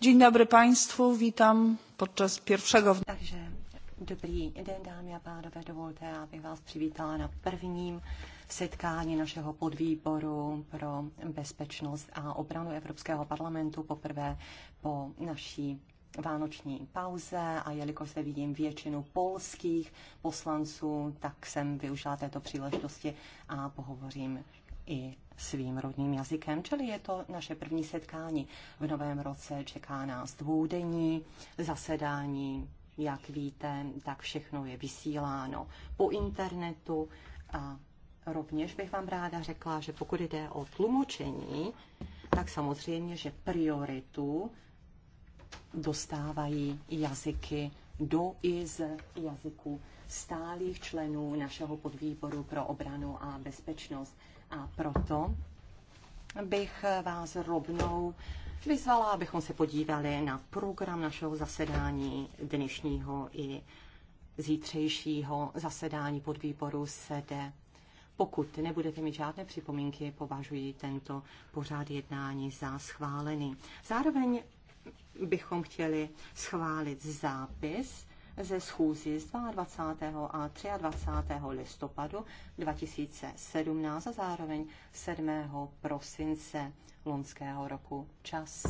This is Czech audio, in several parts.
Dzień dobry Państwu, witam podczas pierwszego... Takže dobrý den, dámy a pánové, dovolte, abych vás přivítala na prvním setkání našeho podvýboru pro bezpečnost a obranu Evropského parlamentu poprvé po naší vánoční pauze a jelikož zde vidím většinu polských poslanců, tak jsem využila této příležitosti a pohovořím i svým rodným jazykem, čili je to naše první setkání. V novém roce čeká nás dvoudenní zasedání, jak víte, tak všechno je vysíláno po internetu a rovněž bych vám ráda řekla, že pokud jde o tlumočení, tak samozřejmě, že prioritu dostávají jazyky do i z jazyků stálých členů našeho podvýboru pro obranu a bezpečnost. A proto bych vás rovnou vyzvala, abychom se podívali na program našeho zasedání dnešního i zítřejšího zasedání podvýboru SEDE. Pokud nebudete mít žádné připomínky, považuji tento pořád jednání za schválený. Zároveň bychom chtěli schválit zápis ze schůzi z 22. a 23. listopadu 2017 a zároveň 7. prosince loňského roku. Čas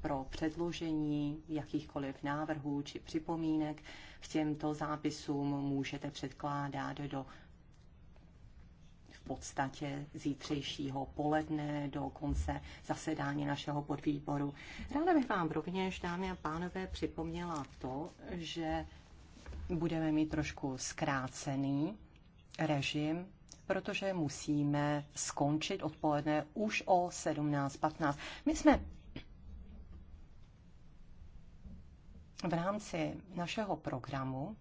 pro předložení jakýchkoliv návrhů či připomínek k těmto zápisům můžete předkládat do v podstatě zítřejšího poledne do konce zasedání našeho podvýboru. Ráda bych vám rovněž, dámy a pánové, připomněla to, že budeme mít trošku zkrácený režim, protože musíme skončit odpoledne už o 17.15. My jsme v rámci našeho programu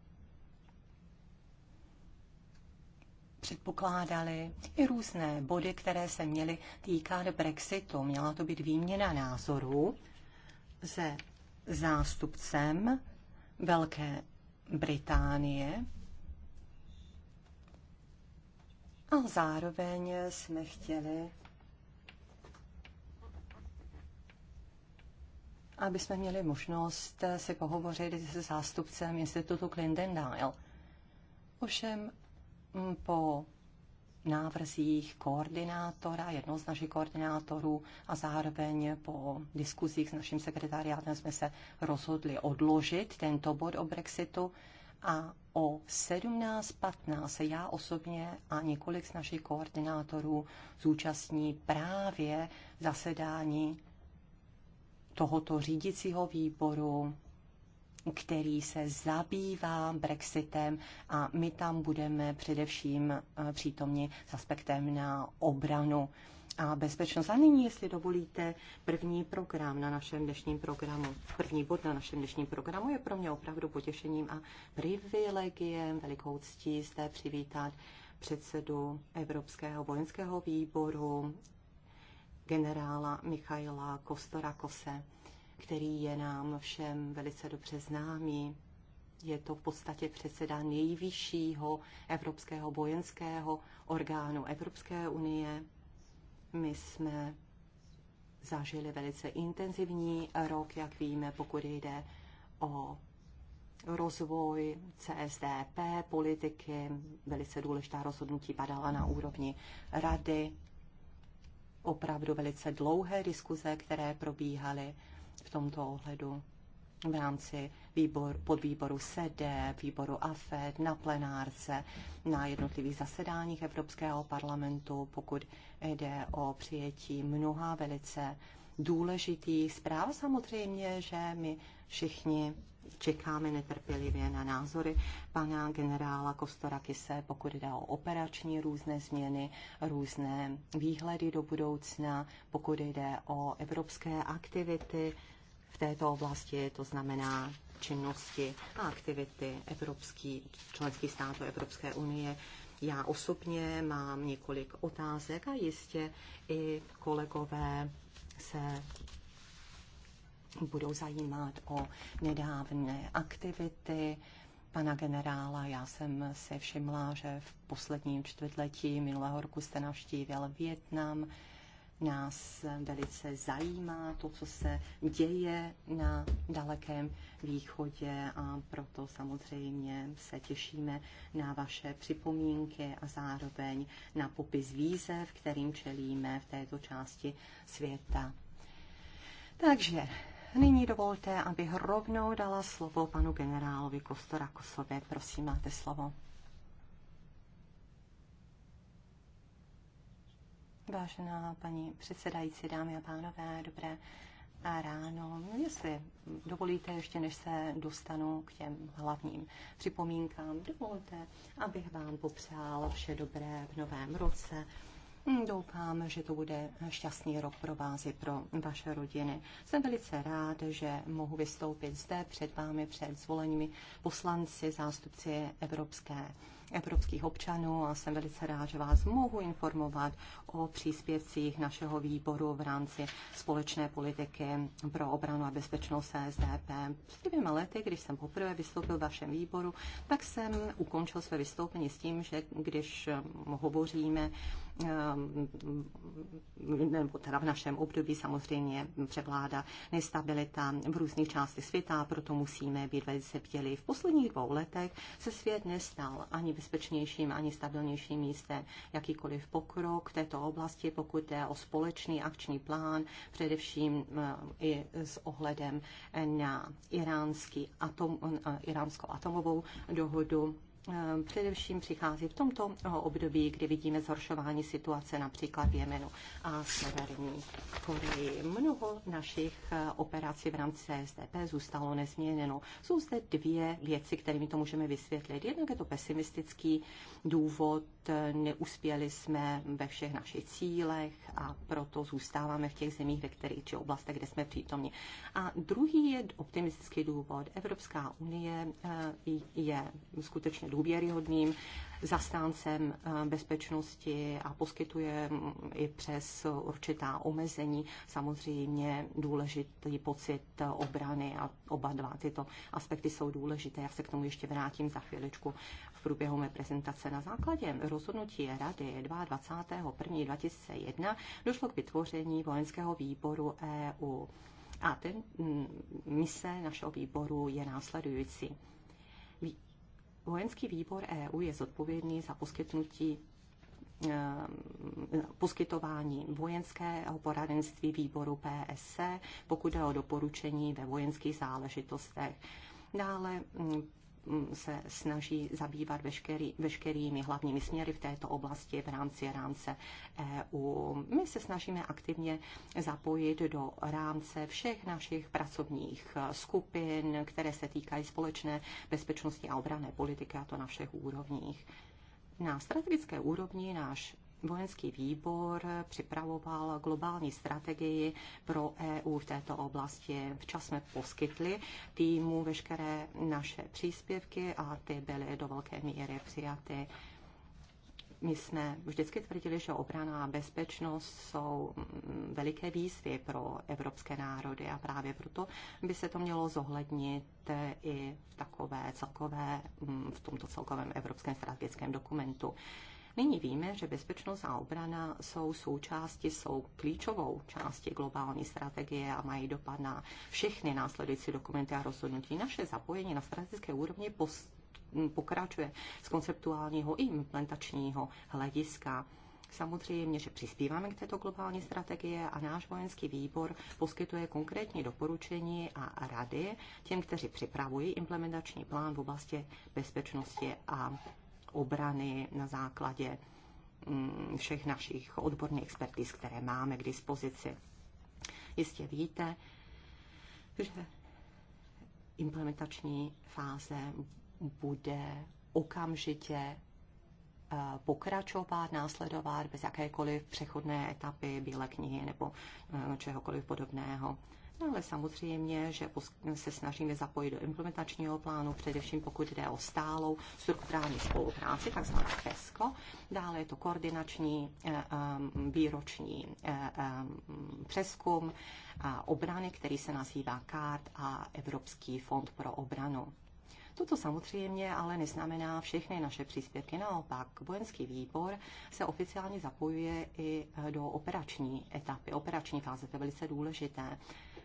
předpokládali i různé body, které se měly týkat Brexitu. Měla to být výměna názorů se zástupcem Velké Británie. A zároveň jsme chtěli, aby jsme měli možnost si pohovořit se zástupcem institutu Clinton Dial. Ovšem po návrzích koordinátora, jednoho z našich koordinátorů a zároveň po diskuzích s naším sekretariátem jsme se rozhodli odložit tento bod o Brexitu a o 17.15 se já osobně a několik z našich koordinátorů zúčastní právě zasedání tohoto řídicího výboru který se zabývá Brexitem a my tam budeme především eh, přítomni s aspektem na obranu a bezpečnost. A nyní, jestli dovolíte, první program na našem dnešním programu, první bod na našem dnešním programu je pro mě opravdu potěšením a privilegiem, velikou ctí zde přivítat předsedu Evropského vojenského výboru generála Michaila Kostora Kose který je nám všem velice dobře známý. Je to v podstatě předseda nejvyššího evropského vojenského orgánu Evropské unie. My jsme zažili velice intenzivní rok, jak víme, pokud jde o rozvoj CSDP, politiky, velice důležitá rozhodnutí padala na úrovni rady, opravdu velice dlouhé diskuze, které probíhaly v tomto ohledu v rámci výbor, podvýboru SED, výboru AFED, na plenárce, na jednotlivých zasedáních Evropského parlamentu, pokud jde o přijetí mnoha velice důležitých zpráv. Samozřejmě, že my všichni čekáme netrpělivě na názory pana generála Kise, pokud jde o operační různé změny, různé výhledy do budoucna, pokud jde o evropské aktivity v této oblasti, to znamená činnosti a aktivity evropský, členských států Evropské unie. Já osobně mám několik otázek a jistě i kolegové se budou zajímat o nedávné aktivity pana generála. Já jsem se všimla, že v posledním čtvrtletí minulého roku jste navštívil Větnam. Nás velice zajímá to, co se děje na dalekém východě a proto samozřejmě se těšíme na vaše připomínky a zároveň na popis výzev, kterým čelíme v této části světa. Takže Nyní dovolte, abych rovnou dala slovo panu generálovi Kostora Kosově. Prosím, máte slovo. Vážená paní předsedající, dámy a pánové, dobré a ráno. Jestli dovolíte, ještě než se dostanu k těm hlavním připomínkám, dovolte, abych vám popřál vše dobré v novém roce Hmm, doufám, že to bude šťastný rok pro vás i pro vaše rodiny. Jsem velice rád, že mohu vystoupit zde před vámi, před zvolenými poslanci, zástupci Evropské evropských občanů a jsem velice rád, že vás mohu informovat o příspěvcích našeho výboru v rámci společné politiky pro obranu a bezpečnost SDP. Před dvěma lety, když jsem poprvé vystoupil v vašem výboru, tak jsem ukončil své vystoupení s tím, že když hovoříme Ehm, nebo teda v našem období samozřejmě převládá nestabilita v různých částech světa, proto musíme být velice bdělí. V posledních dvou letech se svět nestal ani bezpečnějším, ani stabilnějším místem. Jakýkoliv pokrok v této oblasti, pokud jde o společný akční plán, především eh, i s ohledem na iránský atom, eh, iránskou atomovou dohodu, Ehm, především přichází v tomto období, kdy vidíme zhoršování situace například v Jemenu a Severní Koreji. Mnoho našich eh, operací v rámci SDP zůstalo nezměněno. Jsou zde dvě věci, kterými to můžeme vysvětlit. Jednak je to pesimistický důvod, eh, neuspěli jsme ve všech našich cílech a proto zůstáváme v těch zemích, ve kterých či oblastech, kde jsme přítomni. A druhý je optimistický důvod. Evropská unie eh, je skutečně důvěryhodným zastáncem eh, bezpečnosti a poskytuje mm, i přes určitá omezení samozřejmě důležitý pocit obrany a oba dva tyto aspekty jsou důležité. Já se k tomu ještě vrátím za chvíličku v průběhu mé prezentace. Na základě rozhodnutí Rady 22.1.2001 došlo k vytvoření vojenského výboru EU. A ten mm, mise našeho výboru je následující Vojenský výbor EU je zodpovědný za poskytnutí eh, poskytování vojenského poradenství výboru PSC, e, pokud jde o doporučení ve vojenských záležitostech. Dále hm, se snaží zabývat veškerý, veškerými hlavními směry v této oblasti v rámci rámce EU. My se snažíme aktivně zapojit do rámce všech našich pracovních skupin, které se týkají společné bezpečnosti a obrané politiky, a to na všech úrovních. Na strategické úrovni náš vojenský výbor připravoval globální strategii pro EU v této oblasti. Včas jsme poskytli týmu veškeré naše příspěvky a ty byly do velké míry přijaty. My jsme vždycky tvrdili, že obrana a bezpečnost jsou veliké výzvy pro evropské národy a právě proto by se to mělo zohlednit i v takové celkové, v tomto celkovém evropském strategickém dokumentu. Nyní víme, že bezpečnost a obrana jsou součástí, jsou klíčovou částí globální strategie a mají dopad na všechny následující dokumenty a rozhodnutí. Naše zapojení na strategické úrovni post pokračuje z konceptuálního i implementačního hlediska. Samozřejmě, že přispíváme k této globální strategie a náš vojenský výbor poskytuje konkrétní doporučení a rady těm, kteří připravují implementační plán v oblasti bezpečnosti a obrany na základě mm, všech našich odborných expertiz, které máme k dispozici. Jistě víte, že implementační fáze bude okamžitě eh, pokračovat, následovat bez jakékoliv přechodné etapy Bílé knihy nebo eh, čehokoliv podobného. No, ale samozřejmě, že se snažíme zapojit do implementačního plánu, především pokud jde o stálou strukturální spolupráci, takzvané PESCO. Dále je to koordinační eh, eh, výroční eh, přeskum obrany, který se nazývá CART a Evropský fond pro obranu. Toto samozřejmě ale neznamená všechny naše příspěvky. Naopak, vojenský výbor se oficiálně zapojuje i do operační etapy, operační fáze. To je velice důležité.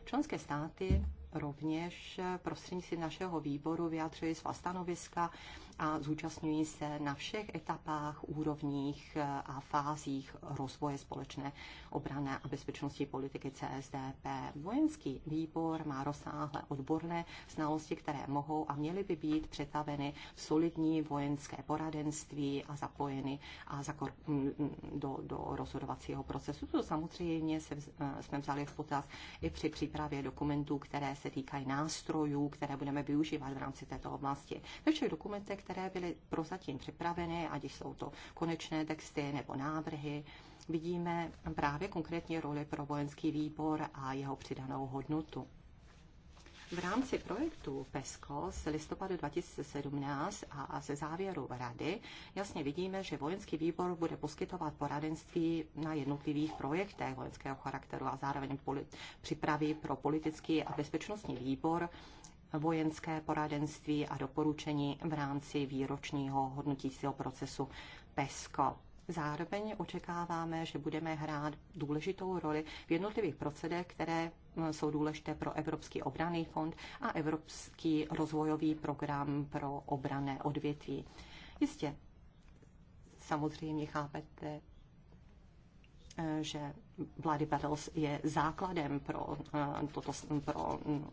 Členské státy rovněž eh, prostřednictvím našeho výboru vyjadřují svá stanoviska a zúčastňují se na všech etapách, úrovních eh, a fázích rozvoje společné obrané a bezpečnostní politiky CSDP. Vojenský výbor má rozsáhlé odborné znalosti, které mohou a měly by být přetaveny v solidní vojenské poradenství a zapojeny a zakor- do, do rozhodovacího procesu. To samozřejmě se, eh, jsme vzali v potaz i při přípravě dokumentů, které se týkají nástrojů, které budeme využívat v rámci této oblasti. Ve všech dokumentech, které byly prozatím připraveny, ať jsou to konečné texty nebo návrhy, vidíme právě konkrétní roli pro vojenský výbor a jeho přidanou hodnotu. V rámci projektu PESCO z listopadu 2017 a ze závěru rady jasně vidíme, že vojenský výbor bude poskytovat poradenství na jednotlivých projektech vojenského charakteru a zároveň připraví pro politický a bezpečnostní výbor vojenské poradenství a doporučení v rámci výročního hodnotícího procesu PESCO. Zároveň očekáváme, že budeme hrát důležitou roli v jednotlivých procedech, které mm, jsou důležité pro Evropský obranný fond a Evropský rozvojový program pro obrané odvětví. Jistě, samozřejmě chápete, eh, že Bloody Battles je základem pro, eh, toto, pro mm,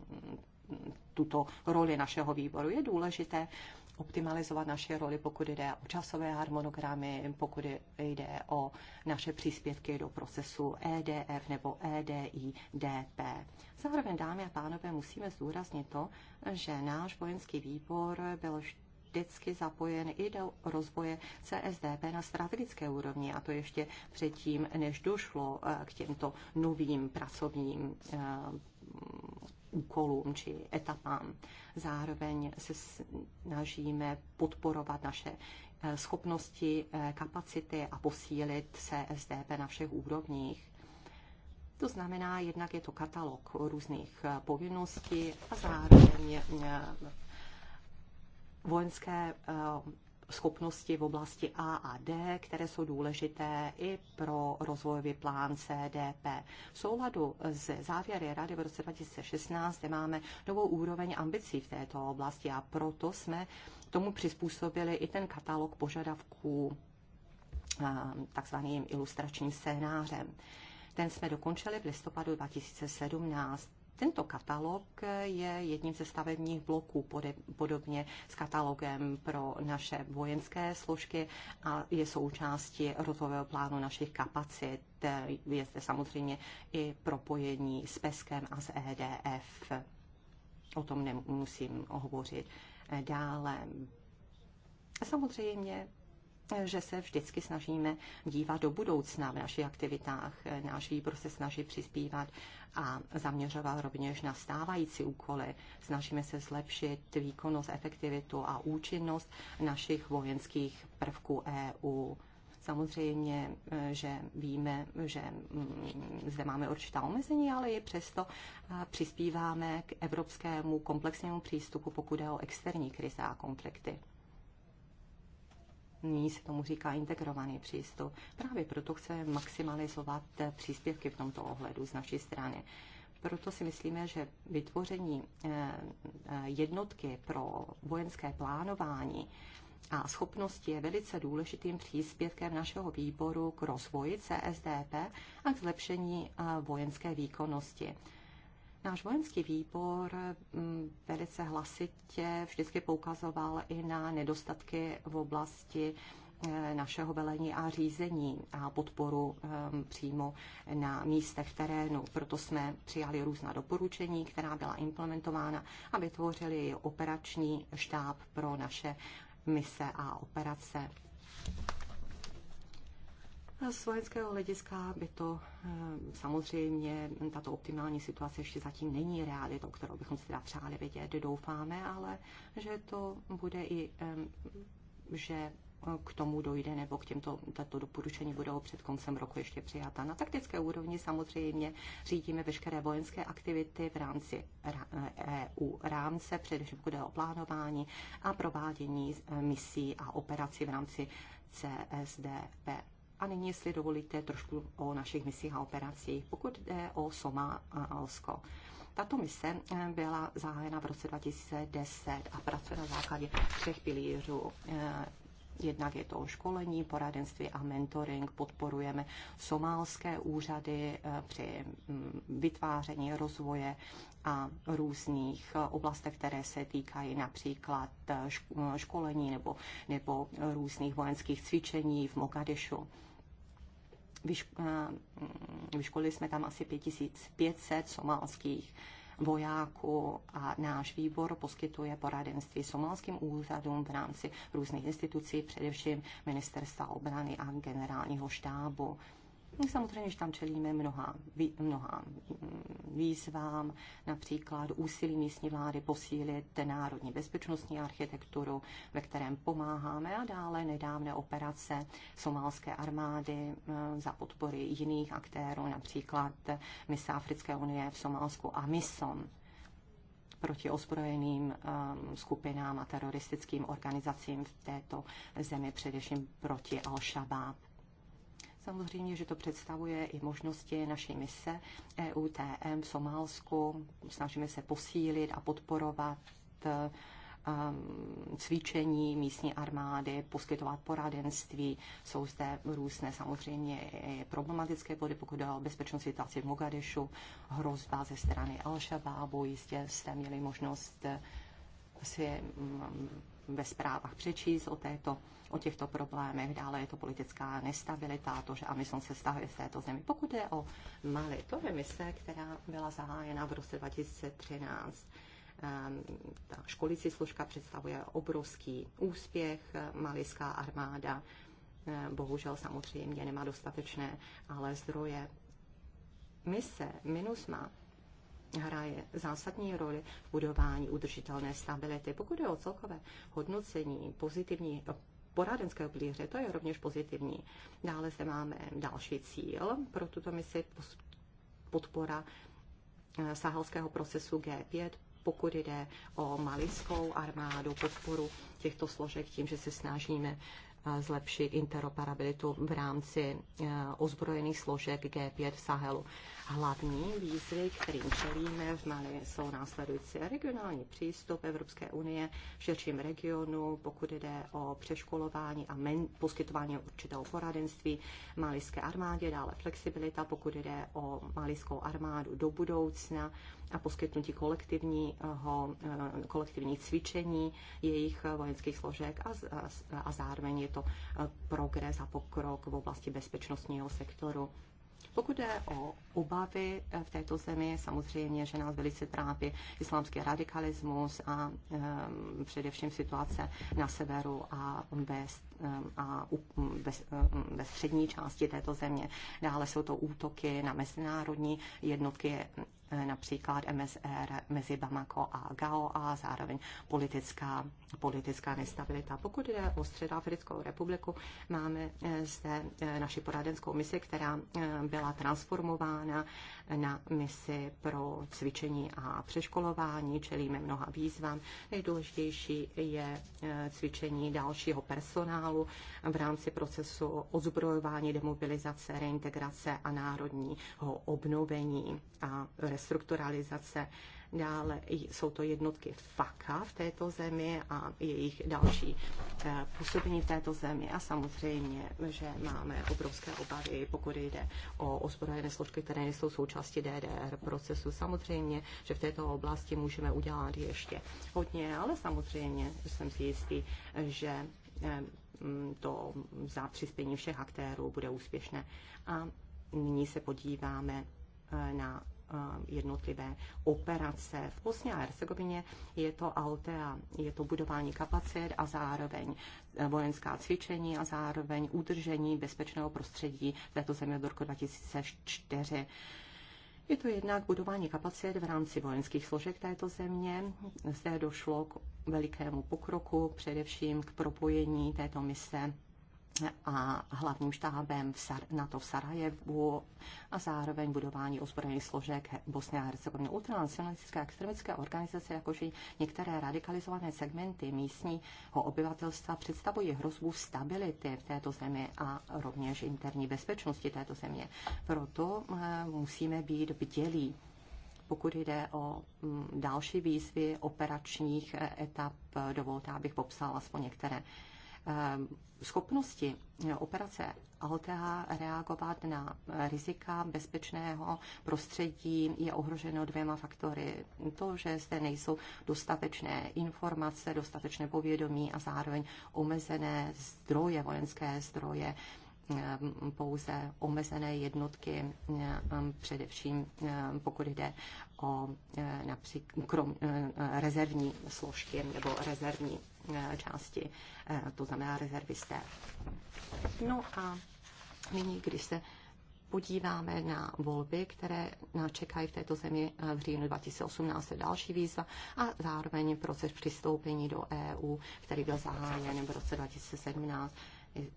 tuto roli našeho výboru. Je důležité optimalizovat naše roli, pokud jde o časové harmonogramy, pokud jde o naše příspěvky do procesu EDF nebo EDIDP. Zároveň, dámy a pánové, musíme zdůraznit to, že náš vojenský výbor byl vždycky zapojen i do rozvoje CSDP na strategické úrovni, a to ještě předtím, než došlo eh, k těmto novým pracovním eh, úkolům či etapám. Zároveň se snažíme podporovat naše eh, schopnosti, eh, kapacity a posílit se SDP na všech úrovních. To znamená, jednak je to katalog různých eh, povinností a zároveň vojenské schopnosti v oblasti A a D, které jsou důležité i pro rozvojový plán CDP. V souladu s závěry Rady v roce 2016 kde máme novou úroveň ambicí v této oblasti a proto jsme tomu přizpůsobili i ten katalog požadavků takzvaným ilustračním scénářem. Ten jsme dokončili v listopadu 2017. Tento katalog je jedním ze stavebních bloků, podobně s katalogem pro naše vojenské složky a je součástí rozvojového plánu našich kapacit. Je zde samozřejmě i propojení s PESkem a s EDF. O tom nemusím hovořit dále. Samozřejmě že se vždycky snažíme dívat do budoucna v našich aktivitách. Náš výbor se snaží přispívat a zaměřoval rovněž na stávající úkoly. Snažíme se zlepšit výkonnost, efektivitu a účinnost našich vojenských prvků EU. Samozřejmě, že víme, že mm, zde máme určitá omezení, ale i přesto přispíváme k evropskému komplexnímu přístupu, pokud je o externí krize a konflikty nyní se tomu říká integrovaný přístup. Právě proto chceme maximalizovat příspěvky v tomto ohledu z naší strany. Proto si myslíme, že vytvoření eh, eh, jednotky pro vojenské plánování a schopnosti je velice důležitým příspěvkem našeho výboru k rozvoji CSDP a k zlepšení eh, vojenské výkonnosti. Náš vojenský výbor mm, velice hlasitě vždycky poukazoval i na nedostatky v oblasti eh, našeho velení a řízení a podporu ehm, přímo na místech terénu. Proto jsme přijali různá doporučení, která byla implementována a vytvořili operační štáb pro naše mise a operace. Z vojenského hlediska by to eh, samozřejmě, tato optimální situace ještě zatím není realitou, kterou bychom si teda přáli vidět, doufáme, ale že to bude i, že eh, k tomu dojde nebo k těmto tato doporučení budou před koncem roku ještě přijata. Na taktické úrovni samozřejmě řídíme veškeré vojenské aktivity v rámci EU eh, e rámce, především bude o plánování a provádění misí a operací v rámci CSDP. A nyní, jestli dovolíte, trošku o našich misích a operacích. Pokud jde o Soma a Alsko, tato mise eh, byla zahájena v roce 2010 a pracuje na základě třech pilířů. Eh, Jednak je to školení, poradenství a mentoring. Podporujeme somálské úřady eh, při mm, vytváření rozvoje a různých eh, oblastech, které se týkají například eh, školení nebo, nebo různých vojenských cvičení v Mogadešu. Mm, vyškolili jsme tam asi 5500 somálských vojáků a náš výbor poskytuje poradenství somalským úřadům v rámci různých institucí, především ministerstva obrany a generálního štábu. No, samozřejmě, že tam čelíme mnoha, mnoha mm, výzvám, například úsilí místní vlády posílit národní bezpečnostní architekturu, ve kterém pomáháme a dále nedávné operace somálské armády mm, za podpory jiných aktérů, například mise Africké unie v Somálsku a MISOM proti ozbrojeným um, skupinám a teroristickým organizacím v této zemi, především proti Al-Shabaab. Samozřejmě, že to představuje i možnosti naší mise EUTM v Somálsku. Snažíme se posílit a podporovat um, cvičení místní armády, poskytovat poradenství. Jsou zde různé samozřejmě problematické body, pokud jde o bezpečnost situaci v Mogadešu, hrozba ze strany al shabaabu Jistě jste měli možnost si um, ve zprávách přečíst o, této, o těchto problémech. Dále je to politická nestabilita, to, že Amison se stahuje z této zemi. Pokud je o Mali, to je mise, která byla zahájena v roce 2013. Ehm, ta školící služka představuje obrovský úspěch. Malijská armáda ehm, bohužel samozřejmě nemá dostatečné ale zdroje. Mise MINUSMA hraje zásadní roli v budování udržitelné stability. Pokud je o celkové hodnocení pozitivní eh, poradenského plíře, to je rovněž pozitivní. Dále se máme další cíl pro tuto misi podpora eh, sahelského procesu G5, pokud jde o malickou armádu, podporu těchto složek tím, že se snažíme eh, zlepšit interoperabilitu v rámci ozbrojených složek G5 v Sahelu hlavní výzvy, kterým čelíme v Mali, jsou následující regionální přístup Evropské unie v širším regionu, pokud jde o přeškolování a men, poskytování určitého poradenství malijské armádě, dále flexibilita, pokud jde o malijskou armádu do budoucna a poskytnutí kolektivního, eh, kolektivních cvičení jejich vojenských složek a, a, a zároveň je to eh, progres a pokrok v oblasti bezpečnostního sektoru. Pokud jde o obavy eh, v této zemi, samozřejmě, že nás velice trápí islámský radikalismus a um, především situace na severu a ve a ve střední části této země. Dále jsou to útoky na mezinárodní jednotky eh, například MSR mezi Bamako a Gao a zároveň politická, politická nestabilita. Pokud jde o Středoafrickou republiku, máme eh, zde eh, naši poradenskou misi, která byla transformována na misi pro cvičení a přeškolování, čelíme mnoha výzvám. Nejdůležitější je e, cvičení dalšího personálu v rámci procesu odzbrojování, demobilizace, reintegrace a národního obnovení a restrukturalizace dále jsou to jednotky FAKA v této zemi a jejich další eh, působení v této zemi a samozřejmě, že máme obrovské obavy, pokud jde o ozbrojené složky, které nejsou součástí DDR procesu. Samozřejmě, že v této oblasti můžeme udělat ještě hodně, ale samozřejmě jsem si jistý, že eh, mm, to za přispění všech aktérů bude úspěšné. A nyní se podíváme eh, na jednotlivé operace. V Bosně a Hercegovině je to Altea, je to budování kapacit a zároveň e, vojenská cvičení a zároveň udržení bezpečného prostředí této země do roku 2004. Je to jednak budování kapacit v rámci vojenských složek této země. Zde došlo k velikému pokroku, především k propojení této mise a hlavním štábem v Sar- NATO v Sarajevu a zároveň budování ozbrojených složek Bosny a Hercegoviny. Ultranacionalistické extremistické organizace, jakož i některé radikalizované segmenty místního obyvatelstva představují hrozbu stability v této zemi a rovněž interní bezpečnosti této země. Proto eh, musíme být bdělí pokud jde o mm, další výzvy operačních eh, etap, dovolte, abych popsal aspoň některé. Eh, schopnosti eh, operace Altea reagovat na rizika bezpečného prostředí je ohroženo dvěma faktory. To, že zde nejsou dostatečné informace, dostatečné povědomí a zároveň omezené zdroje, vojenské zdroje, eh, pouze omezené jednotky, především pokud jde o například krom, rezervní složky nebo rezervní Eh, části, eh, to znamená rezervisté. No a nyní, když se podíváme na volby, které nás čekají v této zemi eh, v říjnu 2018, je další výzva a zároveň proces přistoupení do EU, který byl zahájen v roce 2017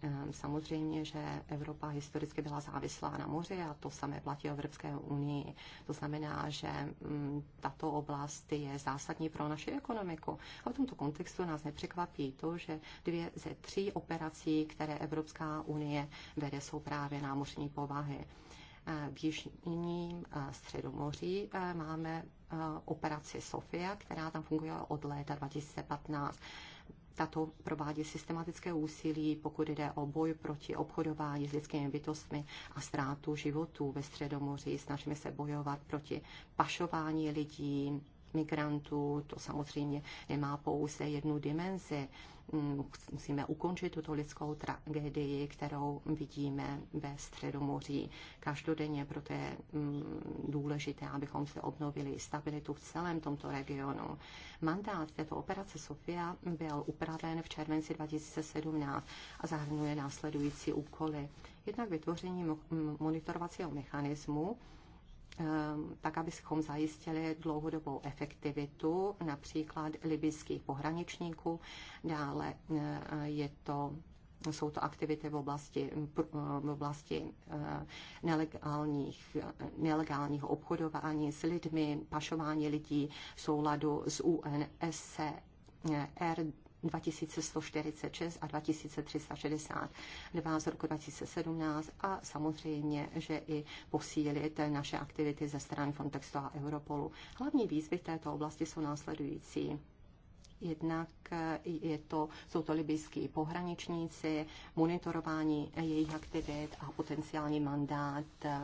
Eh, samozřejmě, že Evropa historicky byla závislá na moři a to samé platí o Evropské unii. To znamená, že mm, tato oblast je zásadní pro naši ekonomiku. A v tomto kontextu nás nepřekvapí to, že dvě ze tří operací, které Evropská unie vede, jsou právě námořní povahy. Eh, v jižním eh, středomoří máme operaci Sofia, která tam funguje od léta 2015 tato provádí systematické úsilí, pokud jde o boj proti obchodování s lidskými bytostmi a ztrátu životů ve Středomoří. Snažíme se bojovat proti pašování lidí, migrantů. To samozřejmě nemá pouze jednu dimenzi. Mm, musíme ukončit tuto lidskou tragédii, kterou vidíme ve Středomoří každodenně. Proto je mm, důležité, abychom se obnovili stabilitu v celém tomto regionu. Mandát této operace Sofia byl upraven v červenci 2017 a zahrnuje následující úkoly. Jednak vytvoření monitorovacího mechanismu, Ehm, tak abychom zajistili dlouhodobou efektivitu například libyských pohraničníků. Dále eh, je to jsou to aktivity v oblasti, eh, v oblasti eh, nelegálních, nelegálního obchodování s lidmi, pašování lidí v souladu s UNSCR e 2146 a 2362 z roku 2017 a samozřejmě, že i posílit naše aktivity ze strany Frontexu a Europolu. Hlavní výzvy v této oblasti jsou následující. Jednak je to, jsou to libijskí pohraničníci, monitorování jejich aktivit a potenciální mandát eh,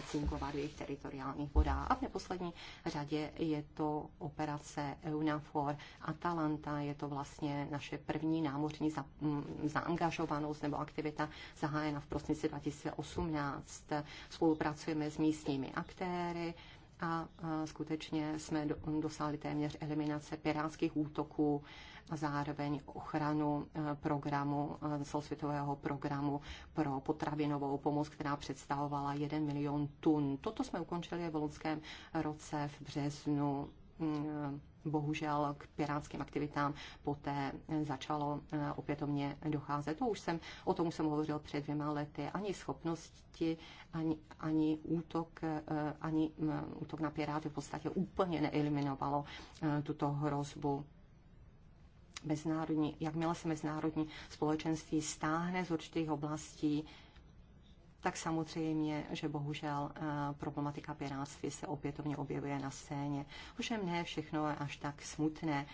fungovat v jejich teritoriálních vodách. A v neposlední řadě je to operace EUNAFOR Atalanta. Je to vlastně naše první námořní za, mm, zaangažovanost nebo aktivita zahájena v prosinci 2018. Spolupracujeme s místními aktéry, a skutečně jsme dosáhli téměř eliminace pirátských útoků a zároveň ochranu e, programu, e, celosvětového programu pro potravinovou pomoc, která představovala 1 milion tun. Toto jsme ukončili v loňském roce v březnu bohužel k pirátským aktivitám poté začalo eh, opětovně docházet. To už jsem, o tom jsem hovořil před dvěma lety. Ani schopnosti, ani, ani útok, eh, ani mm, útok na piráty v podstatě úplně neeliminovalo eh, tuto hrozbu mezinárodní, jakmile se mezinárodní společenství stáhne z určitých oblastí, tak samozřejmě, že bohužel eh, problematika piráctví se opětovně objevuje na scéně. Ovšem ne všechno je až tak smutné.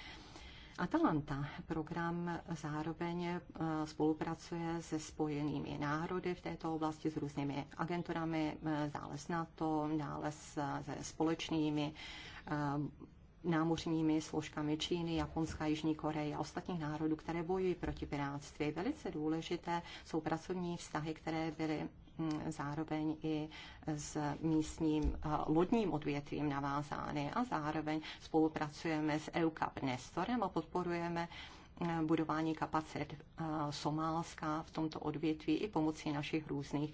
Atalanta program zároveň eh, spolupracuje se spojenými národy v této oblasti s různými agenturami, eh, dále s NATO, dále se společnými námořními složkami Číny, Japonska, Jižní Koreje a ostatních národů, které bojují proti piráctví. Velice důležité jsou pracovní vztahy, které byly Mm, zároveň i s místním eh, lodním odvětvím navázány a zároveň spolupracujeme s EUCAP Nestorem a podporujeme eh, budování kapacit eh, Somálska v tomto odvětví i pomocí našich různých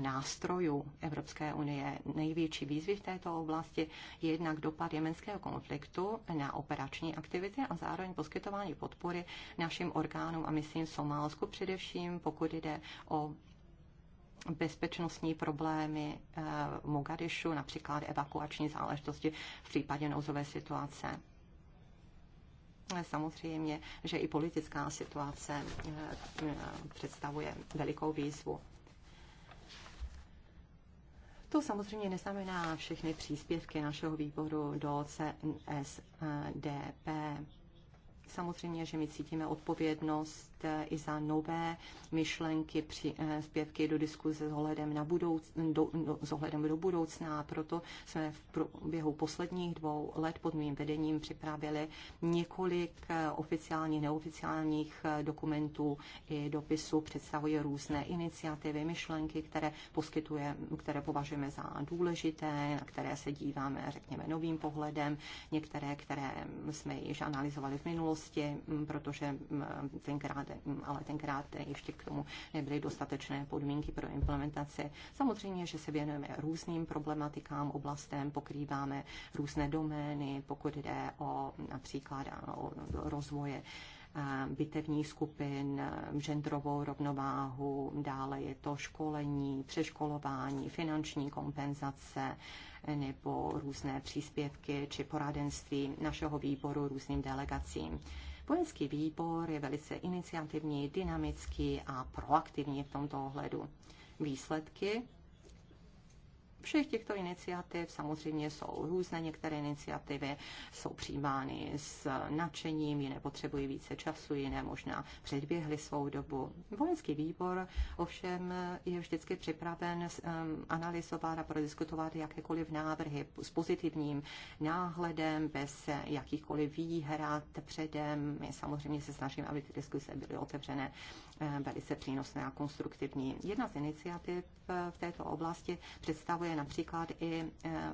nástrojů Evropské unie. Největší výzvy v této oblasti je jednak dopad jemenského konfliktu na operační aktivity a zároveň poskytování podpory našim orgánům a myslím Somálsku, především pokud jde o bezpečnostní problémy eh, v Mogadišu, například evakuační záležitosti v případě nouzové situace. Samozřejmě, že i politická situace eh, eh, představuje velikou výzvu. To samozřejmě neznamená všechny příspěvky našeho výboru do CNSDP. Samozřejmě, že my cítíme odpovědnost Eh, i za nové myšlenky, eh, zpěvky do diskuze s ohledem, na budouc, do, do, s ohledem do budoucna a proto jsme v průběhu posledních dvou let pod mým vedením připravili několik eh, oficiálních, neoficiálních dokumentů i dopisů, představuje různé iniciativy, myšlenky, které poskytuje, které považujeme za důležité, na které se díváme, řekněme, novým pohledem, některé, které jsme již analyzovali v minulosti, mm, protože mm, tenkrát ale tenkrát ještě k tomu nebyly dostatečné podmínky pro implementaci. Samozřejmě, že se věnujeme různým problematikám, oblastem, pokrýváme různé domény, pokud jde o například o rozvoje eh, bitevní skupin, genderovou rovnováhu, dále je to školení, přeškolování, finanční kompenzace nebo různé příspěvky či poradenství našeho výboru různým delegacím. Vojenský výbor je velice iniciativní, dynamický a proaktivní v tomto ohledu. Výsledky všech těchto iniciativ samozřejmě jsou různé. Některé iniciativy jsou přijímány s nadšením, jiné potřebují více času, jiné možná předběhly svou dobu. Vojenský výbor ovšem je vždycky připraven analyzovat a prodiskutovat jakékoliv návrhy s pozitivním náhledem, bez jakýchkoliv výhrad předem. My samozřejmě se snažíme, aby ty diskuse byly otevřené Eh, velice přínosné a konstruktivní. Jedna z iniciativ eh, v této oblasti představuje například i eh,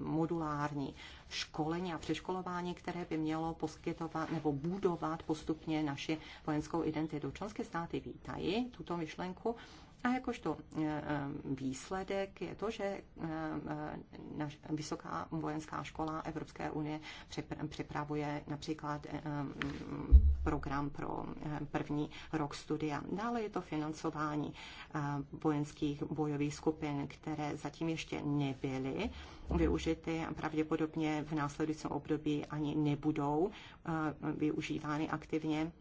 modulární školení a přeškolování, které by mělo poskytovat nebo budovat postupně naši vojenskou identitu. Členské státy vítají tuto myšlenku a jakožto eh, eh, výsledek je to, že eh, Vysoká vojenská škola Evropské unie připravuje například mm, program pro první rok studia. Dále je to financování vojenských bojových skupin, které zatím ještě nebyly využity a pravděpodobně v následujícím období ani nebudou využívány aktivně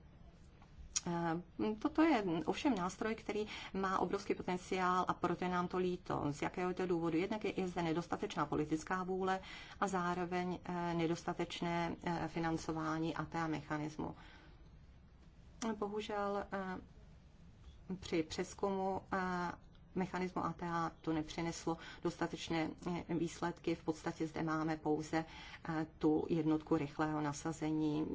Eh, toto je ovšem nástroj, který má obrovský potenciál a proto je nám to líto. Z jakého to důvodu? Jednak je zde nedostatečná politická vůle a zároveň eh, nedostatečné eh, financování a té mechanismu. Bohužel při přeskumu mechanismu ATA to nepřineslo dostatečné eh, výsledky. V podstatě zde máme pouze eh, tu jednotku rychlého nasazení.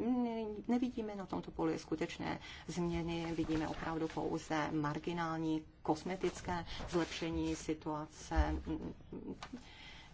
Nevidíme na tomto poli skutečné změny, vidíme opravdu pouze marginální kosmetické zlepšení situace.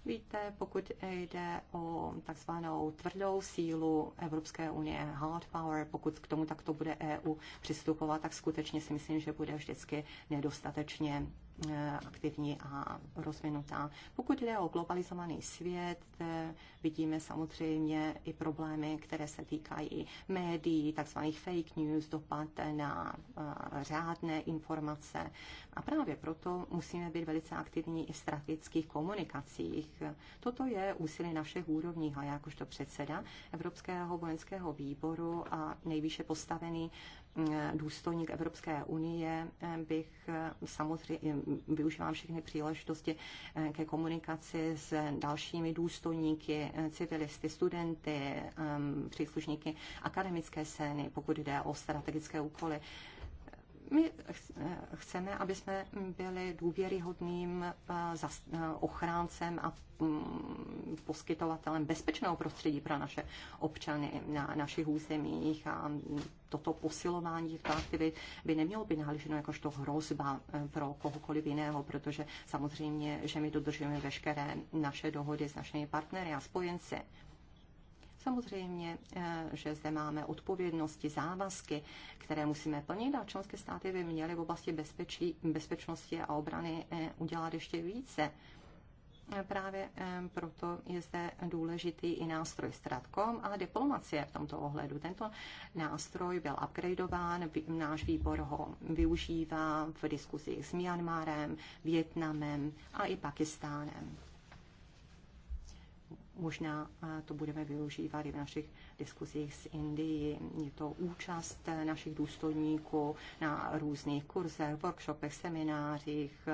Víte, pokud jde o takzvanou tvrdou sílu Evropské unie, hard power, pokud k tomu takto bude EU přistupovat, tak skutečně si myslím, že bude vždycky nedostatečně Eh, aktivní a rozvinutá. Pokud jde o globalizovaný svět, eh, vidíme samozřejmě i problémy, které se týkají médií, takzvaných fake news, dopad na eh, řádné informace. A právě proto musíme být velice aktivní i v strategických komunikacích. Toto je úsilí na všech úrovních a jakožto předseda Evropského vojenského výboru a nejvýše postavený důstojník Evropské unie bych eh, samozřejmě využívám všechny příležitosti eh, ke komunikaci s dalšími důstojníky, eh, civilisty, studenty, příslušníky akademické scény, pokud jde o strategické úkoly. My chceme, aby jsme byli důvěryhodným eh, eh, ochráncem a mm, poskytovatelem bezpečného prostředí pro naše občany na našich územích a toto posilování těchto aktivit by nemělo být nahlíženo jakožto hrozba eh, pro kohokoliv jiného, protože samozřejmě, že my dodržujeme veškeré naše dohody s našimi partnery a spojenci. Samozřejmě, eh, že zde máme odpovědnosti, závazky, které musíme plnit a členské státy by měly v oblasti bezpečí, bezpečnosti a obrany eh, udělat ještě více. Eh, právě proto je zde důležitý i nástroj Stratcom a diplomacie v tomto ohledu. Tento nástroj byl upgradeován, náš výbor ho využívá v diskuzích s Myanmarem, Větnamem a i Pakistánem možná eh, to budeme využívat i v našich diskuzích s Indií. Je to účast našich důstojníků na různých kurzech, workshopech, seminářích,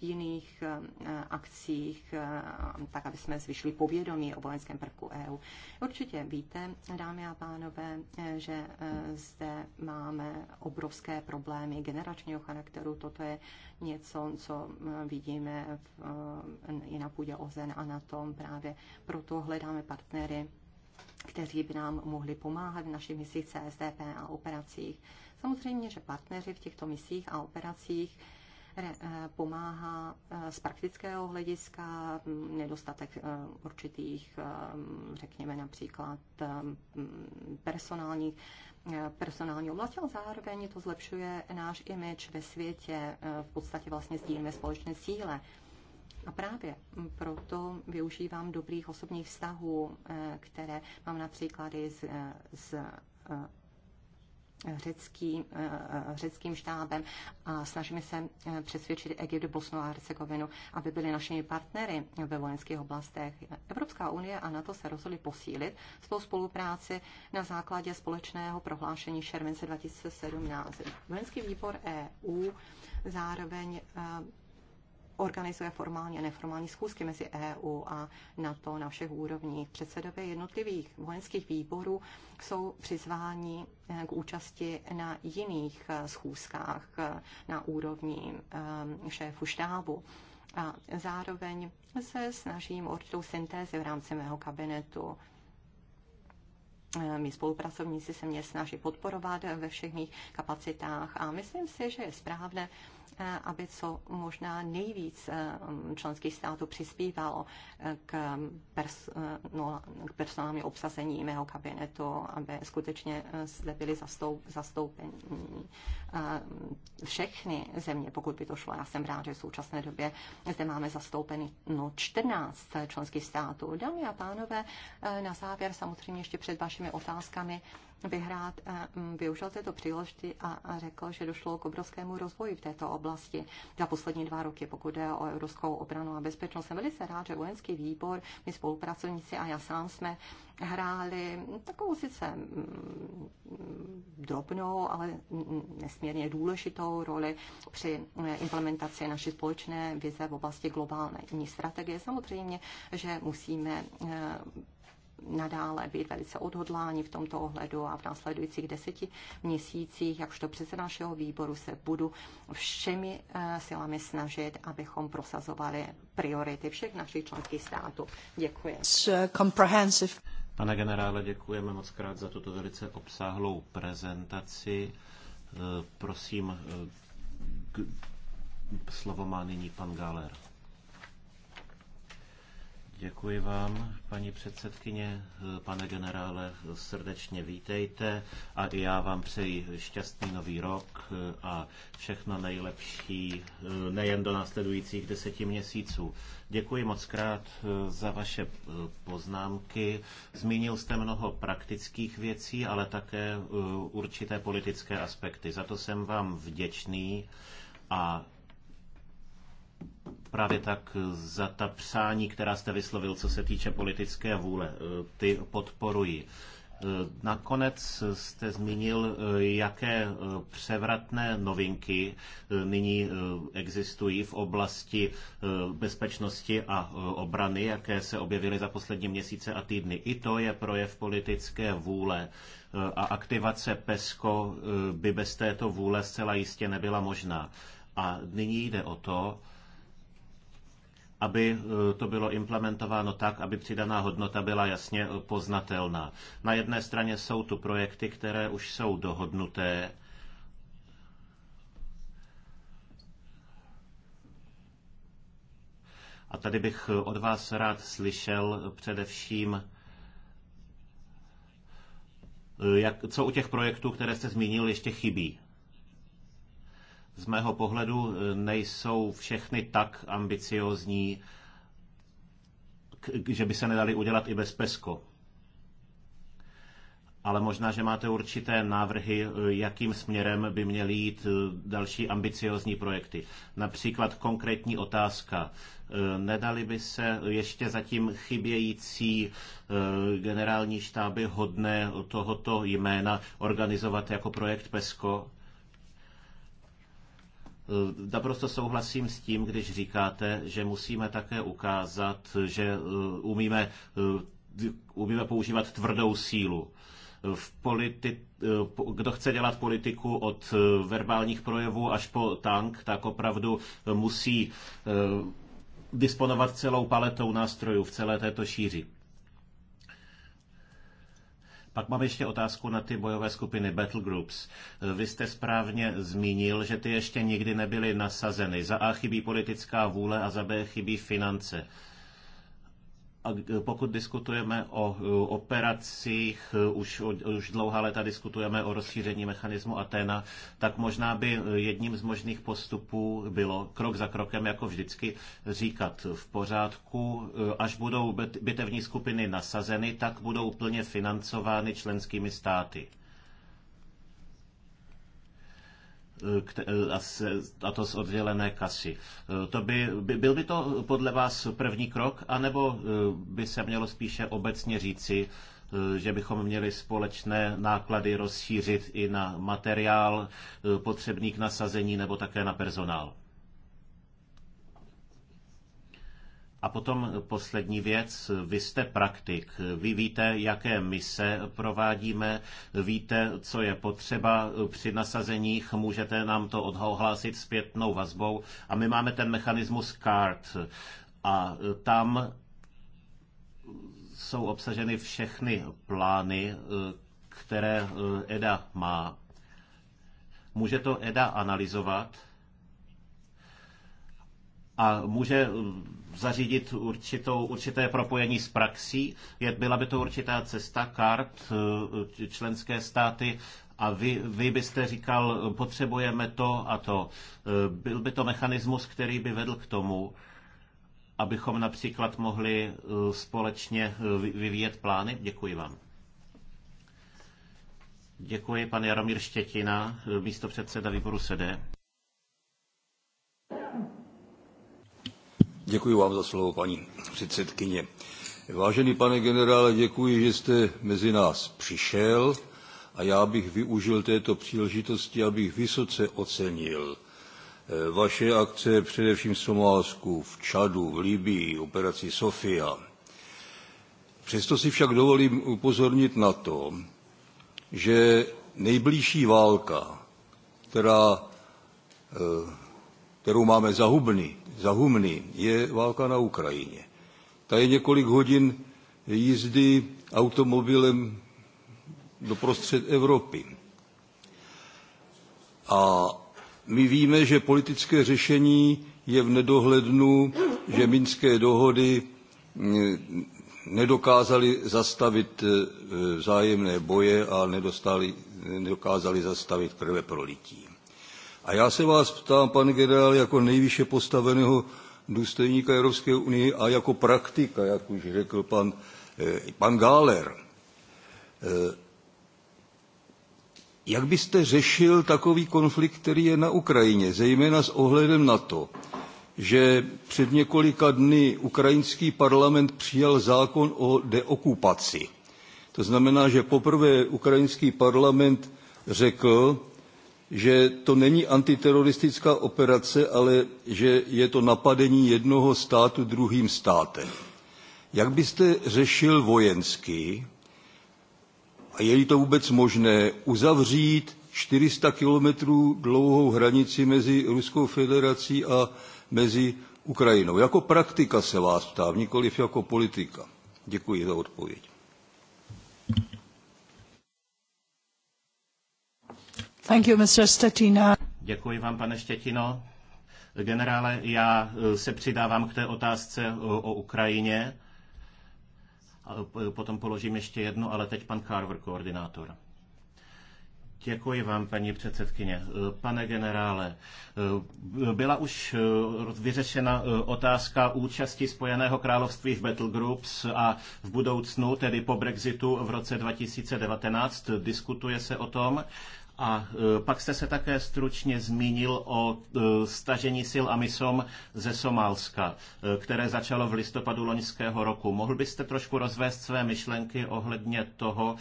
jiných eh, akcích, eh, tak, aby jsme zvyšili povědomí o vojenském prvku EU. Určitě víte, dámy a pánové, eh, že zde máme obrovské problémy generačního charakteru. Toto je něco, co vidíme i na půdě OZEN a na tom právě proto hledáme partnery kteří by nám mohli pomáhat v našich misích CSDP a operacích. Samozřejmě, že partneři v těchto misích a operacích eh, pomáhá eh, z praktického hlediska mm, nedostatek eh, určitých, řekněme například mm, personálních personální oblasti, ale zároveň to zlepšuje náš image ve světě. V podstatě vlastně sdílíme společné cíle. A právě proto využívám dobrých osobních vztahů, eh, které mám například i s, eh, s eh, řecký, řeckým štábem a snažíme se přesvědčit Egypt, Bosnu a Hercegovinu, aby byli našimi partnery ve vojenských oblastech. Evropská unie a NATO se rozhodli posílit svou spolupráci na základě společného prohlášení července 2017. Vojenský výbor EU zároveň organizuje formální a neformální schůzky mezi EU a NATO na všech úrovních. Předsedové jednotlivých vojenských výborů jsou přizváni eh, k účasti na jiných eh, schůzkách eh, na úrovni šéfu štábu. A zároveň se snažím o určitou syntézi v rámci mého kabinetu. My spolupracovníci se mě snaží podporovat ve všech mých kapacitách a myslím si, že je správné, E, aby co možná nejvíc e, členských států přispívalo e, k, pers- no, k personálnímu obsazení mého kabinetu, aby skutečně zde byly zastou- zastoupení všechny země, pokud by to šlo. Já jsem rád, že v současné době zde máme zastoupeny no, 14 členských států. Dámy a pánové, na závěr samozřejmě ještě před vašimi otázkami vyhrát eh, využil této příležitosti a, řekl, že došlo k obrovskému rozvoji v této oblasti za poslední dva roky, pokud jde o evropskou obranu a bezpečnost. Jsem velice rád, že vojenský výbor, my spolupracovníci a já sám jsme hráli takovou sice drobnou, ale nesmírně důležitou roli při eh, implementaci naší společné vize v oblasti globální strategie. Samozřejmě, že musíme eh, nadále být velice odhodláni v tomto ohledu a v následujících deseti měsících, jakožto předseda našeho výboru, se budu všemi eh, silami snažit, abychom prosazovali priority všech našich členských států. Děkuji. Eh, Pane generále, děkujeme moc krát za tuto velice obsáhlou prezentaci. Eh, prosím, slovo má nyní pan Galer. Děkuji vám, paní předsedkyně, pane generále, srdečně vítejte a i já vám přeji šťastný nový rok a všechno nejlepší nejen do následujících deseti měsíců. Děkuji moc krát eh, za vaše eh, poznámky. Zmínil jste mnoho praktických věcí, ale také eh, určité politické aspekty. Za to jsem vám vděčný a právě tak za ta přání, která jste vyslovil, co se týče politické vůle. Eh, ty podporuji. Eh, nakonec jste zmínil, eh, jaké převratné novinky nyní existují v oblasti bezpečnosti a obrany, jaké se objevily za poslední měsíce a týdny. I to je projev politické vůle a aktivace PESCO by bez této vůle zcela jistě nebyla možná. A nyní jde o to, aby eh, to bylo implementováno tak, aby přidaná hodnota byla jasně eh, poznatelná. Na jedné straně jsou tu projekty, které už jsou dohodnuté, A tady bych eh, od vás rád slyšel především, jak, co u těch projektů, které jste zmínil, ještě chybí z mého pohledu e, nejsou všechny tak ambiciozní, že by se nedali udělat i bez PESCO. Ale možná, že máte určité návrhy, e, jakým směrem by měly jít e, další ambiciozní projekty. Například konkrétní otázka. Nedali by se ještě zatím chybějící generální štáby hodné tohoto jména organizovat jako projekt PESCO? Eh, naprosto souhlasím s tím, když říkáte, že musíme také ukázat, že eh, umíme, eh, umíme používat tvrdou sílu. V politi- kdo chce dělat politiku od verbálních projevů až po tank, tak opravdu musí disponovat celou paletou nástrojů v celé této šíři. Pak mám ještě otázku na ty bojové skupiny Battle Groups. Vy jste správně zmínil, že ty ještě nikdy nebyly nasazeny. Za A chybí politická vůle a za B chybí finance. A pokud diskutujeme o operacích, eh, už, už dlouhá léta diskutujeme o rozšíření mechanismu Atena, tak možná by eh, jedním z možných postupů bylo krok za krokem, jako vždycky, říkat eh, v pořádku, až budou bitevní skupiny nasazeny, tak budou plně financovány členskými státy. a to z oddělené kasy. E, to by, by, byl by to podle vás první krok, anebo e, by se mělo spíše obecně říci, e, že bychom měli společné náklady rozšířit i na materiál potřebný k nasazení nebo také na personál? A potom poslední věc, vy jste praktik, vy víte, jaké mise provádíme, víte, co je potřeba při nasazeních, můžete nám to odhlásit zpětnou vazbou a my máme ten mechanismus CART a tam jsou obsaženy všechny plány, které EDA má. Může to EDA analyzovat a může zařídit určitou, určité propojení s praxí? Je, byla by to určitá cesta kart eh, členské státy a vy, vy byste říkal, potřebujeme to a to. Eh, byl by to mechanismus, který by vedl k tomu, abychom například mohli eh, společně vyvíjet plány? Děkuji vám. Děkuji, pan Jaromír Štětina, místo předseda výboru SEDE. Děkuji vám za slovo, paní předsedkyně. Vážený pane generále, děkuji, že jste mezi nás přišel a já bych využil této příležitosti, abych vysoce ocenil eh, vaše akce především v Somálsku, v Čadu, v Libii, operaci Sofia. Přesto si však dovolím upozornit na to, že nejbližší válka, která, eh, kterou máme za hubny, za humny je válka na Ukrajině. Ta je několik hodin jízdy automobilem do prostřed Evropy. A my víme, že politické řešení je v nedohlednu, že minské dohody mm, nedokázali zastavit e, vzájemné boje a nedokázali zastavit krve prolití. A já se vás ptám, pane generál, jako nejvyšše postaveného důstojníka Evropské unie a jako praktika, jak už řekl pan, eh, pan Gáler, eh, jak byste řešil takový konflikt, který je na Ukrajině, zejména s ohledem na to, že před několika dny ukrajinský parlament přijal zákon o deokupaci. To znamená, že poprvé ukrajinský parlament řekl, že to není antiteroristická operace, ale že je to napadení jednoho státu druhým státem. Jak byste řešil vojensky, a je-li to vůbec možné, uzavřít 400 kilometrů dlouhou hranici mezi Ruskou federací a mezi Ukrajinou? Jako praktika se vás ptám, nikoliv jako politika. Děkuji za odpověď. Děkuji vám, pane Štětino. Generále, já eh, se přidávám k té otázce o, o Ukrajině. Eh, potom položím ještě jednu, ale teď pan Carver, koordinátor. Děkuji vám, paní předsedkyně. Eh, pane generále, byla už vyřešena otázka účasti Spojeného království v Battlegroups a v budoucnu, tedy po Brexitu v roce 2019, diskutuje se o tom. A e, pak jste se také stručně zmínil o e, stažení sil AMISOM ze Somálska, e, které začalo v listopadu loňského roku. Mohl byste trošku rozvést své myšlenky ohledně toho,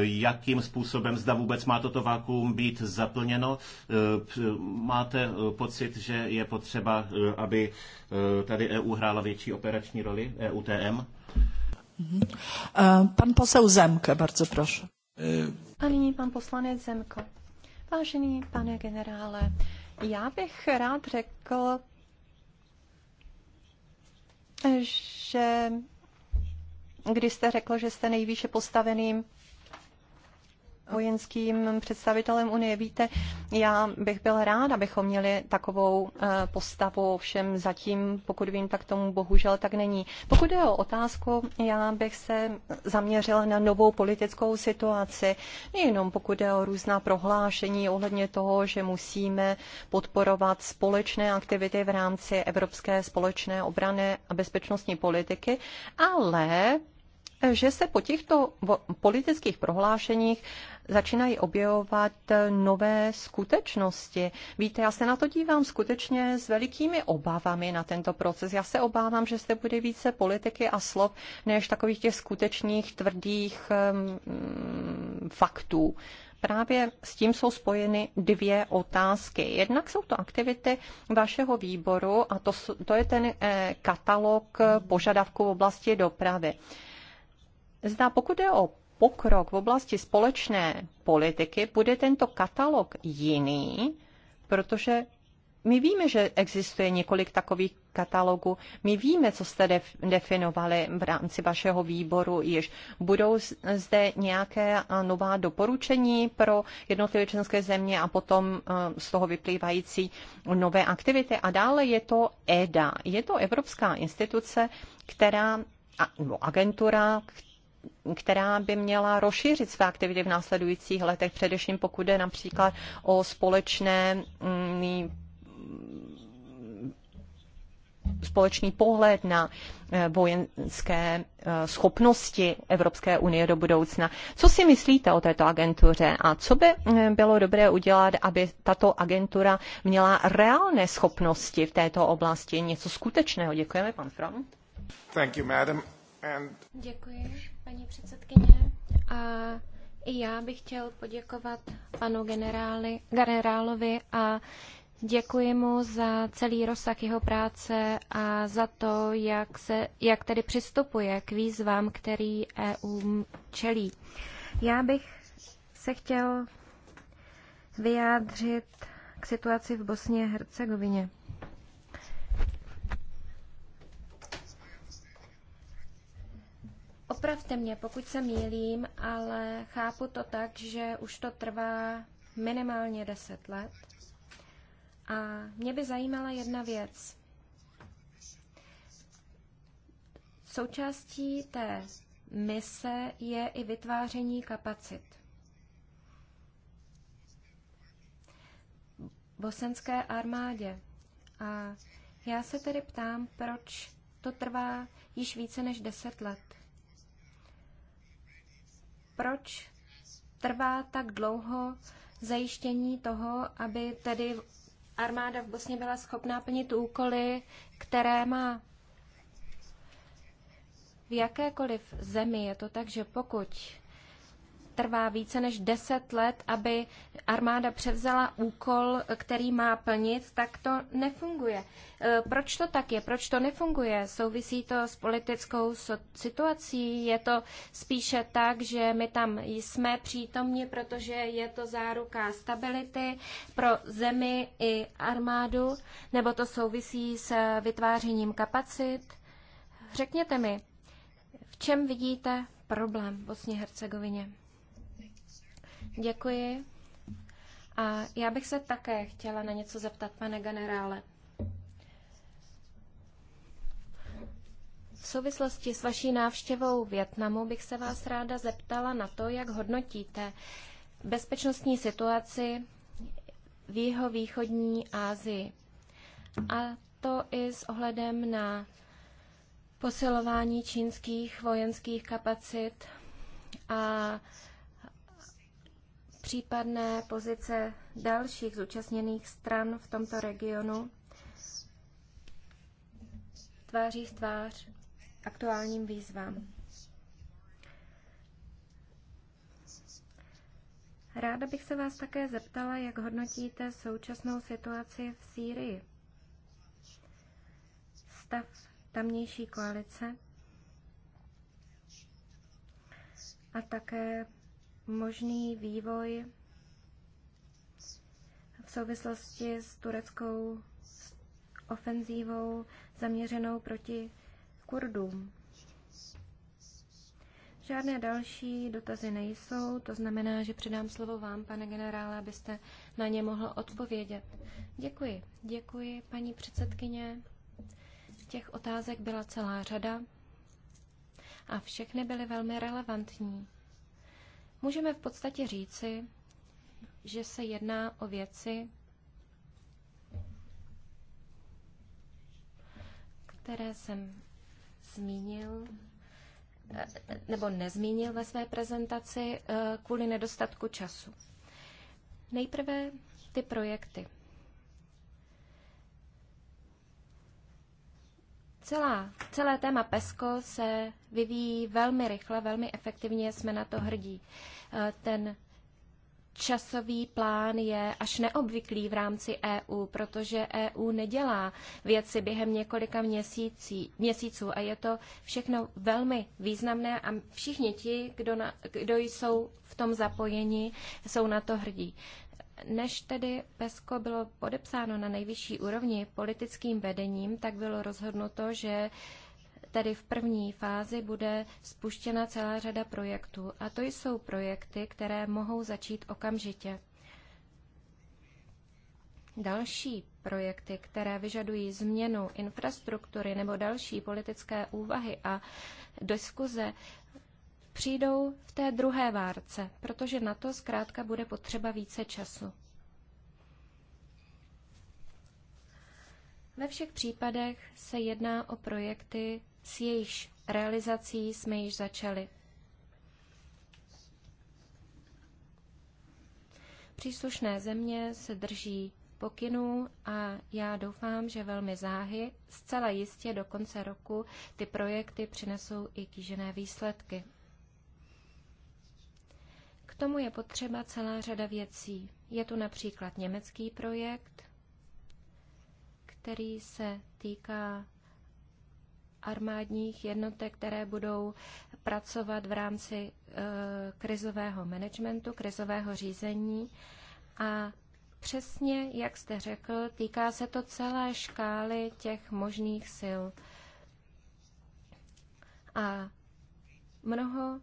jakým způsobem zda vůbec má toto vakuum být zaplněno? Máte pocit, že je potřeba, aby tady EU hrála větší operační roli, EUTM? Mhm. Pan poseł Zemke, bardzo proszę. Eh, A nyní pan poslanec Zemko. Vážený pane generále, já bych rád řekl, že když jste řekl, že jste nejvýše postaveným vojenským představitelem Unie. Víte, já bych byl rád, abychom měli takovou eh, postavu, všem zatím, pokud vím, tak tomu bohužel tak není. Pokud je o otázku, já bych se zaměřila na novou politickou situaci, nejenom pokud je o různá prohlášení ohledně toho, že musíme podporovat společné aktivity v rámci Evropské společné obrany a bezpečnostní politiky, ale že se po těchto politických prohlášeních začínají objevovat nové skutečnosti. Víte, já se na to dívám skutečně s velikými obavami na tento proces. Já se obávám, že zde bude více politiky a slov, než takových těch skutečných, tvrdých um, faktů. Právě s tím jsou spojeny dvě otázky. Jednak jsou to aktivity vašeho výboru a to, to je ten eh, katalog požadavků v oblasti dopravy. Eh, Zda pokud je o pokrok v oblasti společné politiky, bude tento katalog jiný, protože my víme, že existuje několik takových katalogů. My víme, co jste definovali v rámci vašeho výboru již. Budou zde nějaké nová doporučení pro jednotlivé členské země a potom z toho vyplývající nové aktivity. A dále je to EDA. Je to evropská instituce, která, nebo agentura, která která by měla rozšířit své aktivity v následujících letech, především pokud jde například o společné mm, společný pohled na eh, vojenské eh, schopnosti Evropské unie do budoucna. Co si myslíte o této agentuře a co by eh, bylo dobré udělat, aby tato agentura měla reálné schopnosti v této oblasti, něco skutečného? Děkujeme, pan Fromm. Thank you, madam. And... Děkuji paní předsedkyně. A i já bych chtěl poděkovat panu generáli, generálovi a Děkuji mu za celý rozsah jeho práce a za to, jak, se, jak tedy přistupuje k výzvám, který EU čelí. Já bych se chtěl vyjádřit k situaci v Bosně a Hercegovině. Opravte mě, pokud se mýlím, ale chápu to tak, že už to trvá minimálně deset let. A mě by zajímala jedna věc. Součástí té mise je i vytváření kapacit. bosenské armádě. A já se tedy ptám, proč to trvá již více než deset let proč trvá tak dlouho zajištění toho, aby tedy armáda v Bosně byla schopná plnit úkoly, které má. V jakékoliv zemi je to tak, že pokud trvá více než 10 let, aby armáda převzala úkol, který má plnit, tak to nefunguje. E, proč to tak je? Proč to nefunguje? Souvisí to s politickou situací? Je to spíše tak, že my tam jsme přítomni, protože je to záruka stability pro zemi i armádu? Nebo to souvisí s vytvářením kapacit? Řekněte mi, v čem vidíte problém v Bosně Hercegovině? Děkuji. A já bych se také chtěla na něco zeptat, pane generále. V souvislosti s vaší návštěvou Větnamu bych se vás ráda zeptala na to, jak hodnotíte bezpečnostní situaci v východní Ázii. A to i s ohledem na posilování čínských vojenských kapacit a případné pozice dalších zúčastněných stran v tomto regionu tváří v tvář aktuálním výzvám. Ráda bych se vás také zeptala, jak hodnotíte současnou situaci v Sýrii. Stav tamnější koalice a také možný vývoj v souvislosti s tureckou ofenzívou zaměřenou proti Kurdům. Žádné další dotazy nejsou, to znamená, že předám slovo vám, pane generále, abyste na ně mohl odpovědět. Děkuji. Děkuji, paní předsedkyně. Těch otázek byla celá řada a všechny byly velmi relevantní. Můžeme v podstatě říci, že se jedná o věci, které jsem zmínil eh, nebo nezmínil ve své prezentaci eh, kvůli nedostatku času. Nejprve ty projekty. Celá, celé téma PESCO se vyvíjí velmi rychle, velmi efektivně, jsme na to hrdí. E, ten časový plán je až neobvyklý v rámci EU, protože EU nedělá věci během několika měsící, měsíců a je to všechno velmi významné a všichni ti, kdo, na, kdo jsou v tom zapojeni, jsou na to hrdí. Než tedy PESCO bylo podepsáno na nejvyšší úrovni politickým vedením, tak bylo rozhodnuto, že tedy v první fázi bude spuštěna celá řada projektů. A to jsou projekty, které mohou začít okamžitě. Další projekty, které vyžadují změnu infrastruktury nebo další politické úvahy a diskuze, přijdou v té druhé várce, protože na to zkrátka bude potřeba více času. Ve všech případech se jedná o projekty, s jejichž realizací jsme již začali. Příslušné země se drží pokynů a já doufám, že velmi záhy, zcela jistě do konce roku, ty projekty přinesou i kýžené výsledky. K tomu je potřeba celá řada věcí. Je tu například německý projekt, který se týká armádních jednotek, které budou pracovat v rámci e, krizového managementu, krizového řízení. A přesně, jak jste řekl, týká se to celé škály těch možných sil. A mnoho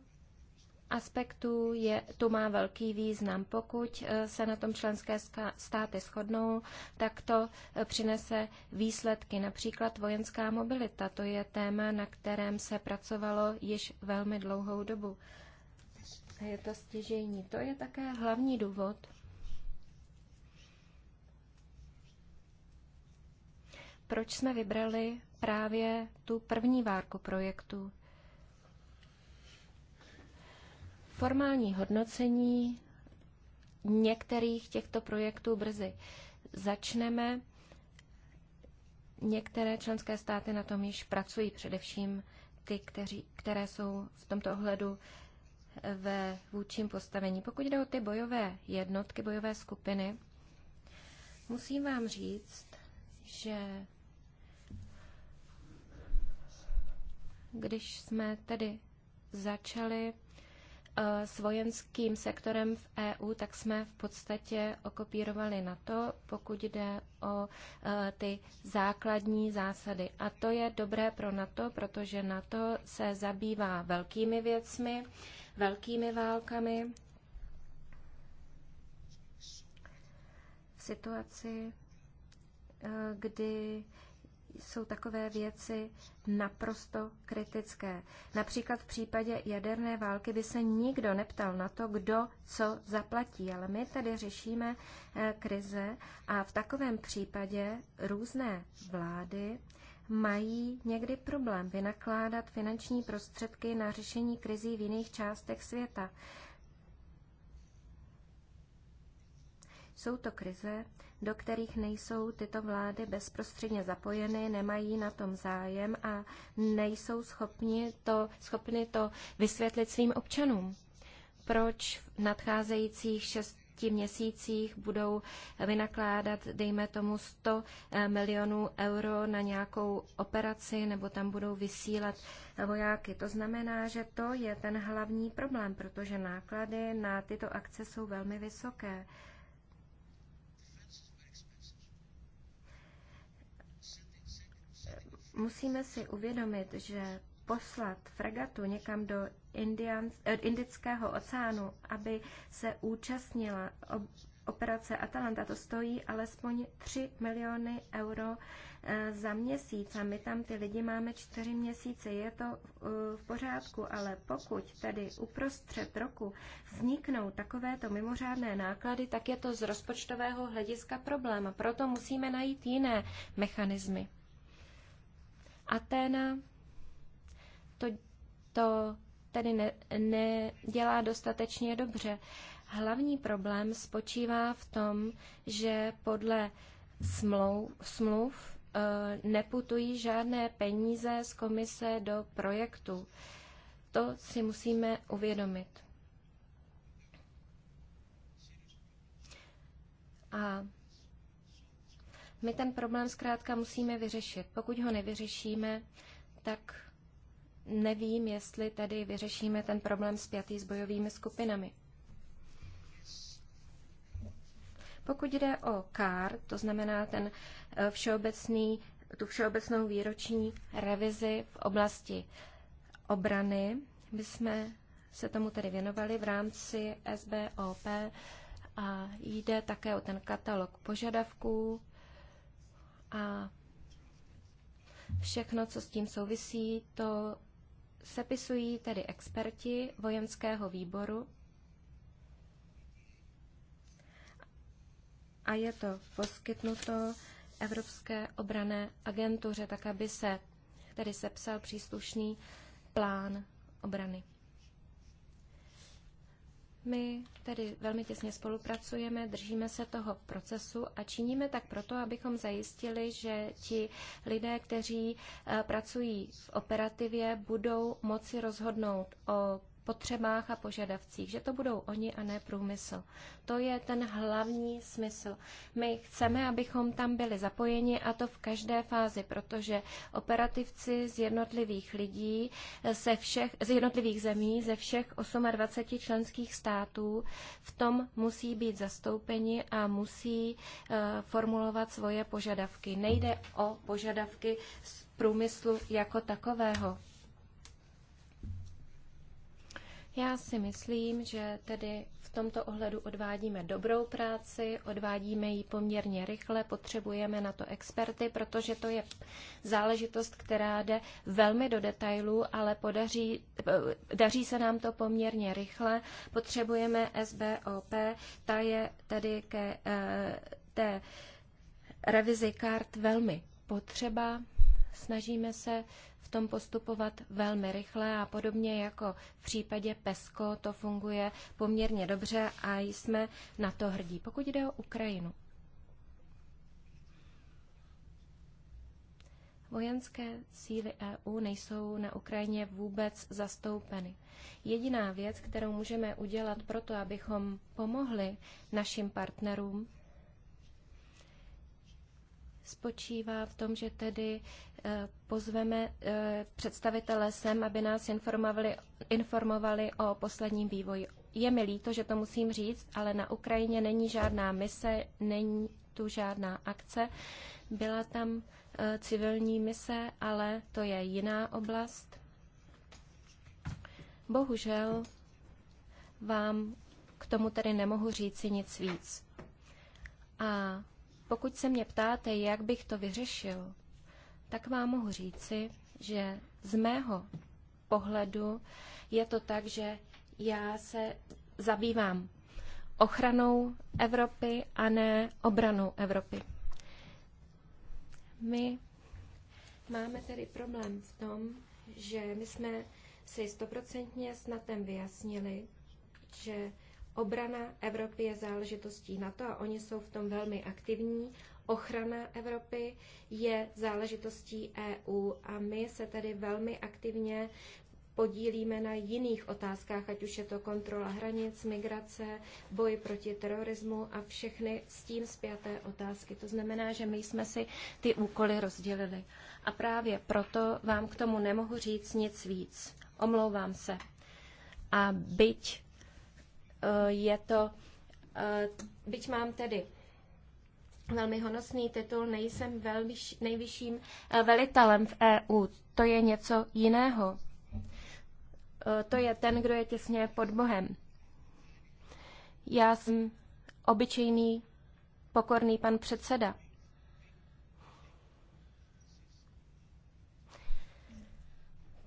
aspektů je, to má velký význam. Pokud eh, se na tom členské státy shodnou, tak to eh, přinese výsledky. Například vojenská mobilita, to je téma, na kterém se pracovalo již velmi dlouhou dobu. Je to stěžení. To je také hlavní důvod, proč jsme vybrali právě tu první várku projektu formální hodnocení některých těchto projektů brzy začneme. Některé členské státy na tom již pracují, především ty, kteří, které jsou v tomto ohledu eh, ve vůčím postavení. Pokud jde o ty bojové jednotky, bojové skupiny, musím vám říct, že když jsme tedy začali Eh, s vojenským sektorem v EU, tak jsme v podstatě okopírovali na to, pokud jde o eh, ty základní zásady. A to je dobré pro NATO, protože NATO se zabývá velkými věcmi, velkými válkami, v situaci, eh, kdy jsou takové věci naprosto kritické. Například v případě jaderné války by se nikdo neptal na to, kdo co zaplatí, ale my tady řešíme eh, krize a v takovém případě různé vlády mají někdy problém vynakládat finanční prostředky na řešení krizí v jiných částech světa. Jsou to krize, do kterých nejsou tyto vlády bezprostředně zapojeny, nemají na tom zájem a nejsou schopni to, schopni to vysvětlit svým občanům. Proč v nadcházejících šest měsících budou vynakládat, dejme tomu, 100 eh, milionů euro na nějakou operaci nebo tam budou vysílat eh, vojáky. To znamená, že to je ten hlavní problém, protože náklady na tyto akce jsou velmi vysoké. Musíme si uvědomit, že poslat fregatu někam do Indian, eh, Indického oceánu, aby se účastnila ob, operace Atalanta, to stojí alespoň 3 miliony euro eh, za měsíc a my tam ty lidi máme 4 měsíce. Je to eh, v pořádku, ale pokud tedy uprostřed roku vzniknou takovéto mimořádné náklady, tak je to z rozpočtového hlediska problém a proto musíme najít jiné mechanismy. Aténa to, to tedy nedělá ne dostatečně dobře. Hlavní problém spočívá v tom, že podle smlouv, smluv eh, neputují žádné peníze z komise do projektu. To si musíme uvědomit. A my ten problém zkrátka musíme vyřešit. Pokud ho nevyřešíme, tak nevím, jestli tady vyřešíme ten problém spjatý s bojovými skupinami. Pokud jde o CAR, to znamená ten eh, všeobecný, tu všeobecnou výroční revizi v oblasti obrany, my jsme se tomu tedy věnovali v rámci SBOP a jde také o ten katalog požadavků, a všechno, co s tím souvisí, to sepisují tedy experti vojenského výboru a je to poskytnuto Evropské obrané agentuře, tak aby se tedy sepsal příslušný plán obrany. My tedy velmi těsně spolupracujeme, držíme se toho procesu a činíme tak proto, abychom zajistili, že ti lidé, kteří eh, pracují v operativě, budou moci rozhodnout o potřebách a požadavcích, že to budou oni a ne průmysl. To je ten hlavní smysl. My chceme, abychom tam byli zapojeni a to v každé fázi, protože operativci z jednotlivých lidí, ze všech, z jednotlivých zemí, ze všech 28 členských států v tom musí být zastoupeni a musí uh, formulovat svoje požadavky. Nejde o požadavky z průmyslu jako takového. Já si myslím, že tedy v tomto ohledu odvádíme dobrou práci, odvádíme ji poměrně rychle, potřebujeme na to experty, protože to je záležitost, která jde velmi do detailů, ale podaří, daří se nám to poměrně rychle. Potřebujeme SBOP, ta je tedy ke eh, té revizi kart velmi potřeba snažíme se v tom postupovat velmi rychle a podobně jako v případě PESCO to funguje poměrně dobře a jsme na to hrdí. Pokud jde o Ukrajinu, Vojenské síly EU nejsou na Ukrajině vůbec zastoupeny. Jediná věc, kterou můžeme udělat pro to, abychom pomohli našim partnerům spočívá v tom, že tedy eh, pozveme eh, představitele sem, aby nás informovali, informovali o posledním vývoji. Je mi líto, že to musím říct, ale na Ukrajině není žádná mise, není tu žádná akce. Byla tam eh, civilní mise, ale to je jiná oblast. Bohužel vám k tomu tedy nemohu říci nic víc. A pokud se mě ptáte, jak bych to vyřešil, tak vám mohu říci, že z mého pohledu je to tak, že já se zabývám ochranou Evropy a ne obranou Evropy. My máme tedy problém v tom, že my jsme si stoprocentně snadem vyjasnili, že Obrana Evropy je záležitostí NATO a oni jsou v tom velmi aktivní. Ochrana Evropy je záležitostí EU a my se tedy velmi aktivně podílíme na jiných otázkách, ať už je to kontrola hranic, migrace, boj proti terorismu a všechny s tím zpěté otázky. To znamená, že my jsme si ty úkoly rozdělili. A právě proto vám k tomu nemohu říct nic víc. Omlouvám se. A byť Eh, je to, eh, byť mám tedy velmi honosný titul, nejsem velvyš, nejvyšším eh, velitelem v EU. To je něco jiného. To je ten, kdo je těsně pod Bohem. Já jsem obyčejný pokorný pan předseda.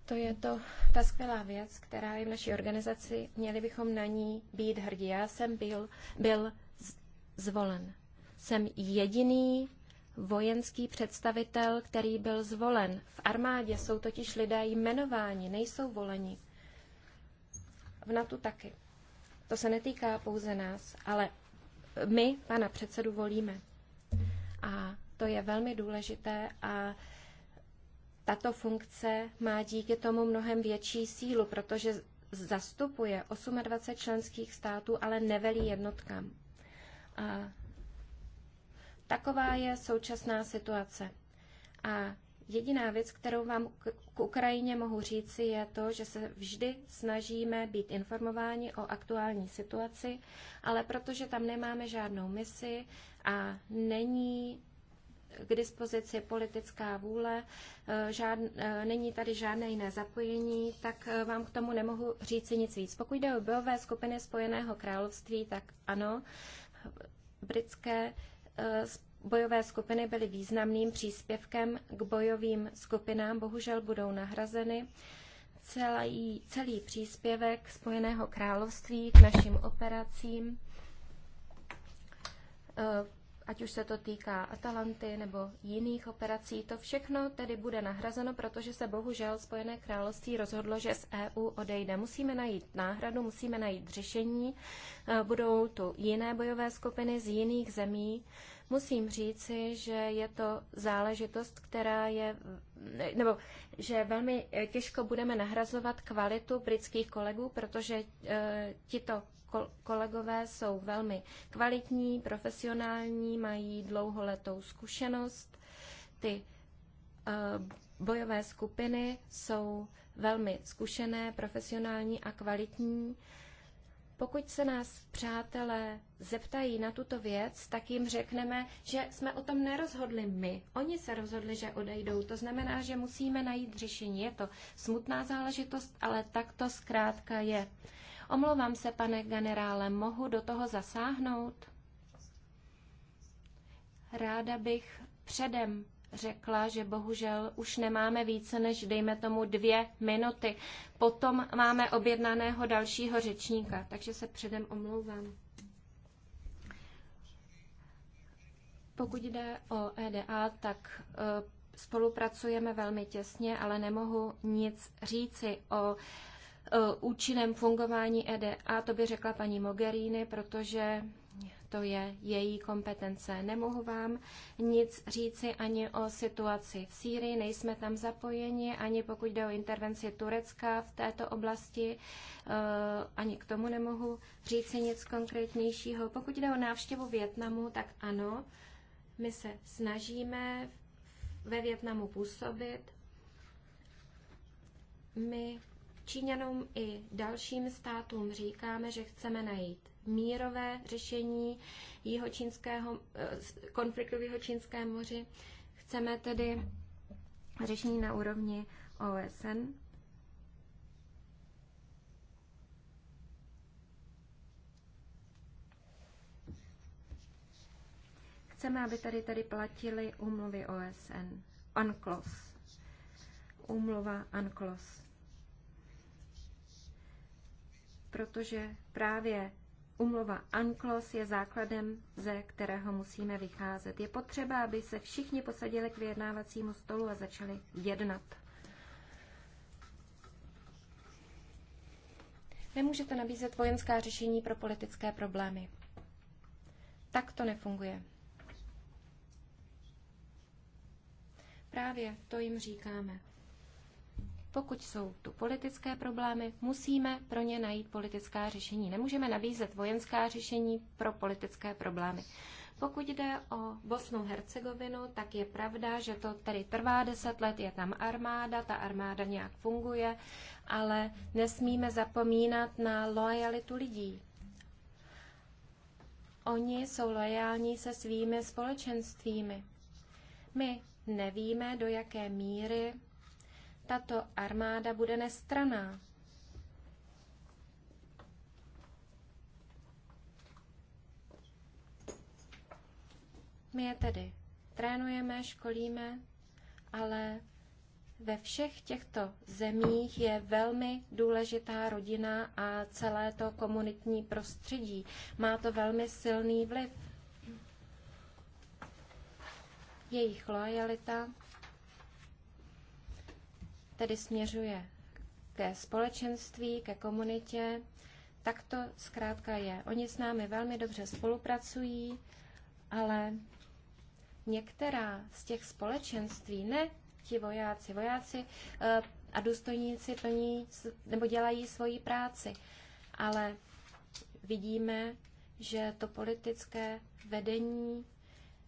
To je to, ta skvělá věc, která je v naší organizaci. Měli bychom na ní být hrdí. Já jsem byl, byl zvolen. Jsem jediný vojenský představitel, který byl zvolen. V armádě jsou totiž lidé jmenováni, nejsou voleni. V NATO taky. To se netýká pouze nás, ale my pana předsedu volíme. A to je velmi důležité a tato funkce má díky tomu mnohem větší sílu, protože zastupuje 28 členských států, ale nevelí jednotkám. A taková je současná situace. A jediná věc, kterou vám k Ukrajině mohu říci, je to, že se vždy snažíme být informováni o aktuální situaci, ale protože tam nemáme žádnou misi a není k dispozici politická vůle, eh, žádn, eh, není tady žádné jiné zapojení, tak eh, vám k tomu nemohu říci nic víc. Pokud jde o bojové skupiny Spojeného království, tak ano, britské bojové skupiny byly významným příspěvkem k bojovým skupinám, bohužel budou nahrazeny celý, celý příspěvek Spojeného království k našim operacím ať už se to týká Atalanty nebo jiných operací, to všechno tedy bude nahrazeno, protože se bohužel Spojené království rozhodlo, že z EU odejde. Musíme najít náhradu, musíme najít řešení, eh, budou tu jiné bojové skupiny z jiných zemí. Musím říci, že je to záležitost, která je, nebo že velmi eh, těžko budeme nahrazovat kvalitu britských kolegů, protože e, tito kolegové jsou velmi kvalitní, profesionální, mají dlouholetou zkušenost. Ty eh, bojové skupiny jsou velmi zkušené, profesionální a kvalitní. Pokud se nás přátelé zeptají na tuto věc, tak jim řekneme, že jsme o tom nerozhodli my. Oni se rozhodli, že odejdou. To znamená, že musíme najít řešení. Je to smutná záležitost, ale tak to zkrátka je. Omlouvám se, pane generále, mohu do toho zasáhnout? Ráda bych předem řekla, že bohužel už nemáme více než, dejme tomu, dvě minuty. Potom máme objednaného dalšího řečníka, takže se předem omlouvám. Pokud jde o EDA, tak e, spolupracujeme velmi těsně, ale nemohu nic říci o Eh, účinném fungování EDA, to by řekla paní Mogherini, protože to je její kompetence. Nemohu vám nic říci ani o situaci v Sýrii, nejsme tam zapojeni, ani pokud jde o intervenci Turecka v této oblasti, eh, ani k tomu nemohu říci nic konkrétnějšího. Pokud jde o návštěvu Větnamu, tak ano, my se snažíme ve Větnamu působit. My Číňanům i dalším státům říkáme, že chceme najít mírové řešení jihočínského, eh, konfliktu v Jihočínském moři. Chceme tedy řešení na úrovni OSN. Chceme, aby tady tady platily úmluvy OSN. UNCLOS. Úmluva UNCLOS. protože právě Umlova UNCLOS je základem, ze kterého musíme vycházet. Je potřeba, aby se všichni posadili k vyjednávacímu stolu a začali jednat. Nemůžete nabízet vojenská řešení pro politické problémy. Tak to nefunguje. Právě to jim říkáme. Pokud jsou tu politické problémy, musíme pro ně najít politická řešení. Nemůžeme nabízet vojenská řešení pro politické problémy. Pokud jde o Bosnu Hercegovinu, tak je pravda, že to tedy trvá deset let, je tam armáda, ta armáda nějak funguje, ale nesmíme zapomínat na lojalitu lidí. Oni jsou lojální se svými společenstvími. My nevíme, do jaké míry tato armáda bude nestraná. My je tedy trénujeme, školíme, ale ve všech těchto zemích je velmi důležitá rodina a celé to komunitní prostředí. Má to velmi silný vliv. Jejich lojalita tedy směřuje ke společenství, ke komunitě. Tak to zkrátka je. Oni s námi velmi dobře spolupracují, ale některá z těch společenství, ne ti vojáci, vojáci eh, a důstojníci plní nebo dělají svoji práci, ale vidíme, že to politické vedení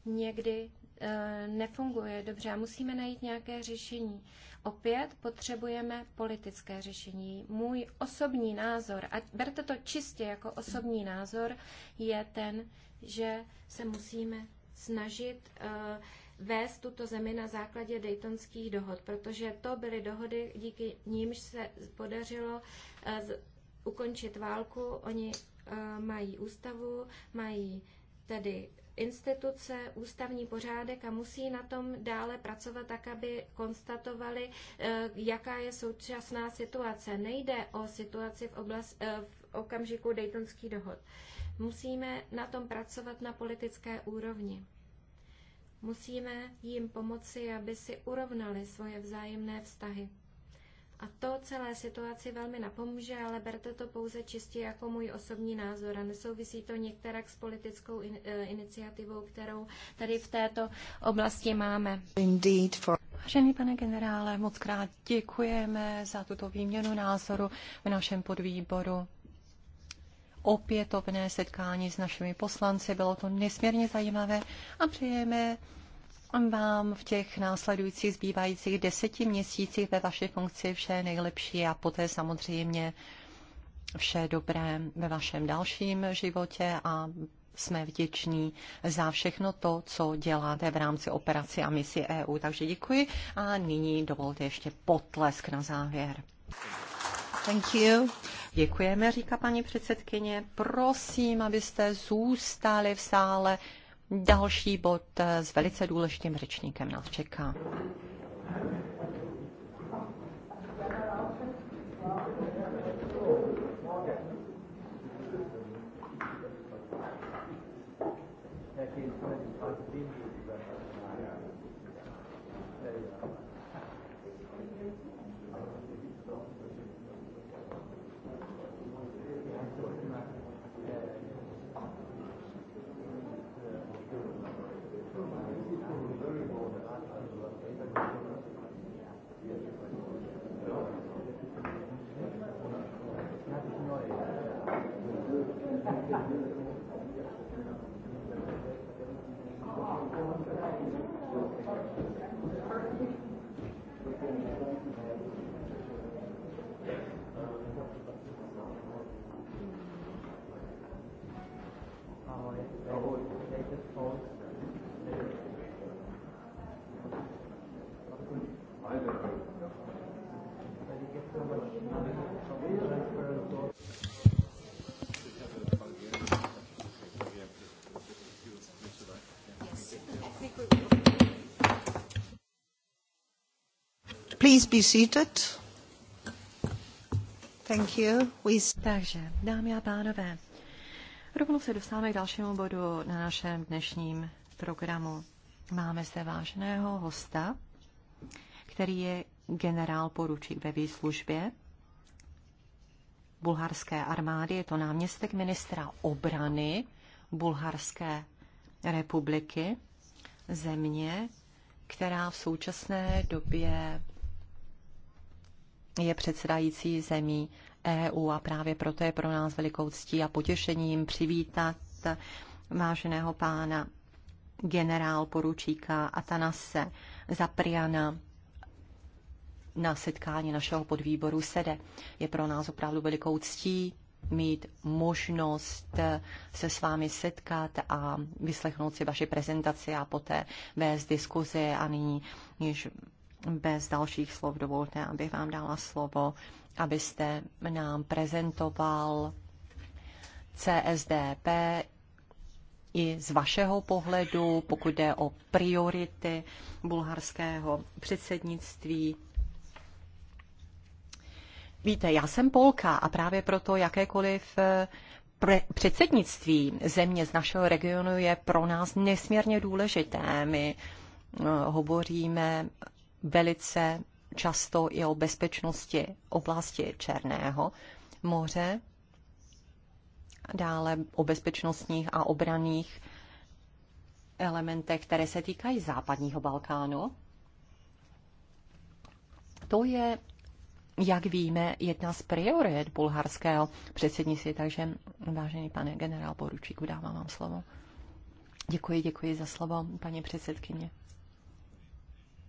někdy E, nefunguje dobře a musíme najít nějaké řešení. Opět potřebujeme politické řešení. Můj osobní názor, a berte to čistě jako osobní názor, je ten, že se musíme snažit e, vést tuto zemi na základě Daytonských dohod, protože to byly dohody, díky nímž se podařilo e, ukončit válku. Oni mají ústavu, mají tedy instituce, ústavní pořádek a musí na tom dále pracovat tak, aby konstatovali, eh, jaká je současná situace. Nejde o situaci v, oblast, eh, v okamžiku Daytonský dohod. Musíme na tom pracovat na politické úrovni. Musíme jim pomoci, aby si urovnali svoje vzájemné vztahy. A to celé situaci velmi napomůže, ale berte to pouze čistě jako můj osobní názor a nesouvisí to některak s politickou in, eh, iniciativou, kterou tady v této oblasti máme. Vážený pane generále, moc krát děkujeme za tuto výměnu názoru v našem podvýboru. Opětovné setkání s našimi poslanci bylo to nesmírně zajímavé a přejeme vám v těch následujících zbývajících deseti měsících ve vaší funkci vše nejlepší a poté samozřejmě vše dobré ve vašem dalším životě a jsme vděční za všechno to, co děláte v rámci operace a misi EU. Takže děkuji a nyní dovolte ještě potlesk na závěr. Thank you. Děkujeme, říká paní předsedkyně. Prosím, abyste zůstali v sále. Další bod s velice důležitým řečníkem nás čeká. Please be seated. Thank you. We... Takže, dámy a pánové, Rovnou se dostáváme k dalšímu bodu na našem dnešním programu. Máme zde vážného hosta, který je generál poručík ve výslužbě bulharské armády. Je to náměstek ministra obrany Bulharské republiky, země, která v současné době je předsedající zemí EU a právě proto je pro nás velikou ctí a potěšením přivítat váženého pána generál poručíka Atanase Zapriana na setkání našeho podvýboru SEDE. Je pro nás opravdu velikou ctí mít možnost se s vámi setkat a vyslechnout si vaši prezentaci a poté vést diskuzi a nyní již bez dalších slov dovolte, abych vám dala slovo abyste nám prezentoval CSDP i z vašeho pohledu, pokud jde o priority bulharského předsednictví. Víte, já jsem Polka a právě proto jakékoliv eh, předsednictví země z našeho regionu je pro nás nesmírně důležité. My eh, hovoříme velice často i o bezpečnosti oblasti Černého moře, dále o bezpečnostních a obraných elementech, které se týkají západního Balkánu. To je, jak víme, jedna z priorit bulharského předsednictví, takže vážený pane generál Poručíku, dávám vám slovo. Děkuji, děkuji za slovo, paní předsedkyně.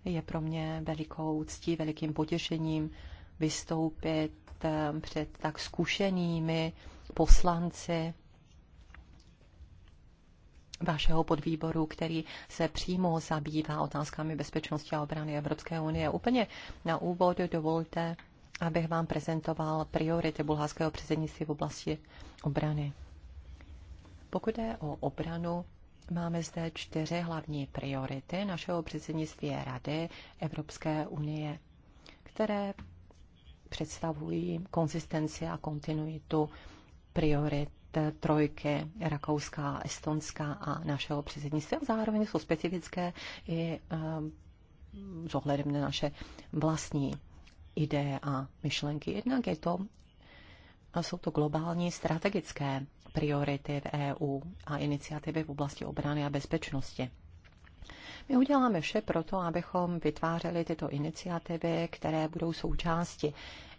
Je pro mě velikou ctí, velikým potěšením vystoupit eh, před tak zkušenými poslanci vašeho podvýboru, který se přímo zabývá otázkami bezpečnosti a obrany Evropské unie. Úplně na úvod dovolte, abych vám prezentoval priority bulharského předsednictví v oblasti obrany. Pokud je o obranu, Máme zde čtyři hlavní priority našeho předsednictví Rady Evropské unie, které představují konzistenci a kontinuitu priorit trojky Rakouská, Estonská a našeho předsednictví. A zároveň jsou specifické i eh, s ohledem na naše vlastní ideje a myšlenky. Jednak je to, a jsou to globální strategické priority v EU a iniciativy v oblasti obrany a bezpečnosti. My uděláme vše proto, abychom vytvářeli tyto iniciativy, které budou součástí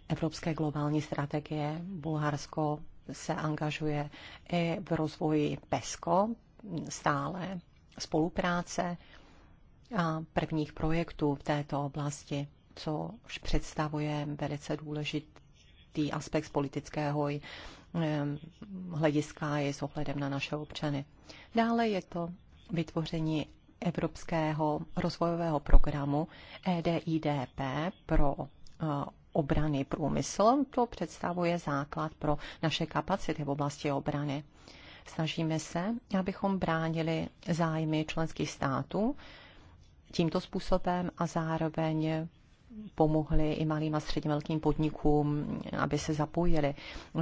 Evropské globální strategie. Bulharsko se angažuje i v rozvoji PESCO, stále spolupráce a prvních projektů v této oblasti, což představuje velice důležitý aspekt z politického i hlediska i s ohledem na naše občany. Dále je to vytvoření Evropského rozvojového programu EDIDP pro obrany průmysl. To představuje základ pro naše kapacity v oblasti obrany. Snažíme se, abychom bránili zájmy členských států tímto způsobem a zároveň pomohli i malým a středně velkým podnikům, aby se zapojili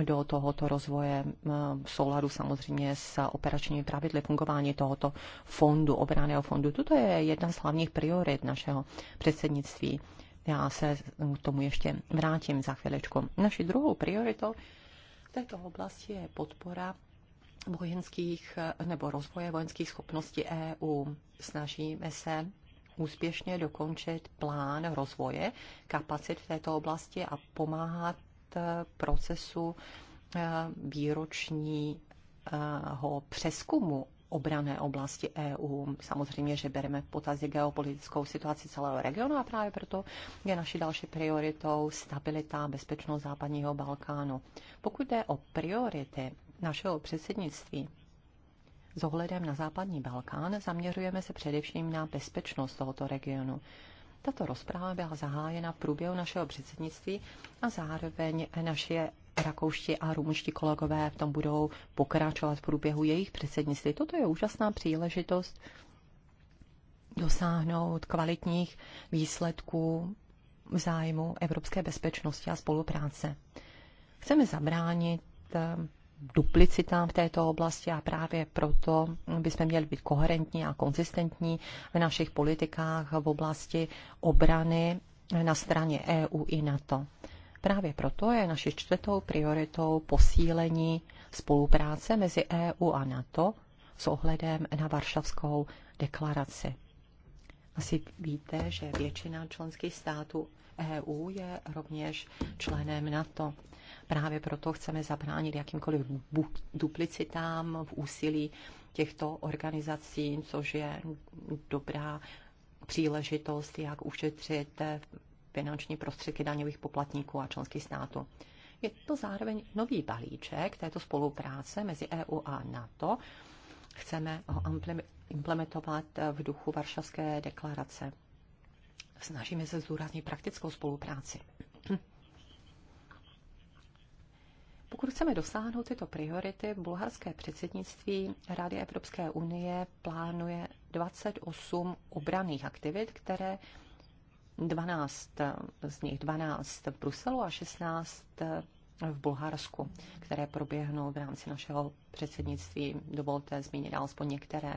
do tohoto rozvoje eh, v souladu samozřejmě s operačními pravidly fungování tohoto fondu, obraného fondu. Toto je jedna z hlavních priorit našeho předsednictví. Já se k tomu ještě vrátím za chviličku. Naší druhou prioritou v této oblasti je podpora vojenských eh, nebo rozvoje vojenských schopností EU. Snažíme se úspěšně dokončit plán rozvoje kapacit v této oblasti a pomáhat eh, procesu eh, výročního přeskumu obrané oblasti EU. Samozřejmě, že bereme v potaz geopolitickou situaci celého regionu a právě proto je naší další prioritou stabilita a bezpečnost západního Balkánu. Pokud jde o priority našeho předsednictví, s ohledem na západní Balkán zaměřujeme se především na bezpečnost tohoto regionu. Tato rozpráva byla zahájena v průběhu našeho předsednictví a zároveň naše rakouští a rumunští kolegové v tom budou pokračovat v průběhu jejich předsednictví. Toto je úžasná příležitost dosáhnout kvalitních výsledků v zájmu evropské bezpečnosti a spolupráce. Chceme zabránit eh, duplicitám v této oblasti a právě proto bychom měli být koherentní a konzistentní v našich politikách v oblasti obrany na straně EU i NATO. Právě proto je naší čtvrtou prioritou posílení spolupráce mezi EU a NATO s ohledem na Varšavskou deklaraci. Asi víte, že většina členských států EU je rovněž členem NATO. Právě proto chceme zabránit jakýmkoliv duplicitám v úsilí těchto organizací, což je dobrá příležitost, jak ušetřit finanční prostředky daňových poplatníků a členských států. Je to zároveň nový balíček této spolupráce mezi EU a NATO. Chceme ho implementovat v duchu Varšavské deklarace. Snažíme se zdůraznit praktickou spolupráci. Pokud chceme dosáhnout tyto priority, bulharské předsednictví Rady Evropské unie plánuje 28 obraných aktivit, které 12 z nich 12 v Bruselu a 16 v Bulharsku, které proběhnou v rámci našeho předsednictví. Dovolte zmínit alespoň některé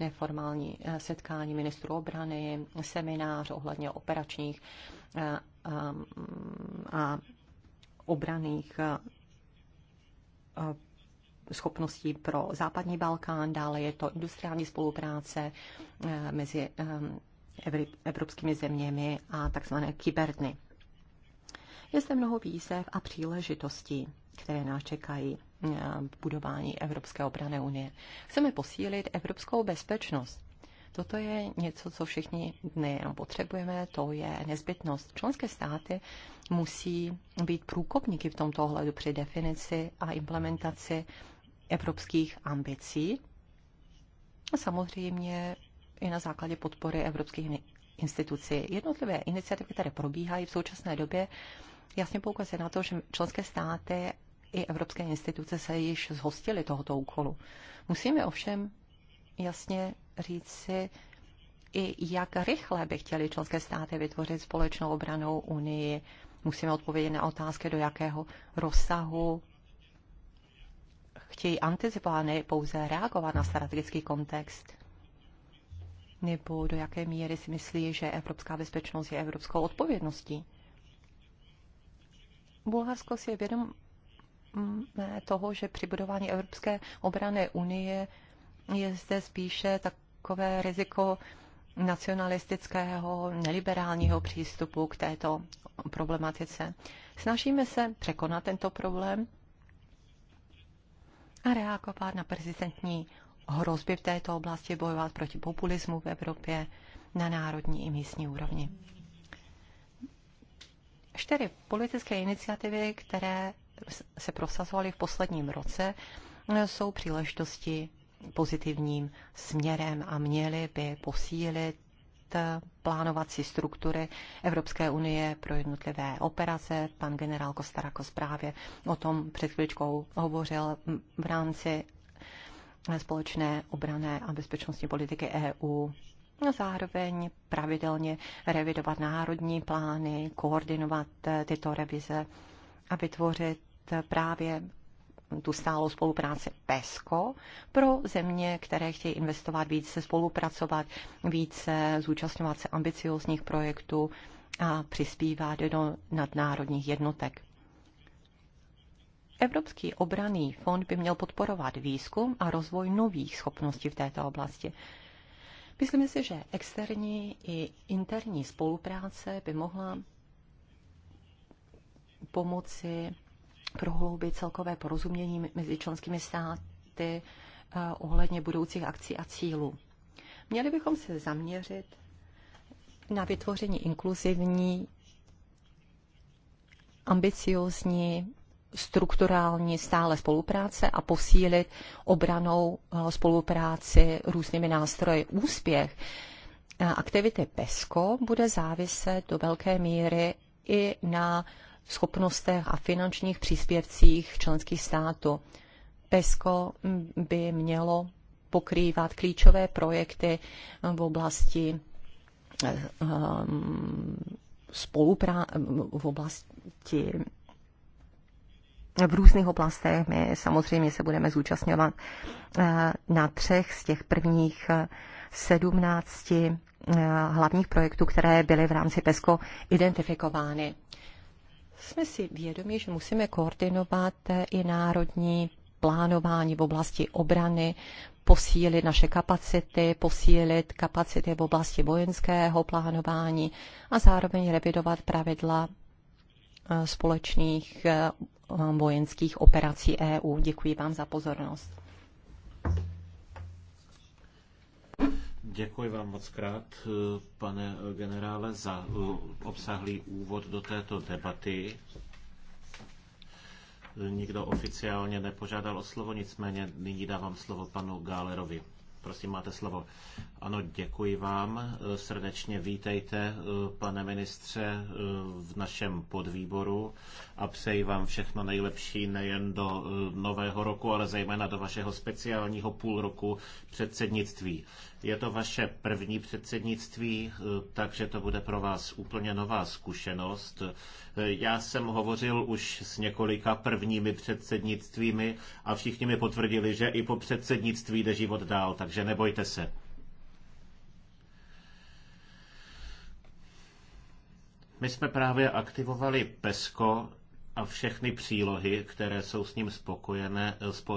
neformální eh, setkání ministrů obrany, seminář ohledně operačních a, eh, eh, a obraných Eh, schopností pro západní Balkán, dále je to industriální spolupráce eh, mezi eh, evropskými zeměmi a takzvané kyberdny. Je zde mnoho výzev a příležitostí, které nás čekají v budování Evropské obrané unie. Chceme posílit evropskou bezpečnost Toto je něco, co všichni dny potřebujeme, to je nezbytnost. Členské státy musí být průkopníky v tomto ohledu při definici a implementaci evropských ambicí. A samozřejmě i na základě podpory evropských institucí. Jednotlivé iniciativy, které probíhají v současné době, jasně poukazuje na to, že členské státy i evropské instituce se již zhostily tohoto úkolu. Musíme ovšem jasně říci, i jak rychle by chtěli členské státy vytvořit společnou obranou unii. Musíme odpovědět na otázky, do jakého rozsahu chtějí anticipovat, ne pouze reagovat na strategický kontext. Nebo do jaké míry si myslí, že evropská bezpečnost je evropskou odpovědností. Bulharsko si je vědom toho, že při budování Evropské obrané unie je zde spíše tak takové riziko nacionalistického, neliberálního přístupu k této problematice. Snažíme se překonat tento problém a reagovat na persistentní hrozby v této oblasti, bojovat proti populismu v Evropě na národní i místní úrovni. Čtyři politické iniciativy, které se prosazovaly v posledním roce, jsou příležitosti pozitivním směrem a měli by posílit plánovací struktury Evropské unie pro jednotlivé operace. Pan generál Kostarako právě o tom před chvíličkou hovořil v rámci společné obrané a bezpečnostní politiky EU. Zároveň pravidelně revidovat národní plány, koordinovat tyto revize a vytvořit právě tu stálou spolupráci PESCO pro země, které chtějí investovat více, spolupracovat více, zúčastňovat se ambiciozních projektů a přispívat do nadnárodních jednotek. Evropský obraný fond by měl podporovat výzkum a rozvoj nových schopností v této oblasti. Myslím si, že externí i interní spolupráce by mohla pomoci prohloubit celkové porozumění mezi členskými státy eh, ohledně budoucích akcí a cílů. Měli bychom se zaměřit na vytvoření inkluzivní, ambiciozní, strukturální stále spolupráce a posílit obranou eh, spolupráci různými nástroji. Úspěch eh, aktivity PESCO bude záviset do velké míry i na schopnostech a finančních příspěvcích členských států. PESCO by mělo pokrývat klíčové projekty v oblasti eh, spolupráce v oblasti v různých oblastech. My samozřejmě se budeme zúčastňovat eh, na třech z těch prvních eh, sedmnácti hlavních projektů, které byly v rámci PESCO identifikovány jsme si vědomi, že musíme koordinovat eh, i národní plánování v oblasti obrany, posílit naše kapacity, posílit kapacity v oblasti vojenského plánování a zároveň revidovat pravidla eh, společných eh, vojenských operací EU. Děkuji vám za pozornost. Děkuji vám moc krát, eh, pane eh, generále, za eh, obsahlý úvod do této debaty. Nikdo oficiálně nepožádal o slovo, nicméně nyní dávám slovo panu Gálerovi. Prosím, máte slovo. Ano, děkuji vám. Srdečně vítejte, pane ministře, v našem podvýboru a přeji vám všechno nejlepší nejen do nového roku, ale zejména do vašeho speciálního půl roku předsednictví. Je to vaše první předsednictví, takže to bude pro vás úplně nová zkušenost. Já jsem hovořil už s několika prvními předsednictvími a všichni mi potvrdili, že i po předsednictví jde život dál, takže nebojte se. My jsme právě aktivovali PESCO a všechny přílohy, které jsou s ním spokojené,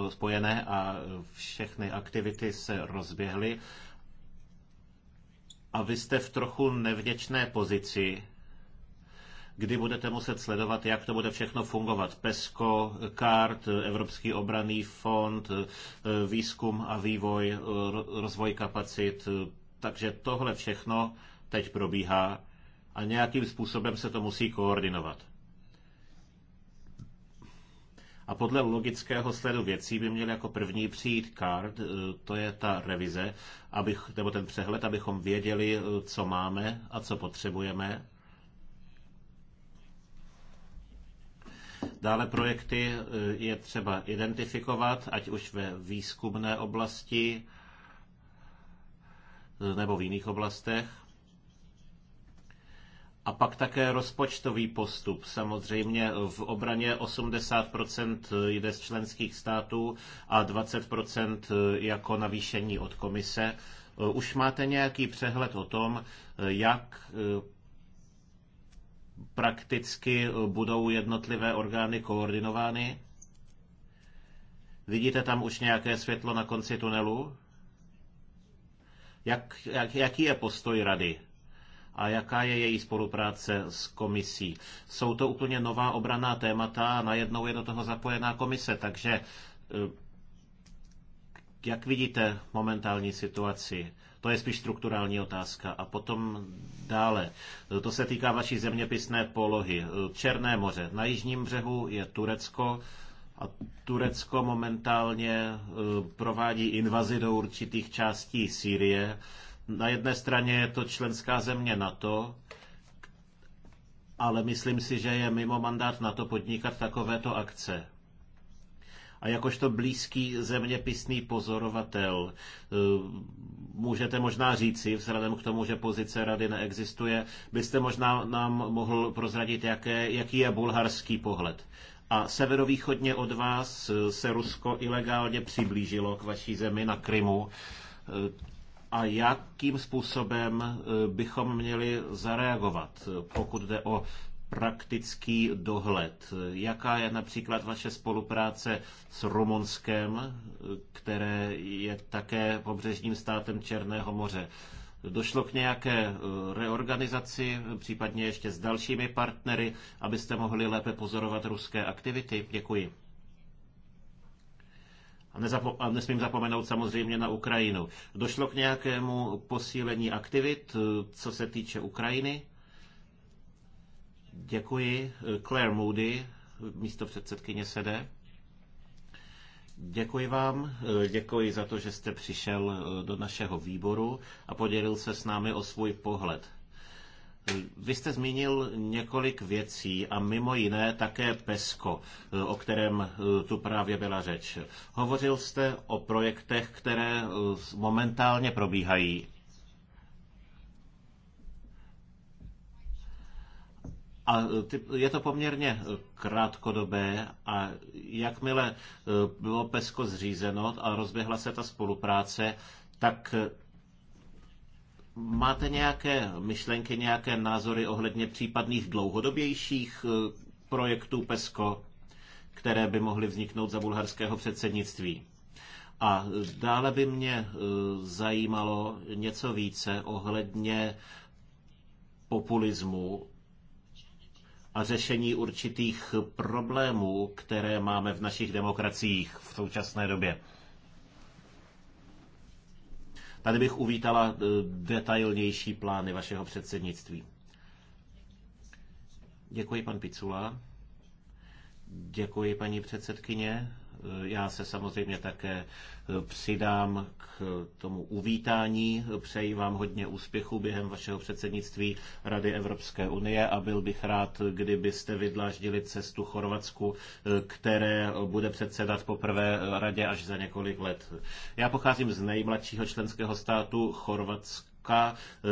spojené a všechny aktivity se rozběhly a vy jste v trochu nevděčné pozici, kdy budete muset sledovat, jak to bude všechno fungovat. PESCO, CART, Evropský obraný fond, výzkum a vývoj, rozvoj kapacit. Takže tohle všechno teď probíhá a nějakým způsobem se to musí koordinovat. A podle logického sledu věcí by měl jako první přijít card, eh, to je ta revize, abych, nebo ten přehled, abychom věděli, eh, co máme a co potřebujeme. Dále projekty eh, je třeba identifikovat, ať už ve výzkumné oblasti nebo v jiných oblastech. A pak také rozpočtový postup. Samozřejmě v obraně 80% jde z členských států a 20% jako navýšení od komise. Už máte nějaký přehled o tom, jak prakticky budou jednotlivé orgány koordinovány? Vidíte tam už nějaké světlo na konci tunelu? Jak, jak, jaký je postoj rady a jaká je její spolupráce s komisí. Jsou to úplně nová obraná témata a najednou je do toho zapojená komise, takže eh, jak vidíte momentální situaci? To je spíš strukturální otázka. A potom dále. To se týká vaší zeměpisné polohy. Černé moře. Na jižním břehu je Turecko. A Turecko momentálně eh, provádí invazi do určitých částí Sýrie na jedné straně je to členská země NATO, ale myslím si, že je mimo mandát NATO podnikat takovéto akce. A jakožto blízký zeměpisný pozorovatel eh, můžete možná říci, vzhledem k tomu, že pozice rady neexistuje, byste možná nám mohl prozradit, jaké, jaký je bulharský pohled. A severovýchodně od vás eh, se Rusko ilegálně přiblížilo k vaší zemi na Krymu eh, a jakým způsobem eh, bychom měli zareagovat, eh, pokud jde o praktický dohled. Jaká je například vaše spolupráce s Rumunskem, eh, které je také pobřežním státem Černého moře? Došlo k nějaké reorganizaci, případně ještě s dalšími partnery, abyste mohli lépe pozorovat ruské aktivity? Děkuji. A, nezapo- a nesmím zapomenout samozřejmě na Ukrajinu. Došlo k nějakému posílení aktivit, eh, co se týče Ukrajiny? Děkuji. Eh, Claire Moody, eh, místo předsedkyně SED. E. Děkuji vám, děkuji za to, že jste přišel do našeho výboru a podělil se s námi o svůj pohled. Vy jste zmínil několik věcí a mimo jiné také PESCO, eh, o kterém eh, tu právě byla řeč. Hovořil jste o projektech, které eh, momentálně probíhají. A je to poměrně krátkodobé a jakmile bylo PESCO zřízeno a rozběhla se ta spolupráce, tak Máte nějaké myšlenky, nějaké názory ohledně případných dlouhodobějších eh, projektů PESCO, které by mohly vzniknout za bulharského předsednictví? A dále by mě eh, zajímalo něco více ohledně populismu a řešení určitých problémů, které máme v našich demokraciích v současné době. Tady bych uvítala eh, detailnější plány vašeho předsednictví. Děkuji, pan Picula. Děkuji, paní předsedkyně. Já se samozřejmě také eh, přidám k tomu uvítání. Přeji vám hodně úspěchu během vašeho předsednictví Rady Evropské unie a byl bych rád, kdybyste vydláždili cestu Chorvatsku, eh, které bude předsedat poprvé eh, Radě až za několik let. Já pocházím z nejmladšího členského státu Chorvatska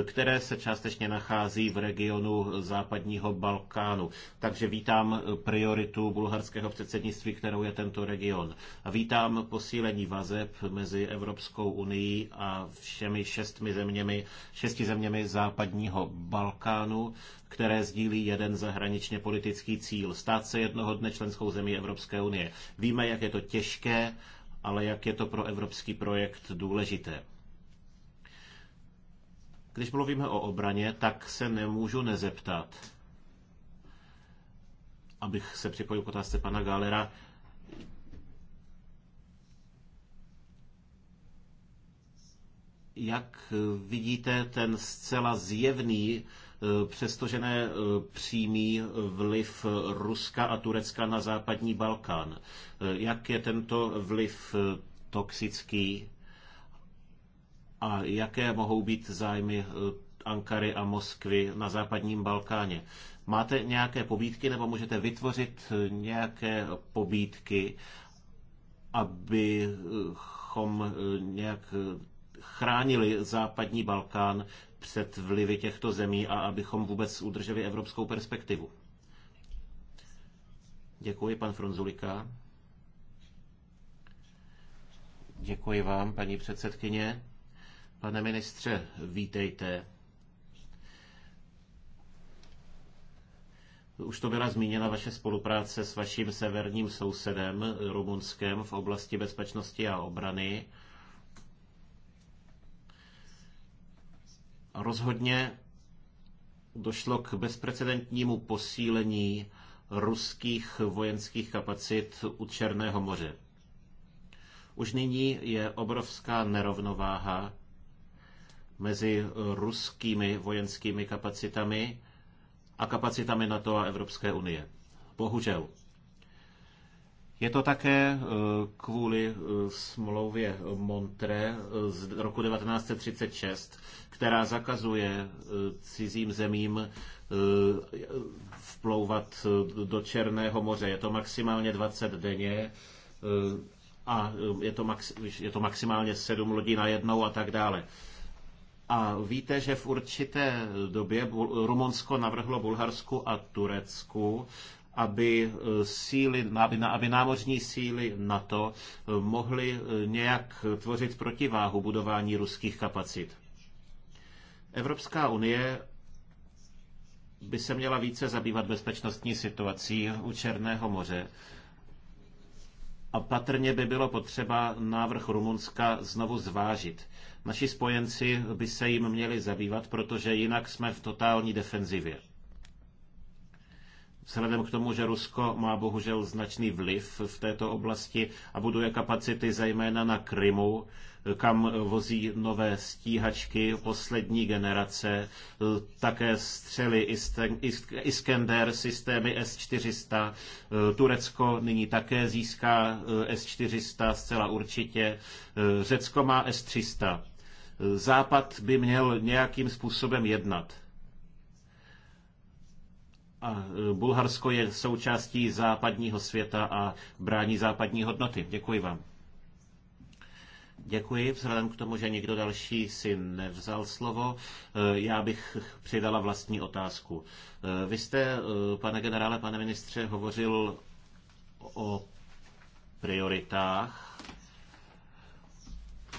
které se částečně nachází v regionu západního Balkánu. Takže vítám prioritu bulharského předsednictví, kterou je tento region. A vítám posílení vazeb mezi Evropskou unii a všemi šestmi zeměmi, šesti zeměmi západního Balkánu, které sdílí jeden zahraničně politický cíl, stát se jednoho dne členskou zemí Evropské unie. Víme, jak je to těžké, ale jak je to pro evropský projekt důležité. Když mluvíme o obraně, tak se nemůžu nezeptat, abych se připojil k otázce pana Gálera, jak vidíte ten zcela zjevný, eh, přestože ne eh, přímý vliv Ruska a Turecka na západní Balkán? Eh, jak je tento vliv toxický? a jaké mohou být zájmy eh, Ankary a Moskvy na západním Balkáně. Máte nějaké pobídky nebo můžete vytvořit eh, nějaké pobídky, abychom eh, nějak chránili západní Balkán před vlivy těchto zemí a abychom vůbec udrželi evropskou perspektivu? Děkuji, pan Fronzulika. Děkuji vám, paní předsedkyně. Pane ministře, vítejte. Už to byla zmíněna vaše spolupráce s vaším severním sousedem Rumunskem v oblasti bezpečnosti a obrany. Rozhodně došlo k bezprecedentnímu posílení ruských vojenských kapacit u Černého moře. Už nyní je obrovská nerovnováha mezi ruskými vojenskými kapacitami a kapacitami NATO a Evropské unie. Bohužel. Je to také eh, kvůli eh, smlouvě Montre z roku 1936, která zakazuje eh, cizím zemím vplouvat do Černého moře. Je to maximálně 20 denně a je to, max, je to maximálně 7 lodí na jednou a tak dále. A víte, že v určité době Rumunsko navrhlo Bulharsku a Turecku, aby, eh, síly, aby, aby námořní síly NATO eh, mohly eh, nějak tvořit protiváhu budování ruských kapacit. Evropská unie by se měla více zabývat bezpečnostní situací u Černého moře a patrně by bylo potřeba návrh Rumunska znovu zvážit. Naši spojenci by se jim měli zabývat, protože jinak jsme v totální defenzivě. Vzhledem k tomu, že Rusko má bohužel značný vliv v této oblasti a buduje kapacity zejména na Krymu, kam vozí nové stíhačky poslední generace, eh, také střely Iskender, systémy S-400. Eh, Turecko nyní také získá eh, S-400 zcela určitě. Řecko má S-300. Západ by měl nějakým způsobem jednat. A Bulharsko je součástí západního světa a brání západní hodnoty. Děkuji vám. Děkuji, vzhledem k tomu, že nikdo další si nevzal slovo, eh, já bych přidala vlastní otázku. Eh, vy jste, eh, pane generále, pane ministře, hovořil o prioritách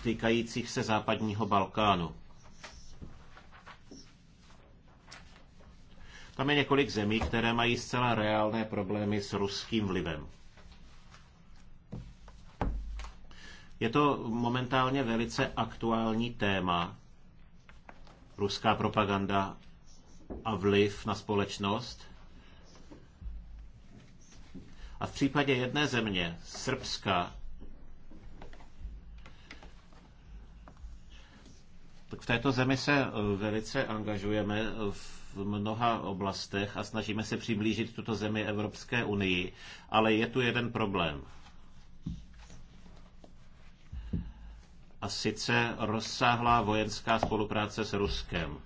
týkajících se západního Balkánu. Tam je několik zemí, které mají zcela reálné problémy s ruským vlivem. Je to momentálně velice aktuální téma. Ruská propaganda a vliv na společnost. A v případě jedné země, Srbska, tak v této zemi se eh, velice angažujeme v v mnoha oblastech a snažíme se přiblížit tuto zemi Evropské unii, ale je tu jeden problém. a sice rozsáhlá vojenská spolupráce s Ruskem.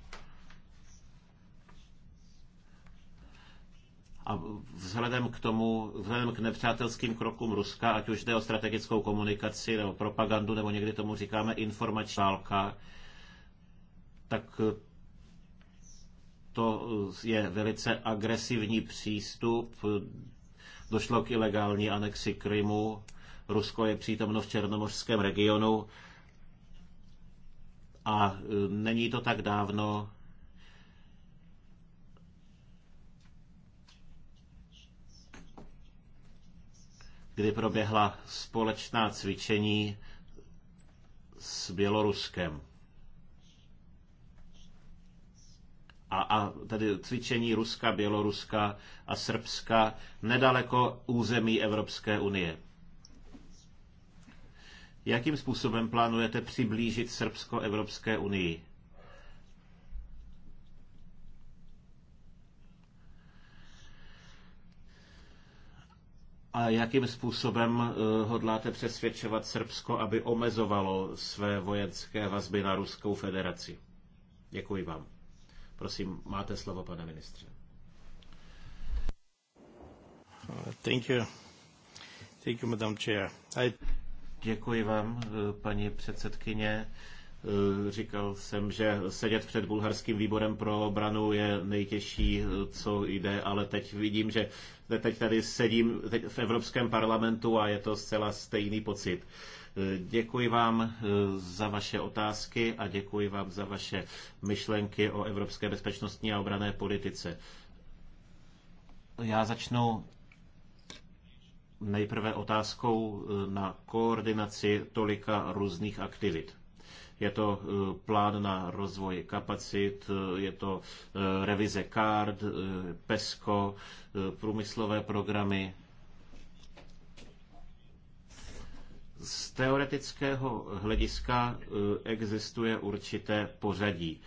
A vzhledem k tomu, vzhledem k nepřátelským krokům Ruska, ať už jde o strategickou komunikaci nebo propagandu, nebo někdy tomu říkáme informační válka, tak to je velice agresivní přístup. Došlo k ilegální anexi Krymu. Rusko je přítomno v černomořském regionu a e, není to tak dávno, kdy proběhla společná cvičení s Běloruskem. A, a tedy cvičení Ruska, Běloruska a Srbska nedaleko území Evropské unie. Jakým způsobem plánujete přiblížit Srbsko Evropské unii? A jakým způsobem eh, hodláte přesvědčovat Srbsko, aby omezovalo své vojenské vazby na Ruskou federaci? Děkuji vám. Prosím, máte slovo, pane ministře. Thank you. Thank you, Madam Chair. I... Děkuji vám, paní předsedkyně. Říkal jsem, že sedět před bulharským výborem pro obranu je nejtěžší, co jde, ale teď vidím, že teď tady sedím teď v Evropském parlamentu a je to zcela stejný pocit. Děkuji vám za vaše otázky a děkuji vám za vaše myšlenky o evropské bezpečnostní a obrané politice. Já začnu nejprve otázkou e, na koordinaci tolika různých aktivit. Je to e, plán na rozvoj kapacit, e, je to revize kard, PESCO, průmyslové programy. Z teoretického hlediska existuje určité pořadí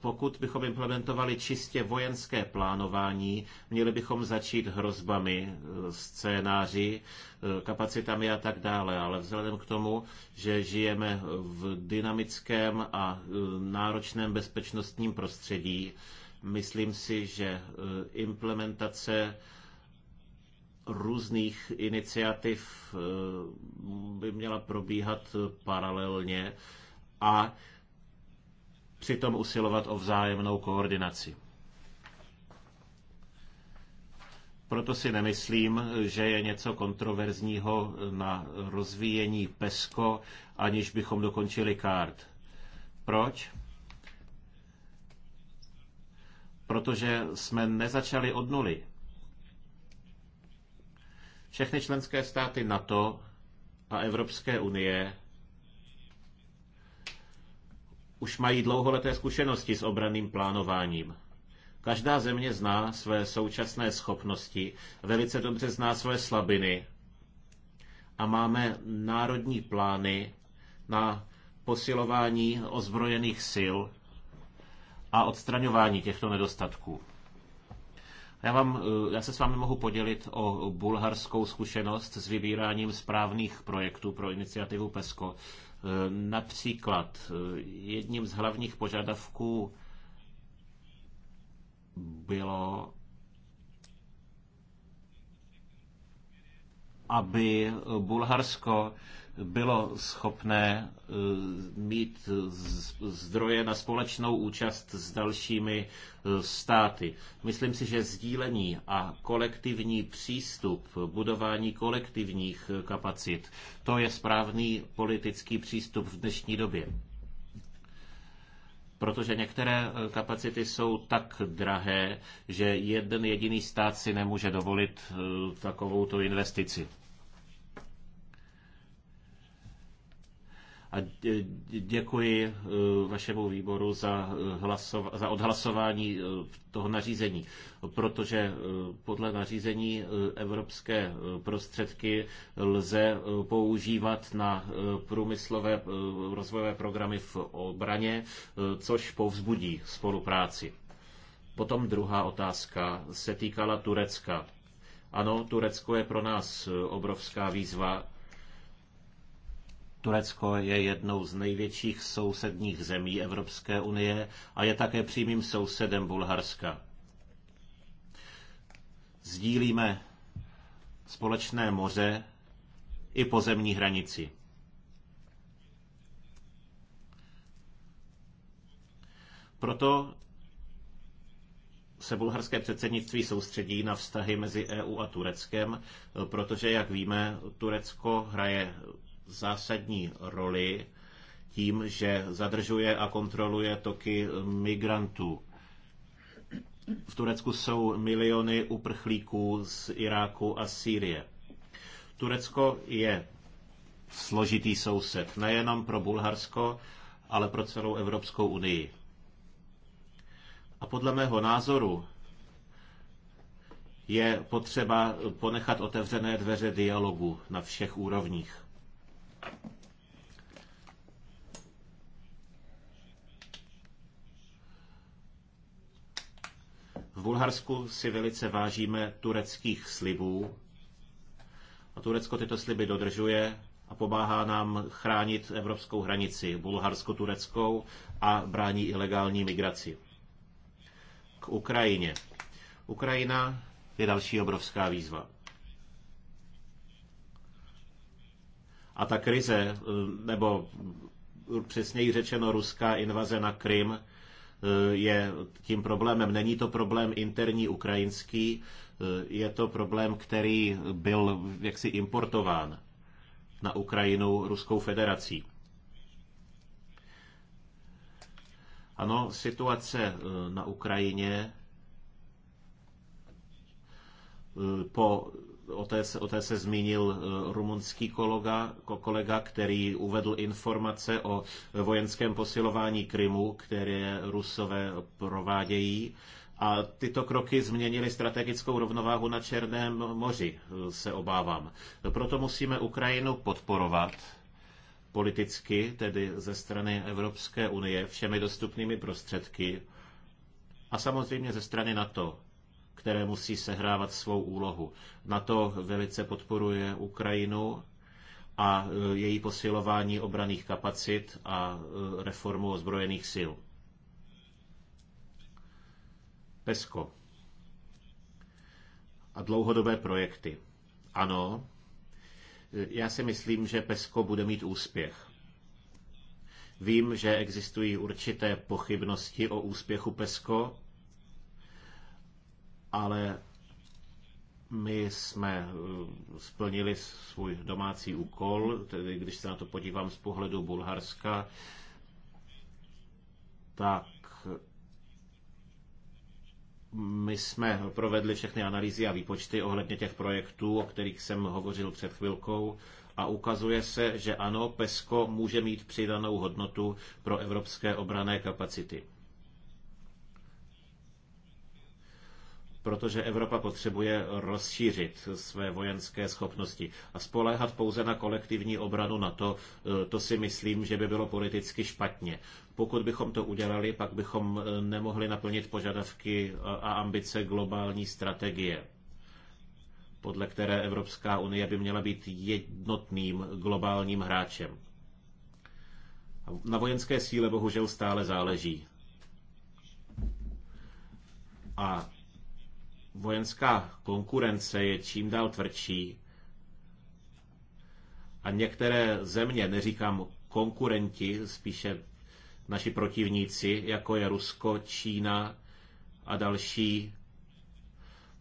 pokud bychom implementovali čistě vojenské plánování, měli bychom začít hrozbami, e, scénáři, e, kapacitami a tak dále. Ale vzhledem k tomu, že žijeme v dynamickém a e, náročném bezpečnostním prostředí, myslím si, že implementace různých iniciativ by měla probíhat paralelně a přitom usilovat o vzájemnou koordinaci. Proto si nemyslím, že je něco kontroverzního na rozvíjení PESCO, aniž bychom dokončili kart. Proč? Protože jsme nezačali od nuly. Všechny členské státy NATO a Evropské unie už mají dlouholeté zkušenosti s obraným plánováním. Každá země zná své současné schopnosti, velice dobře zná své slabiny a máme národní plány na posilování ozbrojených sil a odstraňování těchto nedostatků. Já, vám, eh, já se s vámi mohu podělit o bulharskou zkušenost s vybíráním správných projektů pro iniciativu PESCO, Eh, například eh, jedním z hlavních požadavků bylo, aby Bulharsko bylo schopné eh, mít zdroje na společnou účast s dalšími eh, státy. Myslím si, že sdílení a kolektivní přístup, budování kolektivních eh, kapacit, to je správný politický přístup v dnešní době protože některé kapacity jsou tak drahé, že jeden jediný stát si nemůže dovolit takovouto investici. a děkuji eh, vašemu výboru za, eh, hlasova- za odhlasování eh, toho nařízení, protože podle nařízení evropské prostředky lze používat na průmyslové rozvojové programy v obraně, což povzbudí spolupráci. Potom druhá otázka se týkala Turecka. Ano, Turecko je pro nás obrovská výzva, Turecko je jednou z největších sousedních zemí Evropské unie a je také přímým sousedem Bulharska. Sdílíme společné moře i pozemní hranici. Proto se bulharské předsednictví soustředí na vztahy mezi EU a Tureckem, protože, jak víme, Turecko hraje zásadní roli tím, že zadržuje a kontroluje toky migrantů. V Turecku jsou miliony uprchlíků z Iráku a Sýrie. Turecko je složitý soused, nejenom pro Bulharsko, ale pro celou Evropskou unii. A podle mého názoru je potřeba ponechat otevřené dveře dialogu na všech úrovních. V Bulharsku si velice vážíme tureckých slibů. A Turecko tyto sliby dodržuje a pomáhá nám chránit evropskou hranici, bulharsko-tureckou, a brání ilegální migraci. K Ukrajině. Ukrajina je další obrovská výzva. A ta krize, eh, nebo přesněji řečeno ruská invaze na Krym, eh, je tím problémem. Není to problém interní ukrajinský, eh, je to problém, který byl jaksi importován na Ukrajinu Ruskou federací. Ano, situace na Ukrajině po o té, se, o té se zmínil eh, rumunský kolega, kolega, který uvedl informace o vojenském posilování Krymu, které rusové provádějí. A tyto kroky změnily strategickou rovnováhu na Černém moři, eh, se obávám. Proto musíme Ukrajinu podporovat politicky, tedy ze strany Evropské unie, všemi dostupnými prostředky a samozřejmě ze strany NATO které musí sehrávat svou úlohu. Na to velice podporuje Ukrajinu a e, její posilování obraných kapacit a e, reformu ozbrojených sil. PESCO a dlouhodobé projekty. Ano, e, já si myslím, že PESCO bude mít úspěch. Vím, že existují určité pochybnosti o úspěchu PESCO, ale my jsme eh, splnili svůj domácí úkol, tedy když se na to podívám z pohledu Bulharska, tak eh, my jsme provedli všechny analýzy a výpočty ohledně těch projektů, o kterých jsem hovořil před chvilkou, a ukazuje se, že ano, PESCO může mít přidanou hodnotu pro evropské obrané kapacity. protože Evropa potřebuje rozšířit své vojenské schopnosti. A spoléhat pouze na kolektivní obranu na to eh, to si myslím, že by bylo politicky špatně. Pokud bychom to udělali, pak bychom eh, nemohli naplnit požadavky a ambice globální strategie podle které Evropská unie by měla být jednotným globálním hráčem. Na vojenské síle bohužel stále záleží. A vojenská konkurence je čím dál tvrdší a některé země, neříkám konkurenti, spíše naši protivníci, jako je Rusko, Čína a další,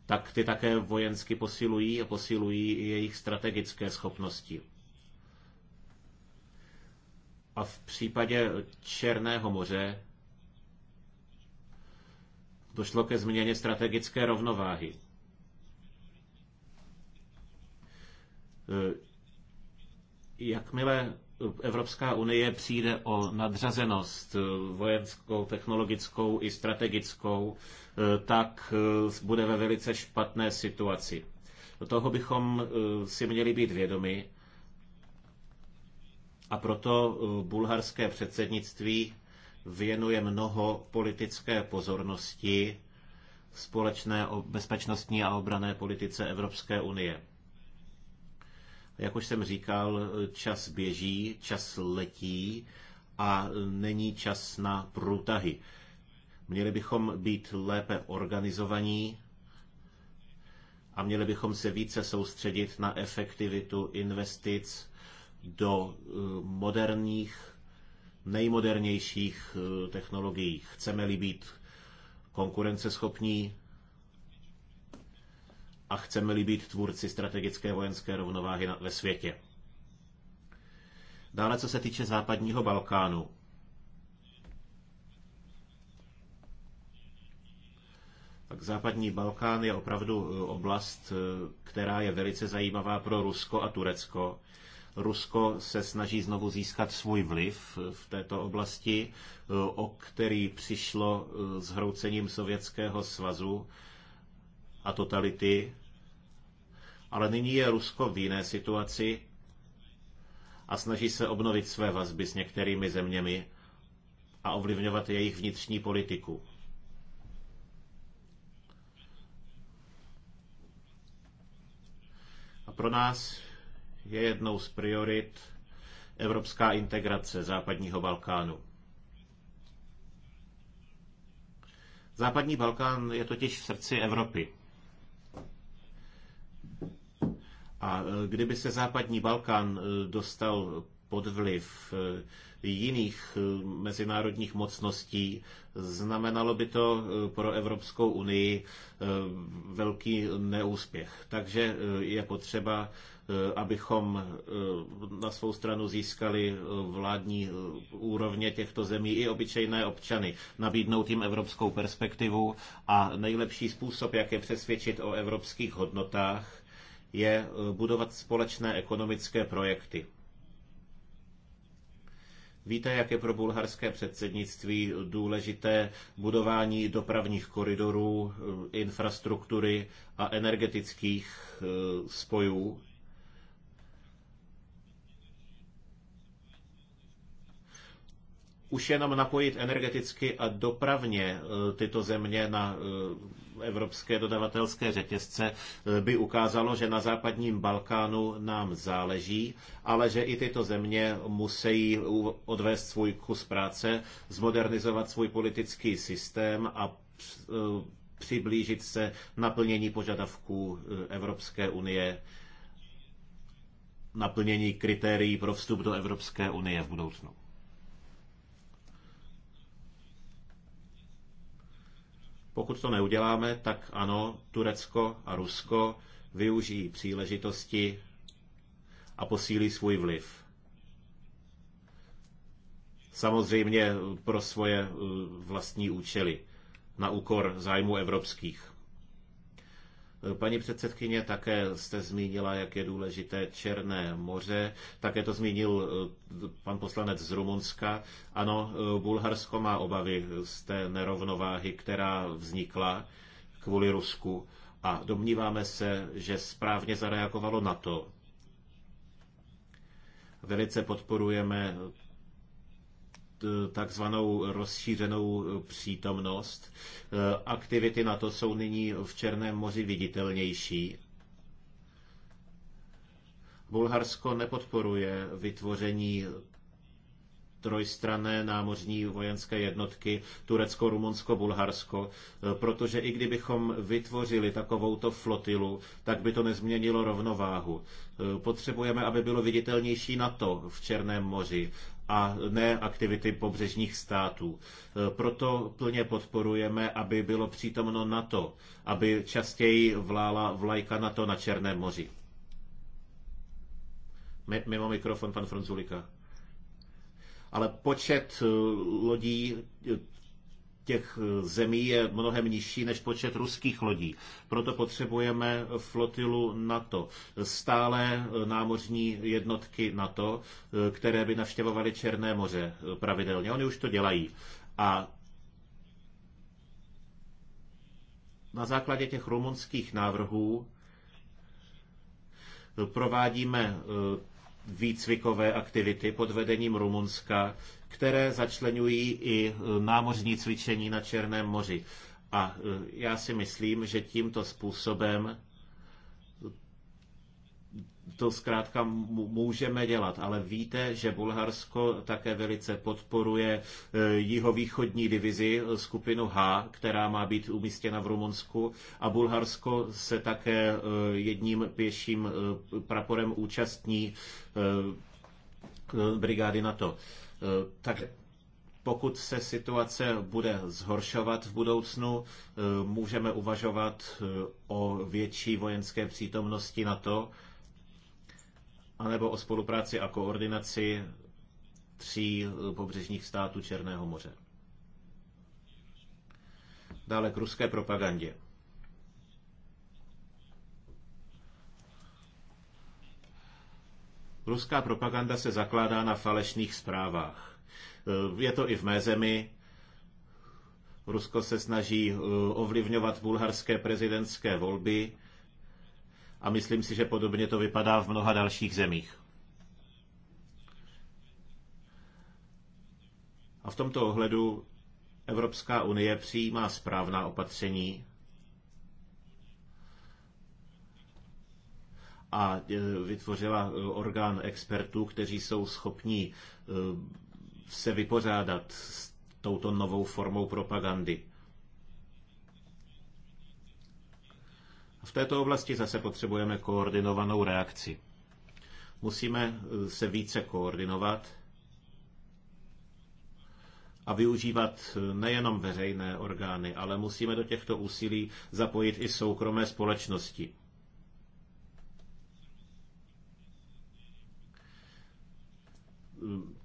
tak ty také vojensky posilují a posilují i jejich strategické schopnosti. A v případě Černého moře došlo ke změně strategické rovnováhy. E, jakmile Evropská unie přijde o nadřazenost e, vojenskou, technologickou i strategickou, e, tak bude ve velice špatné situaci. Toho bychom si měli být vědomi a proto bulharské předsednictví věnuje mnoho politické pozornosti společné bezpečnostní a obrané politice Evropské unie. Jak už jsem říkal, čas běží, čas letí a není čas na průtahy. Měli bychom být lépe organizovaní a měli bychom se více soustředit na efektivitu investic do eh, moderních nejmodernějších eh, technologií. Chceme-li být konkurenceschopní a chceme-li být tvůrci strategické vojenské rovnováhy ve světě. Dále, co se týče západního Balkánu, Tak západní Balkán je opravdu eh, oblast, eh, která je velice zajímavá pro Rusko a Turecko. Rusko se snaží znovu získat svůj vliv v této oblasti, eh, o který přišlo eh, s hroucením Sovětského svazu a totality. Ale nyní je Rusko v jiné situaci a snaží se obnovit své vazby s některými zeměmi a ovlivňovat jejich vnitřní politiku. A pro nás je jednou z priorit evropská integrace západního Balkánu. Západní Balkán je totiž v srdci Evropy. A e, kdyby se západní Balkán e, dostal pod vliv e, jiných mezinárodních mocností, znamenalo by to pro Evropskou unii velký neúspěch. Takže je potřeba Eh, abychom eh, na svou stranu získali eh, vládní úrovně těchto zemí i obyčejné občany, nabídnout jim evropskou perspektivu a nejlepší způsob, jak je přesvědčit o evropských hodnotách, je budovat společné ekonomické projekty. Víte, jak je pro bulharské předsednictví důležité budování dopravních koridorů, infrastruktury a energetických spojů? už jenom napojit energeticky a dopravně e, tyto země na e, evropské dodavatelské řetězce e, by ukázalo, že na západním Balkánu nám záleží, ale že i tyto země musí odvést svůj kus práce, zmodernizovat svůj politický systém a přiblížit se naplnění požadavků Evropské unie, naplnění kritérií pro vstup do Evropské unie v budoucnu. Pokud to neuděláme, tak ano, Turecko a Rusko využijí příležitosti a posílí svůj vliv. Samozřejmě pro svoje eh, vlastní účely, na úkor zájmu evropských. Paní předsedkyně, také jste zmínila, jak je důležité Černé moře. Také to zmínil eh, pan poslanec z Rumunska. Ano, eh, Bulharsko má obavy z té nerovnováhy, která vznikla kvůli Rusku. A domníváme se, že správně zareagovalo na to. Velice podporujeme takzvanou rozšířenou eh, přítomnost. Eh, aktivity na to jsou nyní v Černém moři viditelnější. Bulharsko nepodporuje vytvoření trojstrané námořní vojenské jednotky Turecko, Rumunsko, Bulharsko, e, protože i kdybychom vytvořili takovouto flotilu, tak by to nezměnilo rovnováhu. E, potřebujeme, aby bylo viditelnější NATO v Černém moři a ne aktivity pobřežních států. E, proto plně podporujeme, aby bylo přítomno NATO, aby častěji vlála vlajka NATO na Černém moři. Mimo mikrofon pan Franzulika ale počet eh, lodí eh, těch eh, zemí je mnohem nižší než počet ruských lodí. Proto potřebujeme flotilu NATO, stále námořní jednotky NATO, které by navštěvovaly Černé moře pravidelně. Oni už to dělají. A na základě těch rumunských návrhů provádíme výcvikové aktivity pod vedením Rumunska, které začlenují i e, námořní cvičení na Černém moři. A e, já si myslím, že tímto způsobem to zkrátka můžeme dělat, ale víte, že Bulharsko také velice podporuje e, jihovýchodní divizi e, skupinu H, která má být umístěna v Rumunsku a Bulharsko se také e, jedním pěším praporem účastní brigády NATO. Tak pokud se situace bude zhoršovat v budoucnu, můžeme uvažovat o větší vojenské přítomnosti NATO. to, anebo o spolupráci a koordinaci tří eh, pobřežních států Černého moře. Dále k ruské propagandě. Ruská propaganda se zakládá na falešných zprávách. Eh, je to i v mé zemi. Rusko se snaží eh, ovlivňovat bulharské prezidentské volby a myslím si, že podobně to vypadá v mnoha dalších zemích. A v tomto ohledu Evropská unie přijímá správná opatření a e, vytvořila e, orgán expertů, kteří jsou schopní e, se vypořádat s touto novou formou propagandy. V této oblasti zase potřebujeme koordinovanou reakci. Musíme eh, se více koordinovat a využívat eh, nejenom veřejné orgány, ale musíme do těchto úsilí zapojit i soukromé společnosti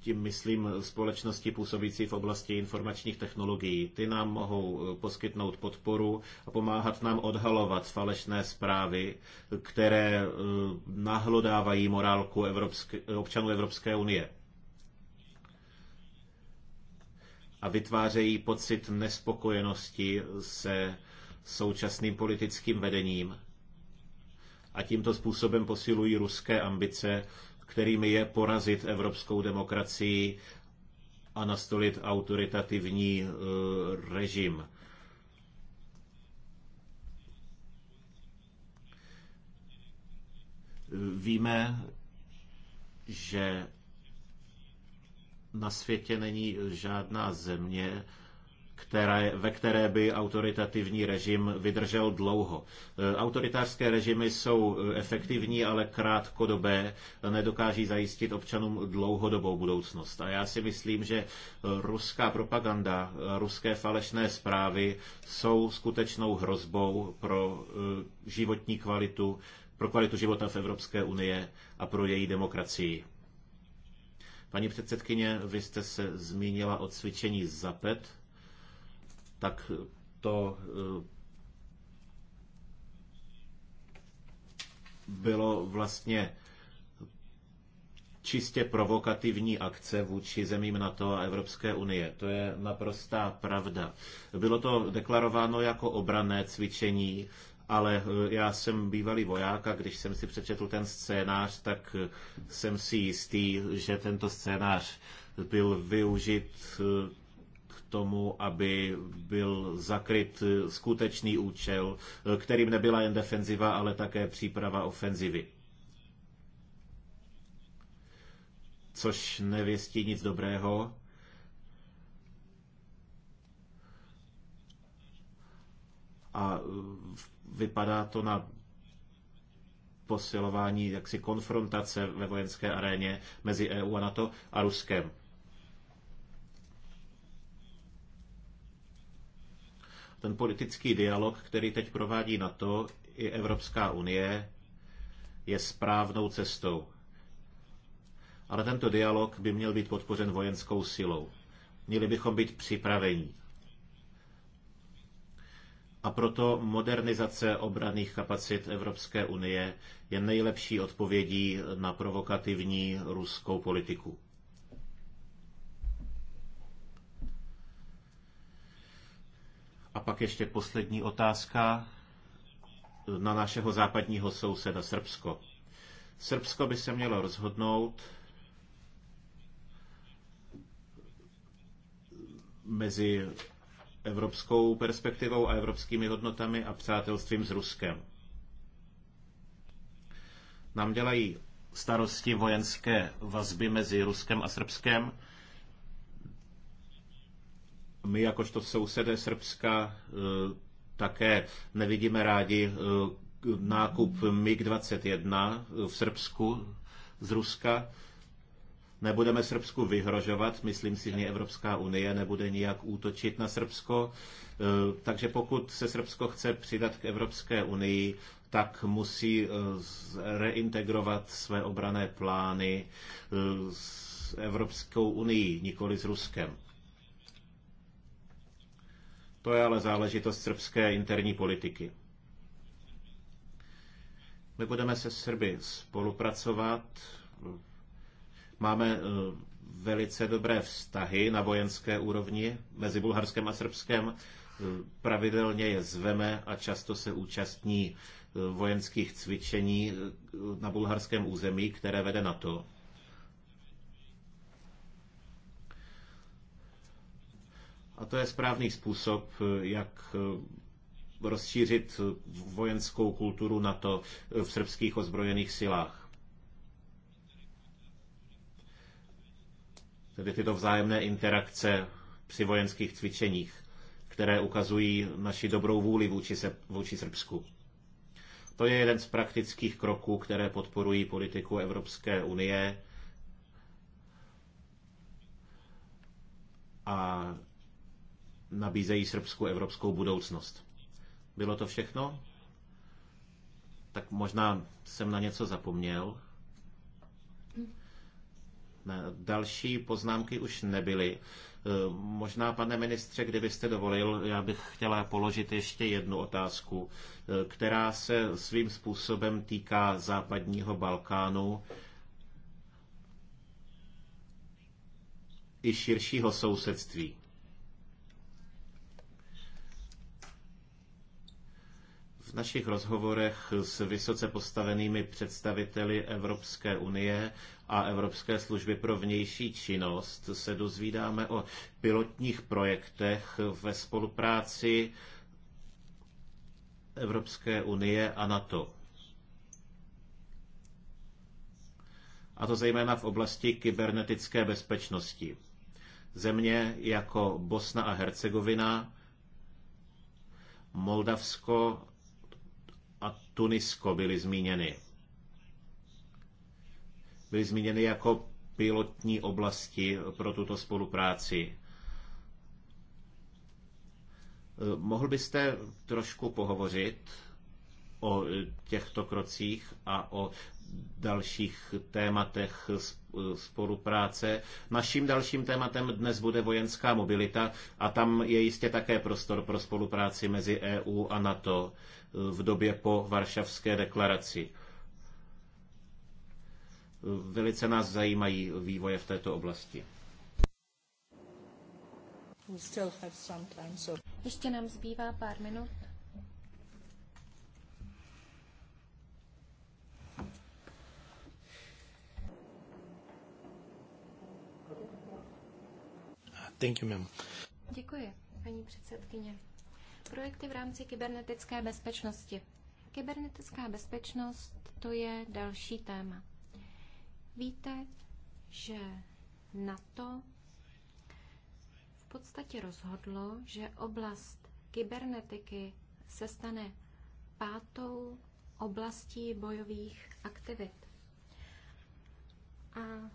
tím myslím společnosti působící v oblasti informačních technologií. Ty nám mohou eh, poskytnout podporu a pomáhat nám odhalovat falešné zprávy, které eh, nahlodávají morálku Evropské, občanů Evropské unie a vytvářejí pocit nespokojenosti se současným politickým vedením a tímto způsobem posilují ruské ambice kterými je porazit evropskou demokracii a nastolit autoritativní eh, režim. Víme, že na světě není žádná země, které, ve které by autoritativní režim vydržel dlouho. E, autoritářské režimy jsou e, efektivní, ale krátkodobé, nedokáží zajistit občanům dlouhodobou budoucnost. A já si myslím, že ruská propaganda, e, ruské falešné zprávy jsou skutečnou hrozbou pro životní kvalitu, pro kvalitu života v Evropské unii a pro její demokracii. Paní předsedkyně, vy jste se zmínila o cvičení ZAPET tak to eh, bylo vlastně čistě provokativní akce vůči zemím NATO a Evropské unie. To je naprostá pravda. Bylo to deklarováno jako obrané cvičení, ale eh, já jsem bývalý voják a když jsem si přečetl ten scénář, tak eh, jsem si jistý, že tento scénář byl využit tomu, aby byl zakryt skutečný účel, kterým nebyla jen defenziva, ale také příprava ofenzivy. Což nevěstí nic dobrého. A e, vypadá to na posilování jaksi konfrontace ve vojenské aréně mezi EU a NATO a Ruskem. ten politický dialog, který teď provádí NATO i Evropská unie, je správnou cestou. Ale tento dialog by měl být podpořen vojenskou silou. Měli bychom být připravení. A proto modernizace obraných kapacit Evropské unie je nejlepší odpovědí na provokativní ruskou politiku. A pak ještě poslední otázka na našeho západního souseda Srbsko. Srbsko by se mělo rozhodnout mezi evropskou perspektivou a evropskými hodnotami a přátelstvím s Ruskem. Nám dělají starosti vojenské vazby mezi Ruskem a Srbskem my jakožto sousedé Srbska e, také nevidíme rádi e, nákup MiG-21 v Srbsku z Ruska. Nebudeme Srbsku vyhrožovat, myslím si, že Evropská unie nebude nijak útočit na Srbsko. E, takže pokud se Srbsko chce přidat k Evropské unii, tak musí reintegrovat své obrané plány s Evropskou unii, nikoli s Ruskem. To je ale záležitost srbské interní politiky. My budeme se Srby spolupracovat. Máme eh, velice dobré vztahy na vojenské úrovni mezi Bulharskem a Srbskem. Eh, pravidelně je zveme a často se účastní eh, vojenských cvičení na bulharském území, které vede NATO. to. A to je správný způsob, jak eh, rozšířit vojenskou kulturu NATO eh, v srbských ozbrojených silách. Tedy tyto vzájemné interakce při vojenských cvičeních, které ukazují naši dobrou vůli vůči, se, vůči Srbsku. To je jeden z praktických kroků, které podporují politiku Evropské unie. A nabízejí srbskou evropskou budoucnost. Bylo to všechno? Tak možná jsem na něco zapomněl. další poznámky už nebyly. E, možná, pane ministře, kdybyste dovolil, já bych chtěla položit ještě jednu otázku, e, která se svým způsobem týká západního Balkánu i širšího sousedství. V našich rozhovorech s vysoce postavenými představiteli Evropské unie a Evropské služby pro vnější činnost se dozvídáme o pilotních projektech ve spolupráci Evropské unie a NATO. A to zejména v oblasti kybernetické bezpečnosti. Země jako Bosna a Hercegovina, Moldavsko a Tunisko byly zmíněny. Byly zmíněny jako pilotní oblasti pro tuto spolupráci. Mohl byste trošku pohovořit o těchto krocích a o dalších tématech spolupráce. Naším dalším tématem dnes bude vojenská mobilita a tam je jistě také prostor pro spolupráci mezi EU a NATO v době po Varšavské deklaraci. Velice nás zajímají vývoje v této oblasti. Ještě nám zbývá pár minut. Thank you, ma'am. Děkuji, paní předsedkyně projekty v rámci kybernetické bezpečnosti. Kybernetická bezpečnost to je další téma. Víte, že NATO v podstatě rozhodlo, že oblast kybernetiky se stane pátou oblastí bojových aktivit. A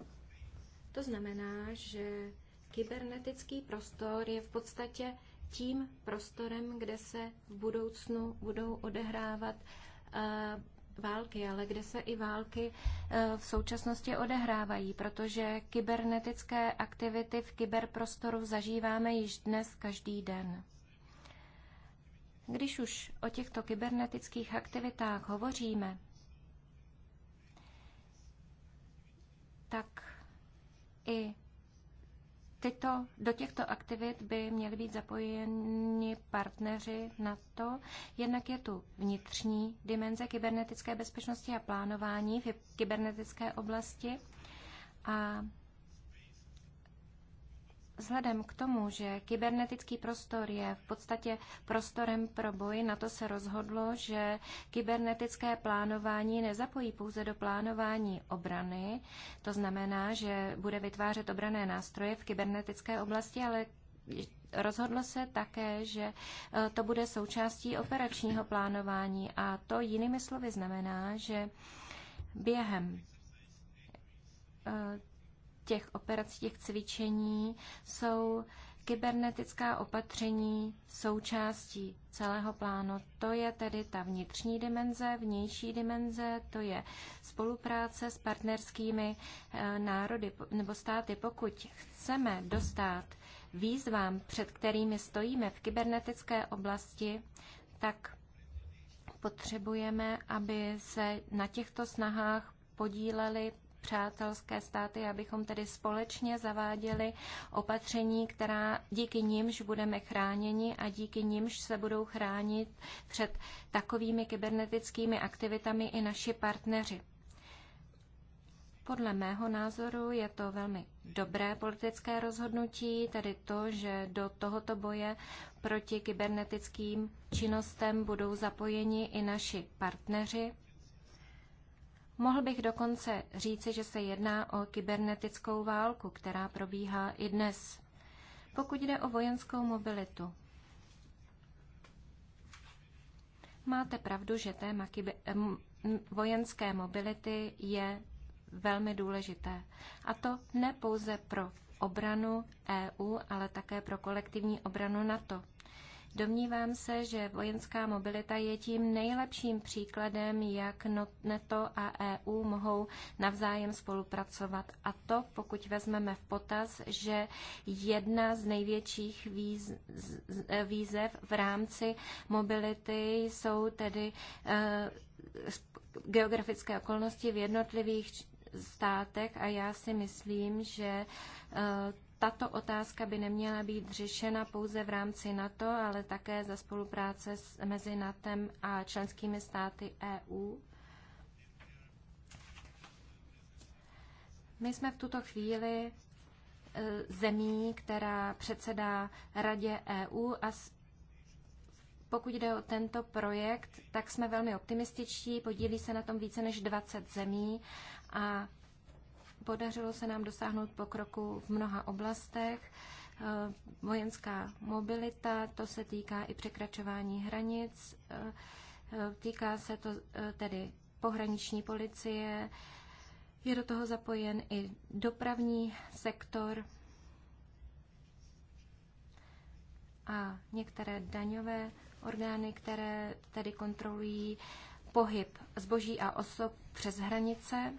to znamená, že kybernetický prostor je v podstatě tím prostorem, kde se v budoucnu budou odehrávat eh, války, ale kde se i války eh, v současnosti odehrávají, protože kybernetické aktivity v kyberprostoru zažíváme již dnes každý den. Když už o těchto kybernetických aktivitách hovoříme, tak i tyto, do těchto aktivit by měli být zapojeni partneři na to. Jednak je tu vnitřní dimenze kybernetické bezpečnosti a plánování v kybernetické oblasti. A Vzhledem k tomu, že kybernetický prostor je v podstatě prostorem pro boj, na to se rozhodlo, že kybernetické plánování nezapojí pouze do plánování obrany, to znamená, že bude vytvářet obrané nástroje v kybernetické oblasti, ale rozhodlo se také, že e, to bude součástí operačního plánování a to jinými slovy znamená, že během e, těch operací, těch cvičení jsou kybernetická opatření součástí celého plánu. To je tedy ta vnitřní dimenze, vnější dimenze, to je spolupráce s partnerskými eh, národy nebo státy. Pokud chceme dostat výzvám, před kterými stojíme v kybernetické oblasti, tak potřebujeme, aby se na těchto snahách podíleli přátelské státy, abychom tedy společně zaváděli opatření, která díky nimž budeme chráněni a díky nimž se budou chránit před takovými kybernetickými aktivitami i naši partneři. Podle mého názoru je to velmi dobré politické rozhodnutí, tedy to, že do tohoto boje proti kybernetickým činnostem budou zapojeni i naši partneři. Mohl bych dokonce říci, že se jedná o kybernetickou válku, která probíhá i dnes. Pokud jde o vojenskou mobilitu, máte pravdu, že téma vojenské mobility je velmi důležité. A to ne pouze pro obranu EU, ale také pro kolektivní obranu NATO. Domnívám se, že vojenská mobilita je tím nejlepším příkladem, jak NATO a EU mohou navzájem spolupracovat. A to, pokud vezmeme v potaz, že jedna z největších výz, e, výzev v rámci mobility jsou tedy e, geografické okolnosti v jednotlivých státech a já si myslím, že e, tato otázka by neměla být řešena pouze v rámci NATO, ale také za spolupráce s, mezi NATEM a členskými státy EU. My jsme v tuto chvíli e, zemí, která předsedá Radě EU a pokud jde o tento projekt, tak jsme velmi optimističtí, podílí se na tom více než 20 zemí a Podařilo se nám dosáhnout pokroku v mnoha oblastech. Eh, vojenská mobilita, to se týká i překračování hranic, eh, eh, týká se to tedy pohraniční policie, je do toho zapojen i dopravní sektor a některé daňové orgány, které tedy kontrolují pohyb zboží a osob přes hranice.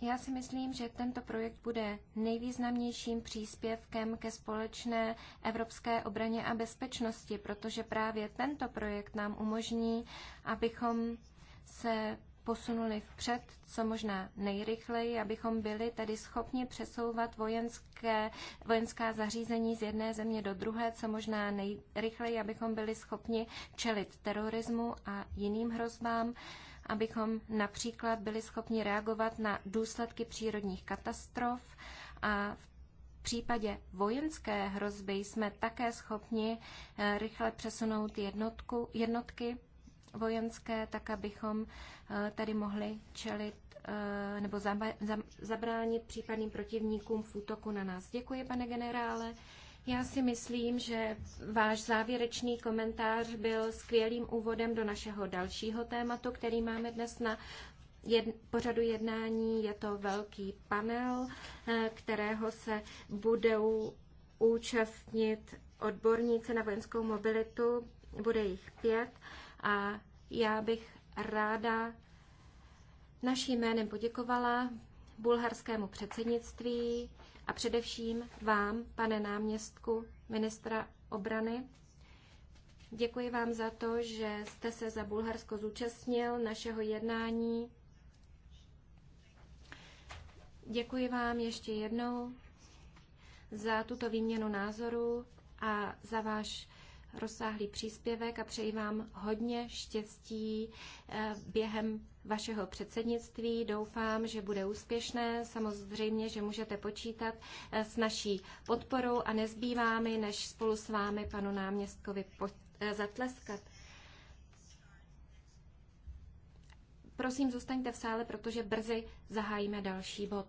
Já si myslím, že tento projekt bude nejvýznamnějším příspěvkem ke společné evropské obraně a bezpečnosti, protože právě tento projekt nám umožní, abychom se posunuli vpřed, co možná nejrychleji, abychom byli tedy schopni přesouvat vojenské, vojenská zařízení z jedné země do druhé, co možná nejrychleji, abychom byli schopni čelit terorismu a jiným hrozbám abychom například byli schopni reagovat na důsledky přírodních katastrof a v případě vojenské hrozby jsme také schopni eh, rychle přesunout jednotku, jednotky vojenské, tak abychom eh, tady mohli čelit eh, nebo zabránit případným protivníkům v útoku na nás. Děkuji, pane generále. Já si myslím, že váš závěrečný komentář byl skvělým úvodem do našeho dalšího tématu, který máme dnes na jed, pořadu jednání. Je to velký panel, eh, kterého se budou účastnit odborníci na vojenskou mobilitu. Bude jich pět a já bych ráda naším jménem poděkovala bulharskému předsednictví, a především vám, pane náměstku ministra obrany. Děkuji vám za to, že jste se za Bulharsko zúčastnil našeho jednání. Děkuji vám ještě jednou za tuto výměnu názorů a za váš rozsáhlý příspěvek a přeji vám hodně štěstí eh, během vašeho předsednictví. Doufám, že bude úspěšné. Samozřejmě, že můžete počítat eh, s naší podporou a nezbývá mi, než spolu s vámi panu náměstkovi eh, zatleskat. Prosím, zůstaňte v sále, protože brzy zahájíme další bod.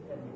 Ten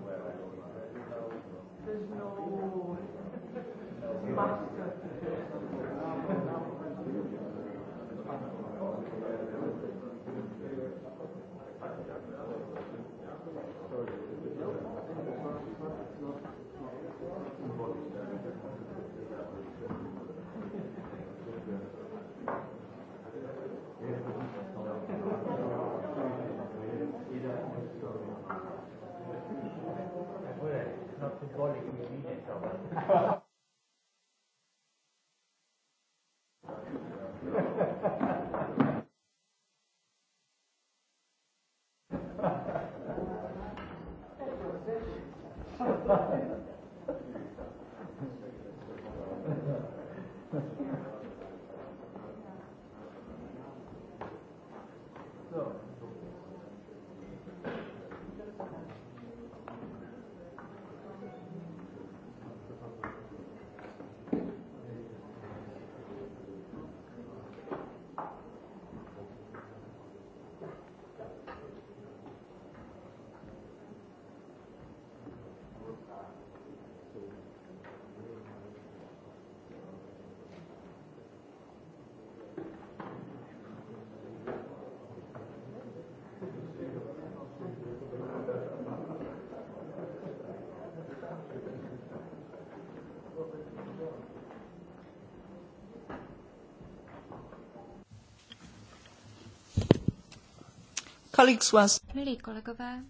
Milí kolegové,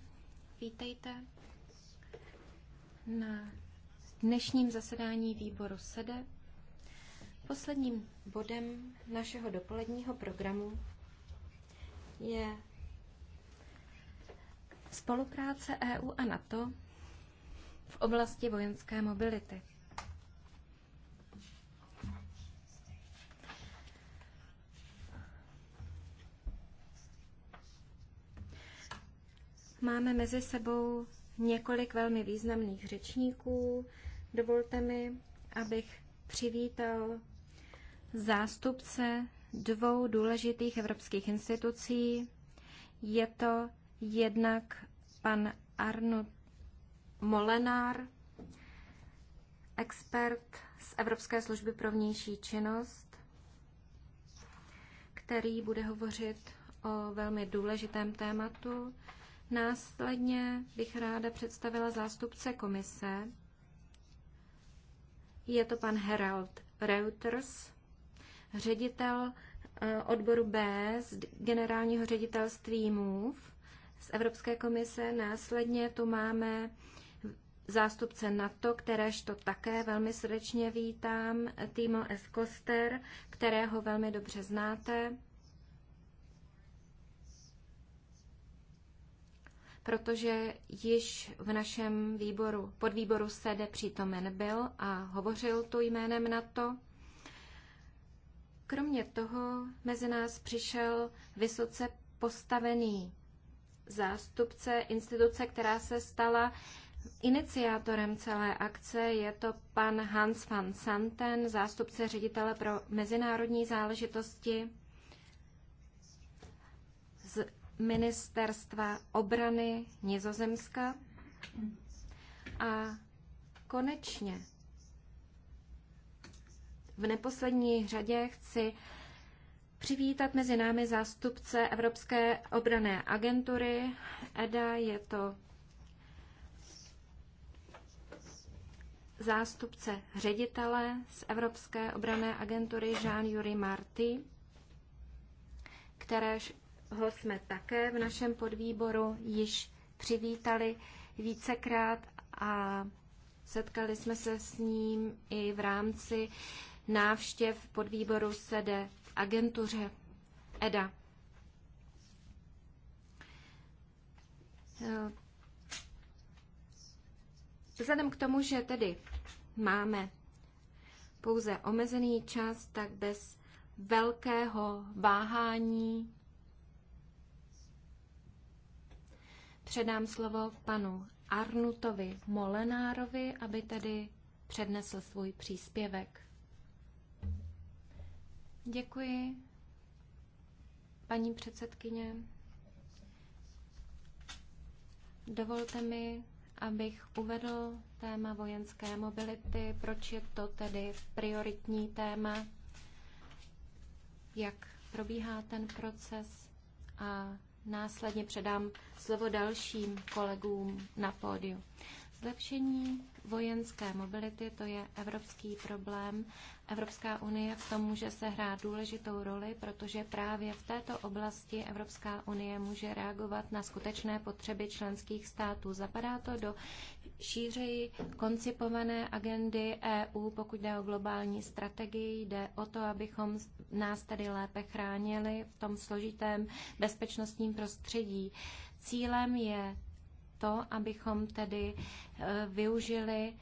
vítejte na dnešním zasedání výboru SEDE. Posledním bodem našeho dopoledního programu je spolupráce EU a NATO v oblasti vojenské mobility. máme mezi sebou několik velmi významných řečníků. Dovolte mi, abych přivítal zástupce dvou důležitých evropských institucí. Je to jednak pan Arno Molenár, expert z Evropské služby pro vnější činnost, který bude hovořit o velmi důležitém tématu, Následně bych ráda představila zástupce komise. Je to pan Herald Reuters, ředitel eh, odboru B z generálního ředitelství MOVE z Evropské komise. Následně tu máme zástupce NATO, kteréž to také velmi srdečně vítám, Timo S. Koster, kterého velmi dobře znáte. protože již v našem výboru, podvýboru SEDE přítomen byl a hovořil tu jménem na to. Kromě toho mezi nás přišel vysoce postavený zástupce instituce, která se stala iniciátorem celé akce. Je to pan Hans van Santen, zástupce ředitele pro mezinárodní záležitosti z ministerstva obrany Nizozemska a konečně v neposlední řadě chci přivítat mezi námi zástupce Evropské obrané agentury EDA. Je to zástupce ředitele z Evropské obrané agentury Jean-Jury Marty, kteréž ho jsme také v našem podvýboru již přivítali vícekrát a setkali jsme se s ním i v rámci návštěv podvýboru SEDE v agentuře EDA. Eh, vzhledem k tomu, že tedy máme pouze omezený čas, tak bez velkého váhání předám slovo panu Arnutovi Molenárovi, aby tedy přednesl svůj příspěvek. Děkuji, paní předsedkyně. Dovolte mi, abych uvedl téma vojenské mobility, proč je to tedy prioritní téma, jak probíhá ten proces a následně předám slovo dalším kolegům na pódiu. Zlepšení vojenské mobility to je evropský problém Evropská unie v tom může sehrát důležitou roli, protože právě v této oblasti Evropská unie může reagovat na skutečné potřeby členských států. Zapadá to do šířeji koncipované agendy EU, pokud jde o globální strategii, jde o to, abychom nás tedy lépe chránili v tom složitém bezpečnostním prostředí. Cílem je to, abychom tedy eh, využili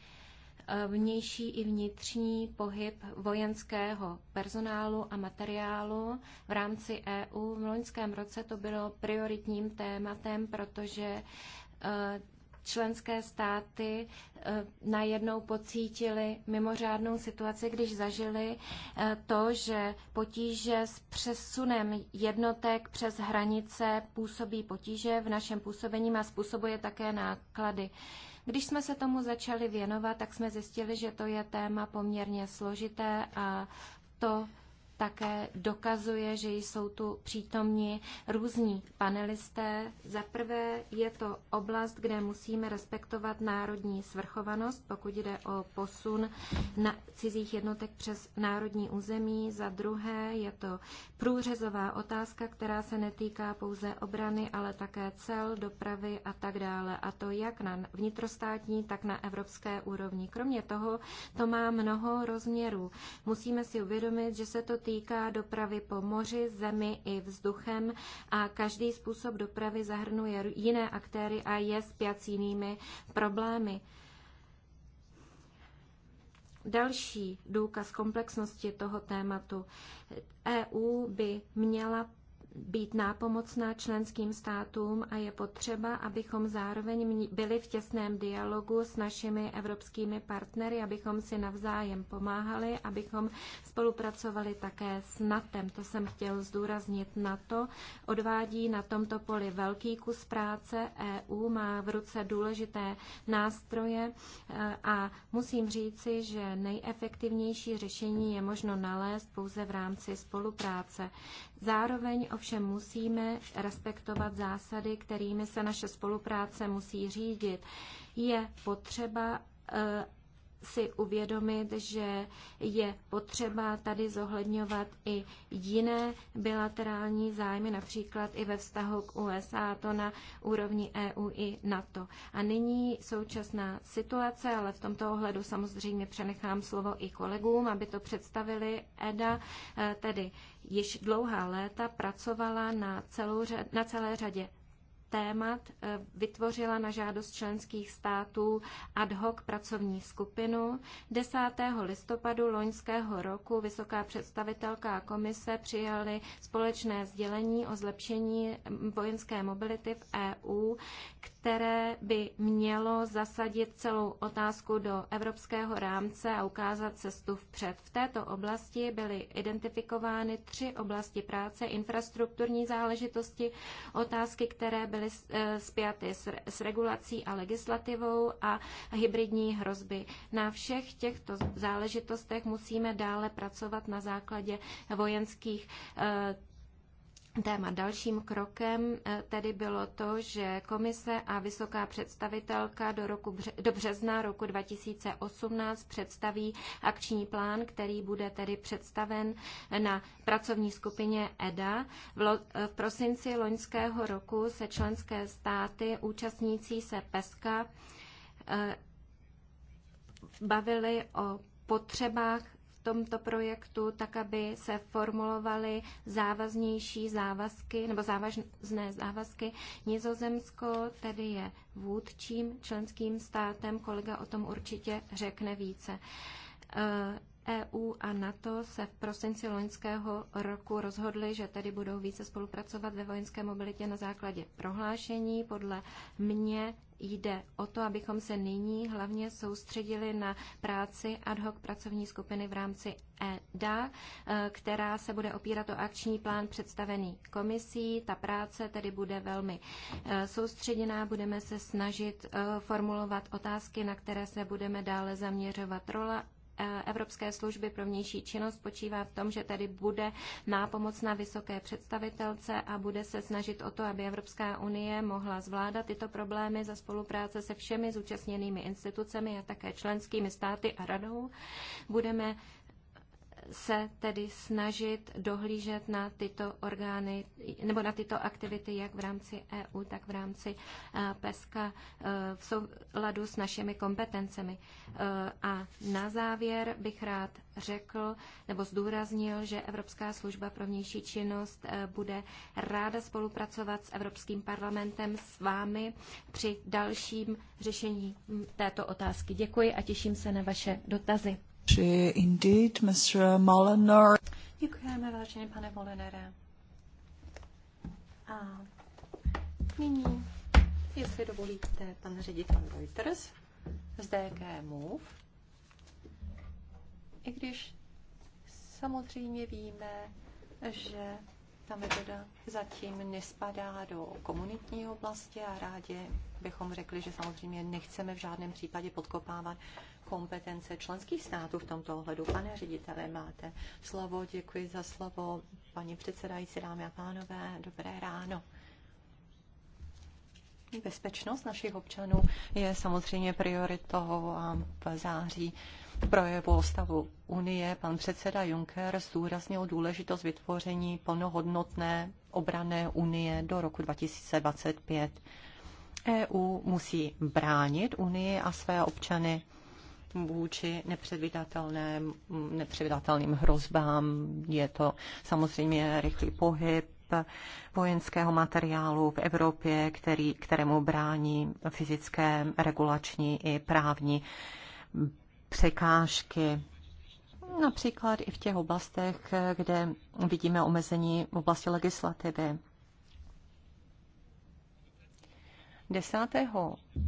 vnější i vnitřní pohyb vojenského personálu a materiálu v rámci EU. V loňském roce to bylo prioritním tématem, protože e, členské státy e, najednou pocítili mimořádnou situaci, když zažili e, to, že potíže s přesunem jednotek přes hranice působí potíže v našem působení a způsobuje také náklady. Když jsme se tomu začali věnovat, tak jsme zjistili, že to je téma poměrně složité a to také dokazuje, že jsou tu přítomni různí panelisté. Za prvé je to oblast, kde musíme respektovat národní svrchovanost, pokud jde o posun na cizích jednotek přes národní území. Za druhé je to průřezová otázka, která se netýká pouze obrany, ale také cel, dopravy a tak dále. A to jak na vnitrostátní, tak na evropské úrovni. Kromě toho to má mnoho rozměrů. Musíme si uvědomit, že se to týká dopravy po moři, zemi i vzduchem a každý způsob dopravy zahrnuje jiné aktéry a je spjat s jinými problémy. Další důkaz komplexnosti toho tématu. EU by měla být nápomocná členským státům a je potřeba, abychom zároveň byli v těsném dialogu s našimi evropskými partnery, abychom si navzájem pomáhali, abychom spolupracovali také s NATEM. To jsem chtěl zdůraznit. Na to odvádí na tomto poli velký kus práce. EU má v ruce důležité nástroje e, a musím říci, že nejefektivnější řešení je možno nalézt pouze v rámci spolupráce. Zároveň ovšem musíme respektovat zásady, kterými se naše spolupráce musí řídit. Je potřeba eh, si uvědomit, že je potřeba tady zohledňovat i jiné bilaterální zájmy, například i ve vztahu k USA, to na úrovni EU i NATO. A nyní současná situace, ale v tomto ohledu samozřejmě přenechám slovo i kolegům, aby to představili EDA, eh, tedy již dlouhá léta pracovala na, celou, na celé řadě témat eh, vytvořila na žádost členských států ad hoc pracovní skupinu. 10. listopadu loňského roku vysoká představitelka a komise přijali společné sdělení o zlepšení mm, vojenské mobility v EU, které by mělo zasadit celou otázku do evropského rámce a ukázat cestu vpřed. V této oblasti byly identifikovány tři oblasti práce, infrastrukturní záležitosti, otázky, které by byly eh, spjaty s regulací a legislativou a hybridní hrozby. Na všech těchto záležitostech musíme dále pracovat na základě vojenských eh, téma. Dalším krokem eh, tedy bylo to, že komise a vysoká představitelka do, roku, do března roku 2018 představí akční plán, který bude tedy představen eh, na pracovní skupině EDA. V, lo, eh, v prosinci loňského roku se členské státy účastnící se PESKA bavili o potřebách tomto projektu, tak aby se formulovaly závaznější závazky nebo závažné závazky. Nizozemsko tedy je vůdčím členským státem, kolega o tom určitě řekne více. EU eh, e a NATO se v prosinci loňského roku rozhodly, že tady budou více spolupracovat ve vojenské mobilitě na základě prohlášení. Podle mě jde o to, abychom se nyní hlavně soustředili na práci ad hoc pracovní skupiny v rámci EDA, eh, která se bude opírat o akční plán představený komisí. Ta práce tedy bude velmi eh, soustředěná. Budeme se snažit eh, formulovat otázky, na které se budeme dále zaměřovat. Rola Eh, Evropské služby pro vnější činnost spočívá v tom, že tady bude na vysoké představitelce a bude se snažit o to, aby Evropská unie mohla zvládat tyto problémy za spolupráce se všemi zúčastněnými institucemi a také členskými státy a radou. Budeme se tedy snažit dohlížet na tyto orgány nebo na tyto aktivity jak v rámci EU, tak v rámci eh, PESKA eh, v souladu s našimi kompetencemi. Eh, a na závěr bych rád řekl nebo zdůraznil, že Evropská služba pro vnější činnost bude ráda spolupracovat s Evropským parlamentem, s vámi při dalším řešení mm, této otázky. Děkuji a těším se na vaše dotazy. Indeed, Mr. Molinar. Děkujeme, vážený pane Molinere. A nyní, jestli dovolíte, pan ředitel Reuters z DK Move. I když samozřejmě víme, že ta metoda zatím nespadá do komunitní oblasti a rádi bychom řekli, že samozřejmě nechceme v žádném případě podkopávat kompetence členských států v tomto ohledu. Pane ředitele, máte slovo, děkuji za slovo. Paní předsedající, dámy a pánové, dobré ráno. Bezpečnost našich občanů je samozřejmě prioritou a v září projevu o stavu Unie pan předseda Juncker zdůraznil důležitost vytvoření plnohodnotné obrané unie do roku 2025. EU musí bránit Unii a své občany vůči nepředvídatelným hrozbám. Je to samozřejmě rychlý pohyb vojenského materiálu v Evropě, který, kterému brání fyzické, regulační i právní překážky. Například i v těch oblastech, kde vidíme omezení v oblasti legislativy. 10.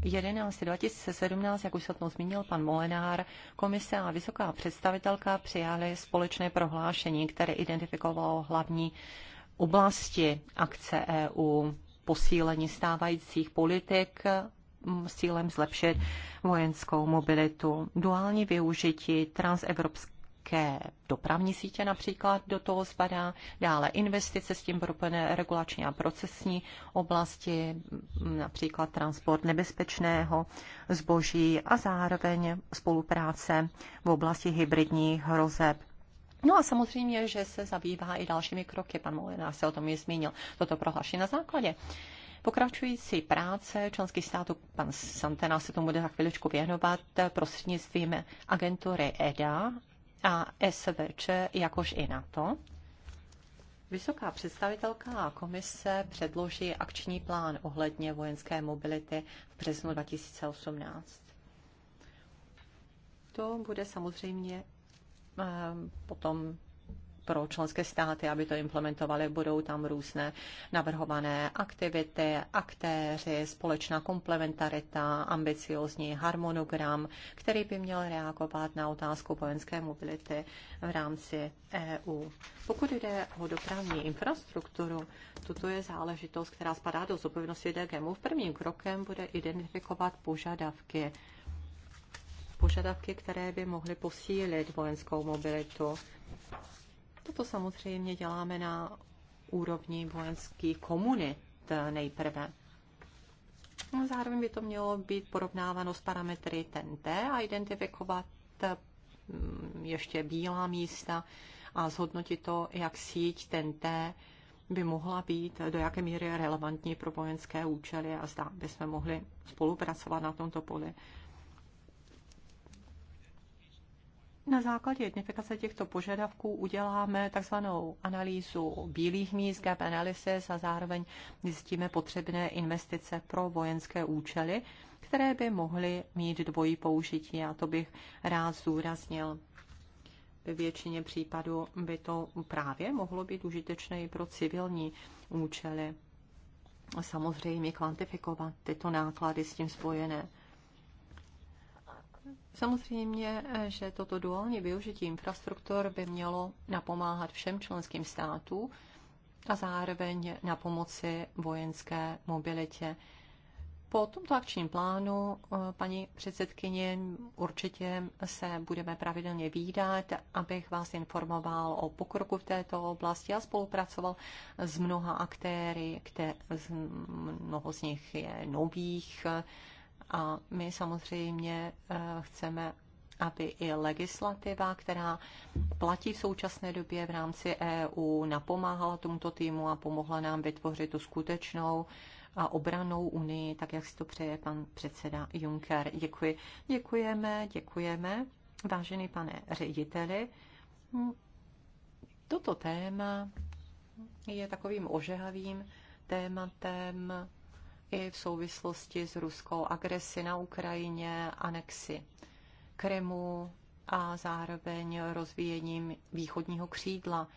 11. 2017, jak už se to zmínil pan Molenár, komise a vysoká představitelka přijali společné prohlášení, které identifikovalo hlavní oblasti akce EU, posílení stávajících politik mm, s cílem zlepšit vojenskou mobilitu, duální využití transevropské také dopravní sítě například do toho spadá, dále investice s tím propojené regulační a procesní oblasti, například transport nebezpečného zboží a zároveň spolupráce v oblasti hybridních hrozeb. No a samozřejmě, že se zabývá i dalšími kroky. Pan Molinář se o tom je zmínil. Toto prohlaší na základě. Pokračující práce členských států, pan Santena se tomu bude za chviličku věnovat, prostřednictvím agentury EDA a SVČ, jakož i NATO. Vysoká představitelka a komise předloží akční plán ohledně vojenské mobility v březnu 2018. To bude samozřejmě eh, potom pro členské státy, aby to implementovali. Budou tam různé navrhované aktivity, aktéři, společná komplementarita, ambiciozní harmonogram, který by měl reagovat na otázku vojenské mobility v rámci EU. Pokud jde o dopravní infrastrukturu, toto je záležitost, která spadá do zodpovědnosti DGMu. Prvním krokem bude identifikovat požadavky požadavky, které by mohly posílit vojenskou mobilitu. Toto samozřejmě děláme na úrovni vojenských komunit nejprve. No, zároveň by to mělo být porovnáváno s parametry TNT a identifikovat mm, ještě bílá místa a zhodnotit to, jak síť TNT by mohla být, do jaké míry relevantní pro vojenské účely a zda bychom mohli spolupracovat na tomto poli. Na základě identifikace těchto požadavků uděláme takzvanou analýzu bílých míst, gap analysis a zároveň zjistíme potřebné investice pro vojenské účely, které by mohly mít dvojí použití. A to bych rád zdůraznil. Ve většině případů by to právě mohlo být užitečné i pro civilní účely. A samozřejmě kvantifikovat tyto náklady s tím spojené. Samozřejmě, eh, že toto duální využití infrastruktur by mělo napomáhat všem členským státům a zároveň na pomoci vojenské mobilitě. Po tomto akčním plánu, eh, paní předsedkyně, určitě se budeme pravidelně výdat, abych vás informoval o pokroku v této oblasti a spolupracoval s mnoha aktéry, z mnoho z nich je nových a my samozřejmě eh, chceme, aby i legislativa, která platí v současné době v rámci EU, napomáhala tomuto týmu a pomohla nám vytvořit tu skutečnou a eh, obranou unii, tak jak si to přeje pan předseda Juncker. Děkuji. Děkujeme, děkujeme, vážený pane řediteli. Hm, toto téma je takovým ožehavým tématem i v souvislosti s ruskou agresi na Ukrajině, anexi Krymu a zároveň rozvíjením východního křídla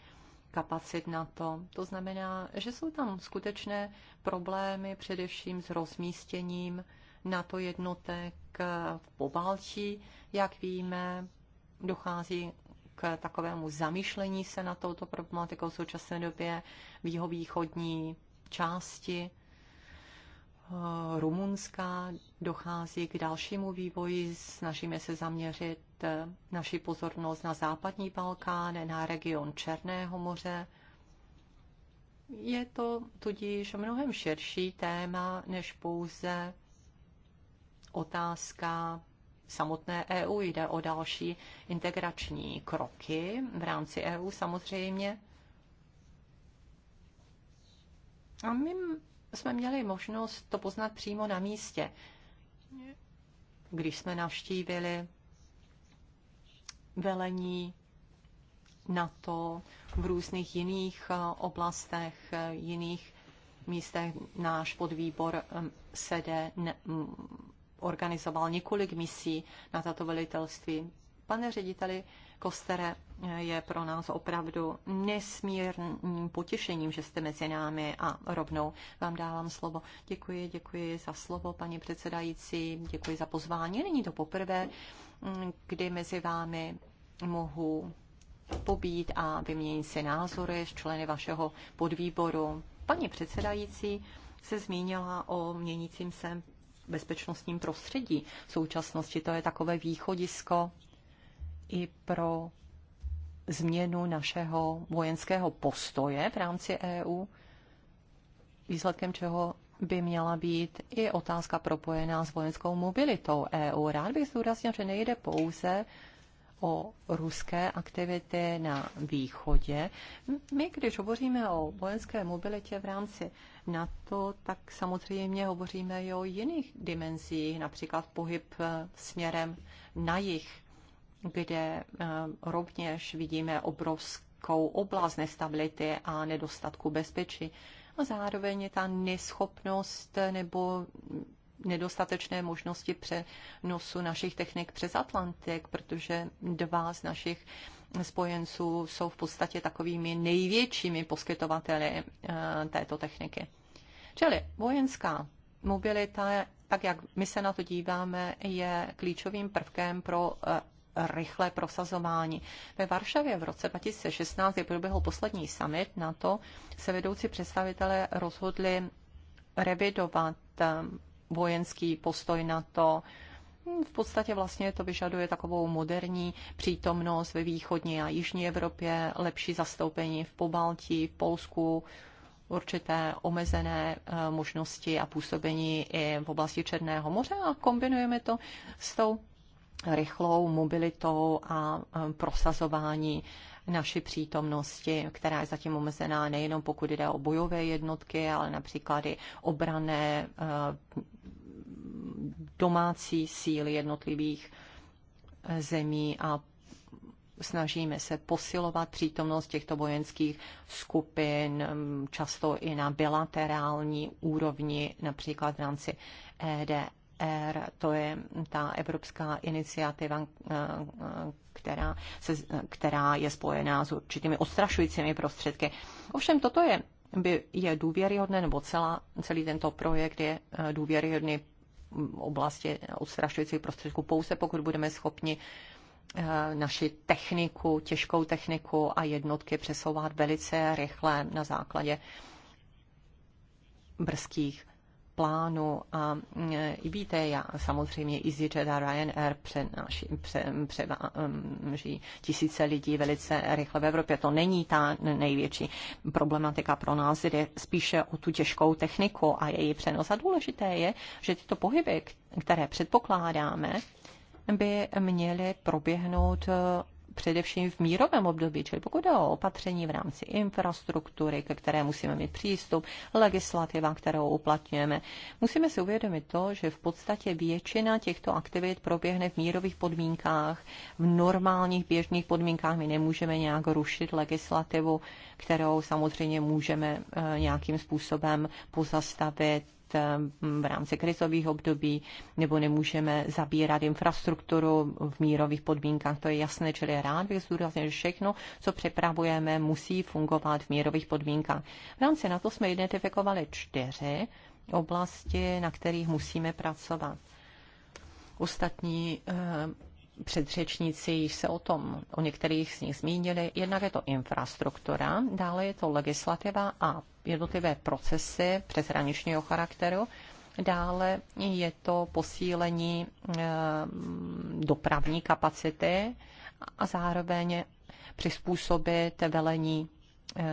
kapacit na to. To znamená, že jsou tam skutečné problémy především s rozmístěním NATO jednotek v Pobaltí. Jak víme, dochází k takovému zamýšlení se na touto problematikou v současné době v jihovýchodní části Eh, Rumunska dochází k dalšímu vývoji. Snažíme se zaměřit eh, naši pozornost na západní Balkán, na region Černého moře. Je to tudíž mnohem širší téma než pouze otázka samotné EU. Jde o další integrační kroky v rámci EU samozřejmě. A my jsme měli možnost to poznat přímo na místě, když jsme navštívili velení na to v různých jiných eh, oblastech, eh, jiných místech. Náš podvýbor SEDE organizoval několik misí na tato velitelství. Pane řediteli, Kostere, eh, je pro nás opravdu nesmírným potěšením, že jste mezi námi a rovnou vám dávám slovo. Děkuji, děkuji za slovo, paní předsedající, děkuji za pozvání. Není to poprvé, mm, kdy mezi vámi mohu pobít a vyměnit si názory s členy vašeho podvýboru. Paní předsedající se zmínila o měnícím se bezpečnostním prostředí. V současnosti to je takové východisko i pro změnu našeho vojenského postoje v rámci EU, výsledkem čeho by měla být i otázka propojená s vojenskou mobilitou EU. Rád bych zdůraznil, že nejde pouze o ruské aktivity na východě. My, když hovoříme o vojenské mobilitě v rámci NATO, tak samozřejmě hovoříme i o jiných dimenzích, například pohyb směrem na jih kde eh, rovněž vidíme obrovskou oblast nestability a nedostatku bezpečí. A zároveň je ta neschopnost nebo nedostatečné možnosti přenosu našich technik přes Atlantik, protože dva z našich spojenců jsou v podstatě takovými největšími poskytovateli eh, této techniky. Čili vojenská mobilita, tak jak my se na to díváme, je klíčovým prvkem pro eh, rychlé prosazování. Ve Varšavě v roce 2016, kdy proběhl poslední summit na to, se vedoucí představitelé rozhodli revidovat ehm, vojenský postoj na to. V podstatě vlastně to vyžaduje takovou moderní přítomnost ve východní a jižní Evropě, lepší zastoupení v Pobaltí, v Polsku, určité omezené ehm, možnosti a působení i v oblasti Černého moře a kombinujeme to s tou rychlou mobilitou a prosazování naší přítomnosti, která je zatím omezená nejenom pokud jde o bojové jednotky, ale například i obrané e, domácí síly jednotlivých e, zemí a snažíme se posilovat přítomnost těchto vojenských skupin, často i na bilaterální úrovni, například v rámci EDF Air, to je ta evropská iniciativa, eh, která, se, která je spojená s určitými ostrašujícími prostředky. Ovšem toto je, by, je důvěryhodné, nebo celá, celý tento projekt je eh, důvěryhodný v oblasti ostrašujících prostředků pouze pokud budeme schopni eh, naši techniku, těžkou techniku a jednotky přesouvat velice rychle na základě brzkých plánu a mm, víte, já samozřejmě EasyJet a Ryanair přenáší, pře, převáží tisíce lidí velice rychle v Evropě. To není ta největší problematika pro nás, jde spíše o tu těžkou techniku a její přenos. A důležité je, že tyto pohyby, které předpokládáme, by měly proběhnout především v mírovém období, čili pokud jde o opatření v rámci infrastruktury, ke které musíme mít přístup, legislativa, kterou uplatňujeme, musíme si uvědomit to, že v podstatě většina těchto aktivit proběhne v mírových podmínkách, v normálních běžných podmínkách. My nemůžeme nějak rušit legislativu, kterou samozřejmě můžeme eh, nějakým způsobem pozastavit Ehm, v rámci krizových období, nebo nemůžeme zabírat infrastrukturu v mírových podmínkách, to je jasné, čili rád bych zdůraznil, že všechno, co připravujeme, musí fungovat v mírových podmínkách. V rámci na to jsme identifikovali čtyři oblasti, na kterých musíme pracovat. Ostatní ehm, předřečníci již se o tom, o některých z nich zmínili. Jednak je to infrastruktura, dále je to legislativa a jednotlivé procesy přeshraničního charakteru. Dále je to posílení eh, dopravní kapacity a zároveň přizpůsobit velení eh,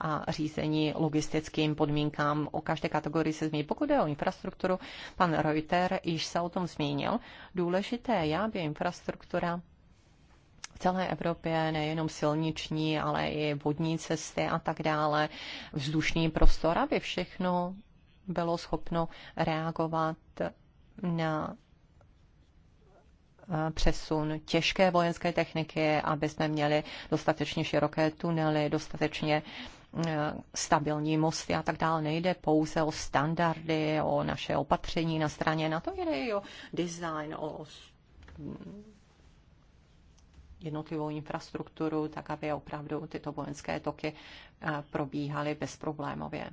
a řízení logistickým podmínkám o každé kategorii se změní. Pokud je o infrastrukturu, pan Reuter již se o tom zmínil. Důležité je, aby infrastruktura v celé Evropě, nejenom silniční, ale i vodní cesty a tak dále, vzdušný prostor, aby všechno bylo schopno reagovat na eh, přesun těžké vojenské techniky, aby jsme měli dostatečně široké tunely, dostatečně eh, stabilní mosty a tak dále. Nejde pouze o standardy, o naše opatření na straně na to jde i o design, o jednotlivou infrastrukturu, tak aby opravdu tyto vojenské toky eh, probíhaly bezproblémově.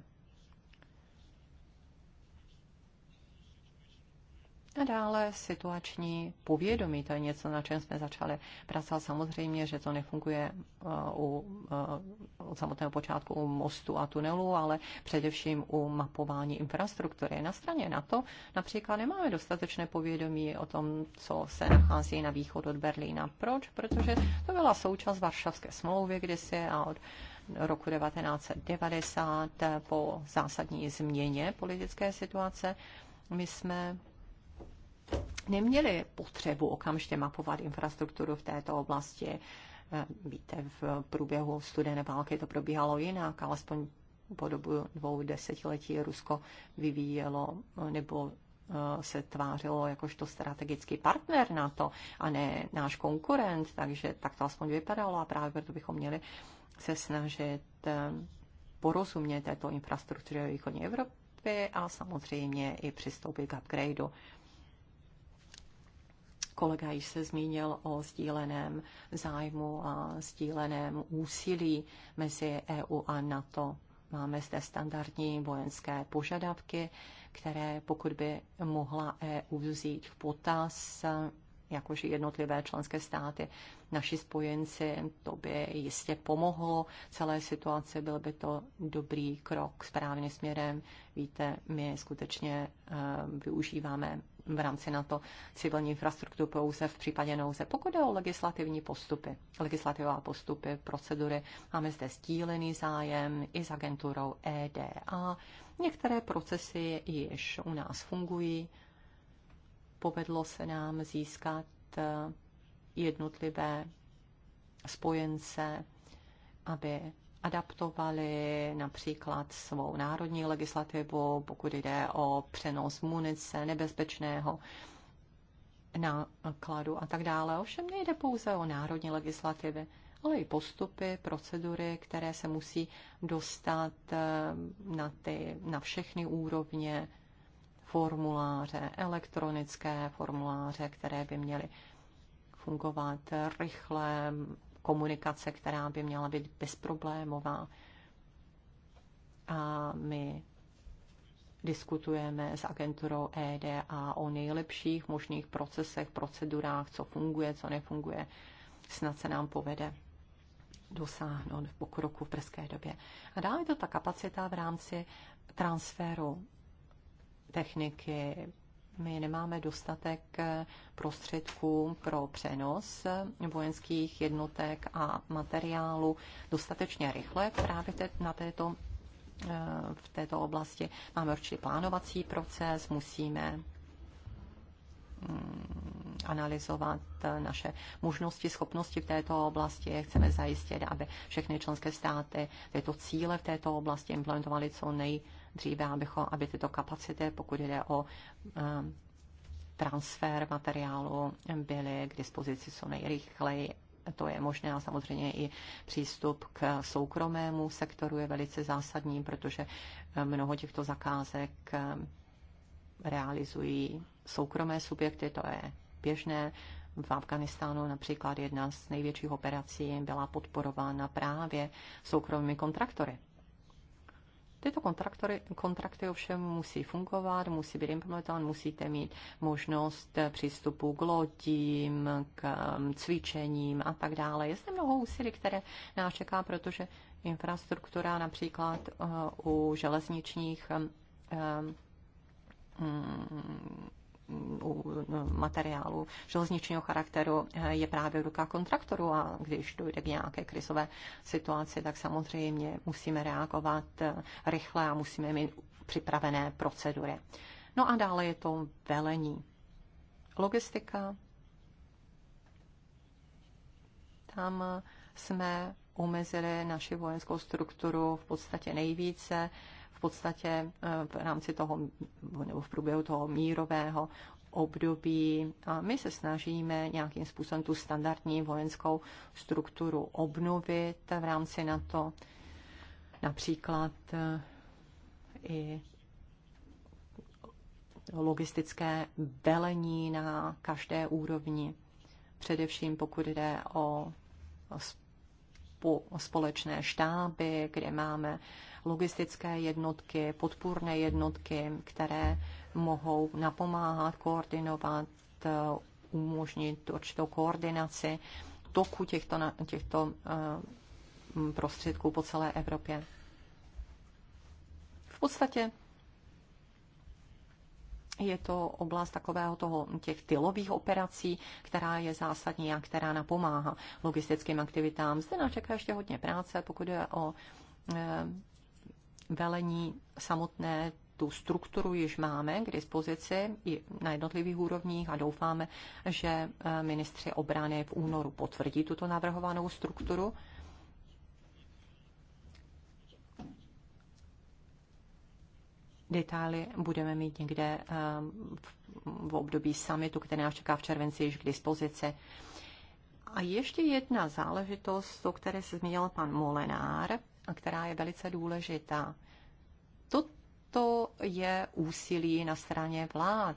A dále situační povědomí, to je něco, na čem jsme začali pracovat. Samozřejmě, že to nefunguje eh, u, eh, od samotného počátku u mostu a tunelu, ale především u mapování infrastruktury. Na straně na to například nemáme dostatečné povědomí o tom, co se nachází na východ od Berlína. Proč? Protože to byla součást Varšavské smlouvy kdysi a od roku 1990 po zásadní změně politické situace my jsme neměli potřebu okamžitě mapovat infrastrukturu v této oblasti. Eh, víte, v průběhu studené války to probíhalo jinak, alespoň po dobu dvou desetiletí Rusko vyvíjelo nebo eh, se tvářilo jakožto strategický partner na to a ne náš konkurent, takže tak to aspoň vypadalo a právě proto bychom měli se snažit eh, porozumět této infrastruktuře východní Evropy a samozřejmě i přistoupit k upgradeu Kolega již se zmínil o sdíleném zájmu a sdíleném úsilí mezi EU a NATO. Máme zde standardní vojenské požadavky, které pokud by mohla EU vzít v potaz, jakože jednotlivé členské státy, naši spojenci, to by jistě pomohlo celé situaci, byl by to dobrý krok správným směrem. Víte, my skutečně eh, využíváme v rámci na to civilní infrastrukturu pouze v případě nouze. Pokud jde o legislativní postupy, legislativá postupy, procedury, máme zde stílený zájem i s agenturou EDA. Některé procesy již u nás fungují. Povedlo se nám získat eh, jednotlivé spojence, aby adaptovali například svou národní legislativu, pokud jde o přenos munice nebezpečného nákladu a tak dále. Ovšem nejde pouze o národní legislativy, ale i postupy, procedury, které se musí dostat eh, na, ty, na všechny úrovně formuláře, elektronické formuláře, které by měly fungovat rychle, komunikace, která by měla být bezproblémová. A my diskutujeme s agenturou EDA o nejlepších možných procesech, procedurách, co funguje, co nefunguje. Snad se nám povede dosáhnout v pokroku v brzké době. A dále je to ta kapacita v rámci transferu techniky, my nemáme dostatek eh, prostředků pro přenos eh, vojenských jednotek a materiálu dostatečně rychle právě na této, eh, v této oblasti. Máme určitě plánovací proces, musíme mm, analyzovat naše možnosti, schopnosti v této oblasti. Chceme zajistit, aby všechny členské státy tyto cíle v této oblasti implementovaly co nejrychleji dříve, abychom, aby tyto kapacity, pokud jde o eh, transfer materiálu, byly k dispozici co nejrychleji to je možné a samozřejmě i přístup k soukromému sektoru je velice zásadní, protože eh, mnoho těchto zakázek eh, realizují soukromé subjekty, to je běžné. V Afganistánu například jedna z největších operací byla podporována právě soukromými kontraktory. Tyto kontraktory, kontrakty ovšem musí fungovat, musí být implementovány, musíte mít možnost přístupu k lodím, k um, cvičením a tak dále. Je zde mnoho úsilí, které nás čeká, protože infrastruktura například uh, u železničních um, um, u no, materiálu železničního charakteru eh, je právě v rukách kontraktorů a když dojde k nějaké krizové situaci, tak samozřejmě musíme reagovat eh, rychle a musíme mít připravené procedury. No a dále je to velení. Logistika. Tam eh, jsme omezili naši vojenskou strukturu v podstatě nejvíce podstatě eh, v rámci toho, nebo v průběhu toho mírového období. A my se snažíme nějakým způsobem tu standardní vojenskou strukturu obnovit v rámci NATO. Například eh, i logistické velení na každé úrovni, především pokud jde o společné štáby, kde máme logistické jednotky, podpůrné jednotky, které mohou napomáhat, koordinovat, eh, umožnit určitou koordinaci toku těchto, těchto eh, prostředků po celé Evropě. V podstatě je to oblast takového toho, těch tylových operací, která je zásadní a která napomáhá logistickým aktivitám. Zde nás čeká ještě hodně práce, pokud je o eh, velení samotné, tu strukturu již máme k dispozici i na jednotlivých úrovních a doufáme, že eh, ministři obrany v únoru potvrdí tuto navrhovanou strukturu. detaily budeme mít někde eh, v období summitu, který nás čeká v červenci již k dispozici. A ještě jedna záležitost, o které se zmínil pan Molenár, a která je velice důležitá. Toto je úsilí na straně vlád.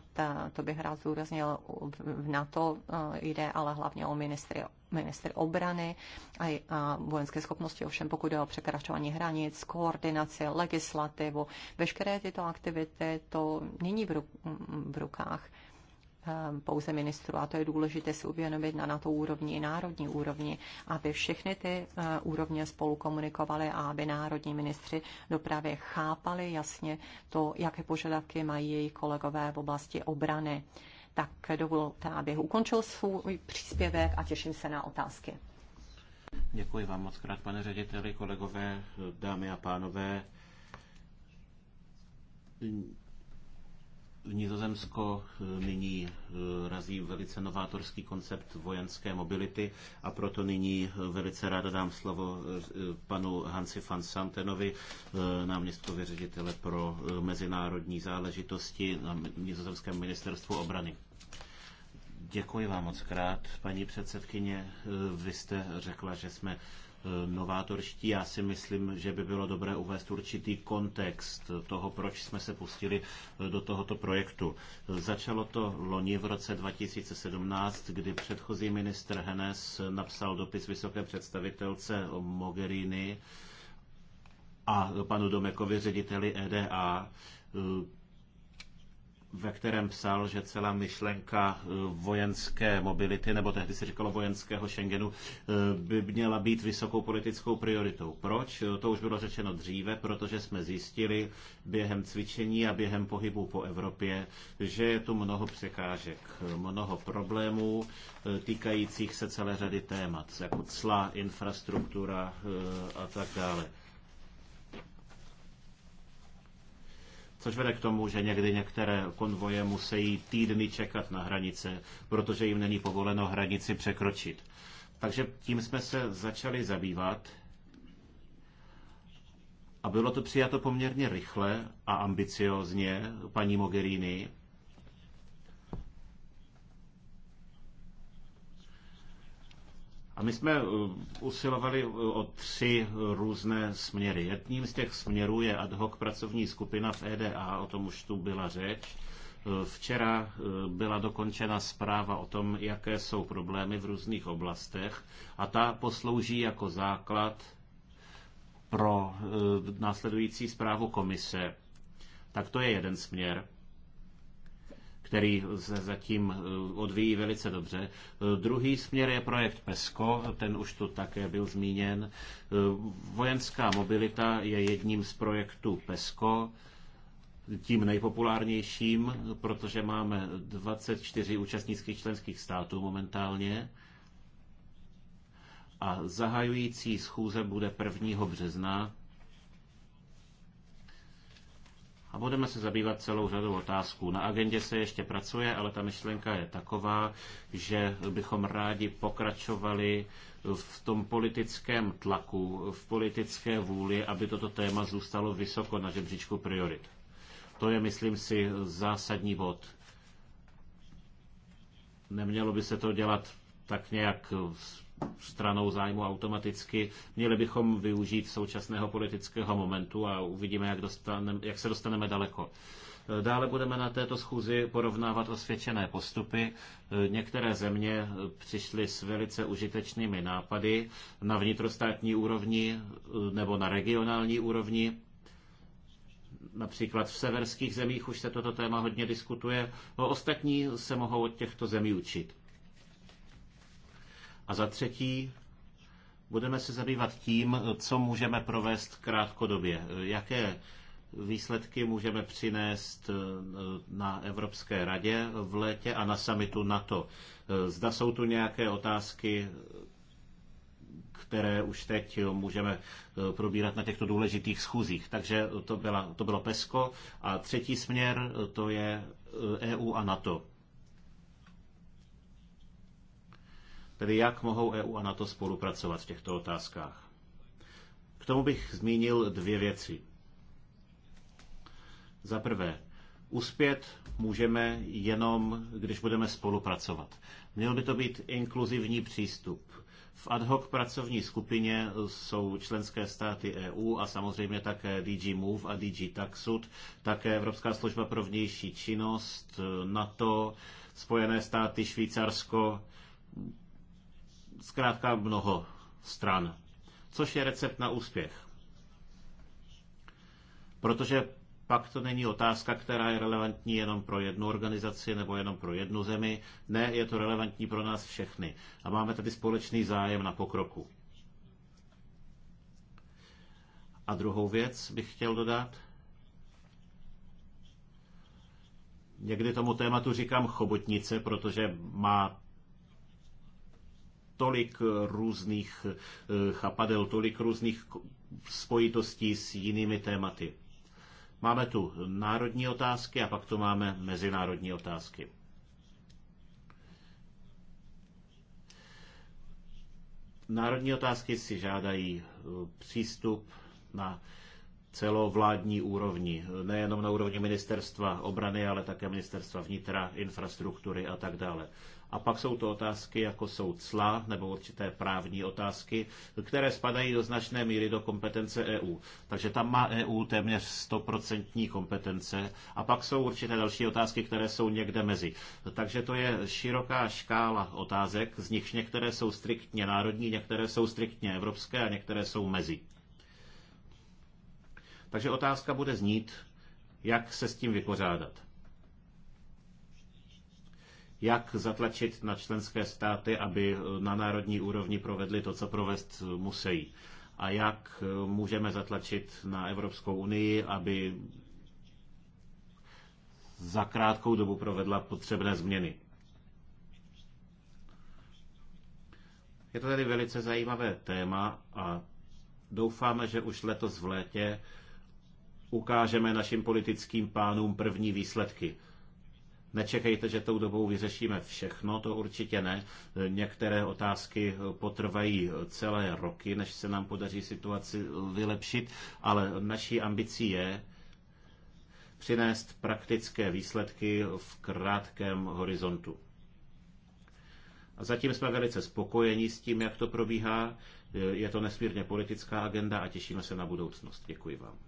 To bych rád zúraznil V NATO eh, jde ale hlavně o ministry minister obrany a, a vojenské schopnosti, ovšem pokud jde o překračování hranic, koordinaci, legislativu, veškeré tyto aktivity, to není v rukách Ehm, pouze ministru A to je důležité si uvědomit na NATO úrovni i národní úrovni, aby všechny ty eh, úrovně spolu komunikovaly a aby národní ministři dopravy chápali jasně to, jaké požadavky mají jejich kolegové v oblasti obrany. Tak dovolte, abych ukončil svůj příspěvek a těším se na otázky. Děkuji vám moc krát, pane řediteli, kolegové, dámy a pánové. Nizozemsko eh, nyní eh, razí velice novátorský koncept vojenské mobility a proto nyní eh, velice ráda dám slovo panu Hansi van Santenovi, náměstkovi ředitele pro mezinárodní záležitosti na Nizozemském ministerstvu obrany. Děkuji vám moc krát, paní předsedkyně. Vy jste řekla, že jsme novátorští. Já si myslím, že by bylo dobré uvést určitý kontext toho, proč jsme se pustili eh, do tohoto projektu. Začalo to loni v roce 2017, kdy předchozí ministr Hennes napsal dopis vysoké představitelce Mogherini a panu Domekovi, řediteli EDA, eh, ve kterém psal, že celá myšlenka eh, vojenské mobility, nebo tehdy se říkalo vojenského Schengenu, eh, by měla být vysokou politickou prioritou. Proč? Eh, to už bylo řečeno dříve, protože jsme zjistili během cvičení a během pohybu po Evropě, že je tu mnoho překážek, mnoho problémů týkajících se celé řady témat, jako cla, infrastruktura a tak dále. což vede k tomu, že někdy některé konvoje musí týdny čekat na hranice, protože jim není povoleno hranici překročit. Takže tím jsme se začali zabývat a bylo to přijato poměrně rychle a ambiciozně paní Mogherini, A my jsme uh, usilovali uh, o tři různé směry. Jedním z těch směrů je ad hoc pracovní skupina v EDA, o tom už tu byla řeč. Uh, včera byla dokončena zpráva o tom, jaké jsou problémy v různých oblastech a ta poslouží jako základ pro následující zprávu komise. Tak to je jeden směr který se zatím eh, odvíjí velice dobře. Eh, druhý směr je projekt PESCO, ten už tu také byl zmíněn. Eh, vojenská mobilita je jedním z projektů PESCO tím nejpopulárnějším, protože máme 24 účastnických členských států momentálně. A zahajující schůze bude 1. března a budeme se zabývat celou řadou otázků. Na agendě se ještě pracuje, ale ta myšlenka je taková, že bychom rádi pokračovali v tom politickém tlaku, v politické vůli, aby toto téma zůstalo vysoko na žebříčku priorit. To je, myslím si, zásadní bod. Nemělo by se to dělat tak nějak stranou zájmu automaticky. Měli bychom využít současného politického momentu a uvidíme, jak, dostanem, jak se dostaneme daleko. Dále budeme na této schůzi porovnávat osvědčené postupy. Některé země přišly s velice užitečnými nápady na vnitrostátní úrovni nebo na regionální úrovni. Například v severských zemích už se toto téma hodně diskutuje. O ostatní se mohou od těchto zemí učit. A za třetí, budeme se zabývat tím, co můžeme provést krátkodobě, jaké výsledky můžeme přinést eh, na Evropské radě v létě a na samitu NATO. Eh, zda jsou tu nějaké otázky, které už teď můžeme eh, probírat na těchto důležitých schůzích. Takže to, byla, to bylo PESCO. A třetí směr to je EU e a NATO. Tedy jak mohou EU a NATO spolupracovat v těchto otázkách? K tomu bych zmínil dvě věci. Za prvé, uspět můžeme jenom, když budeme spolupracovat. Měl by to být inkluzivní přístup. V ad hoc pracovní skupině jsou členské státy EU a samozřejmě také DG Move a DG Taxud, také Evropská služba pro vnější činnost, NATO, Spojené státy, Švýcarsko, zkrátka mnoho stran, což je recept na úspěch. Protože pak to není otázka, která je relevantní jenom pro jednu organizaci nebo jenom pro jednu zemi. Ne, je to relevantní pro nás všechny. A máme tady společný zájem na pokroku. A druhou věc bych chtěl dodat. Někdy tomu tématu říkám chobotnice, protože má tolik eh, různých eh, chapadel, tolik různých spojitostí s jinými tématy. Máme tu národní otázky a pak tu máme mezinárodní otázky. Národní otázky si žádají eh, přístup na celovládní úrovni, nejenom na úrovni ministerstva obrany, ale také ministerstva vnitra, infrastruktury a tak dále. A pak jsou to otázky, jako jsou cla nebo určité právní otázky, které spadají do značné míry do kompetence EU. Takže tam má EU téměř 100% kompetence. A pak jsou určité další otázky, které jsou někde mezi. Takže to je široká škála otázek, z nichž některé jsou striktně národní, některé jsou striktně evropské a některé jsou mezi. Takže otázka bude znít, jak se s tím vypořádat jak zatlačit na členské státy, aby na národní úrovni provedli to, co provést musí. A jak eh, můžeme zatlačit na Evropskou unii, aby za krátkou dobu provedla potřebné změny. Je to tedy velice zajímavé téma a doufáme, že už letos v létě ukážeme našim politickým pánům první výsledky Nečekejte, že tou dobou vyřešíme všechno, to určitě ne. Některé otázky eh, potrvají eh, celé roky, než se nám podaří situaci eh, vylepšit, ale naší ambicí je přinést praktické výsledky v krátkém horizontu. A zatím jsme velice spokojeni s tím, jak to probíhá. Je to nesmírně politická agenda a těšíme se na budoucnost. Děkuji vám.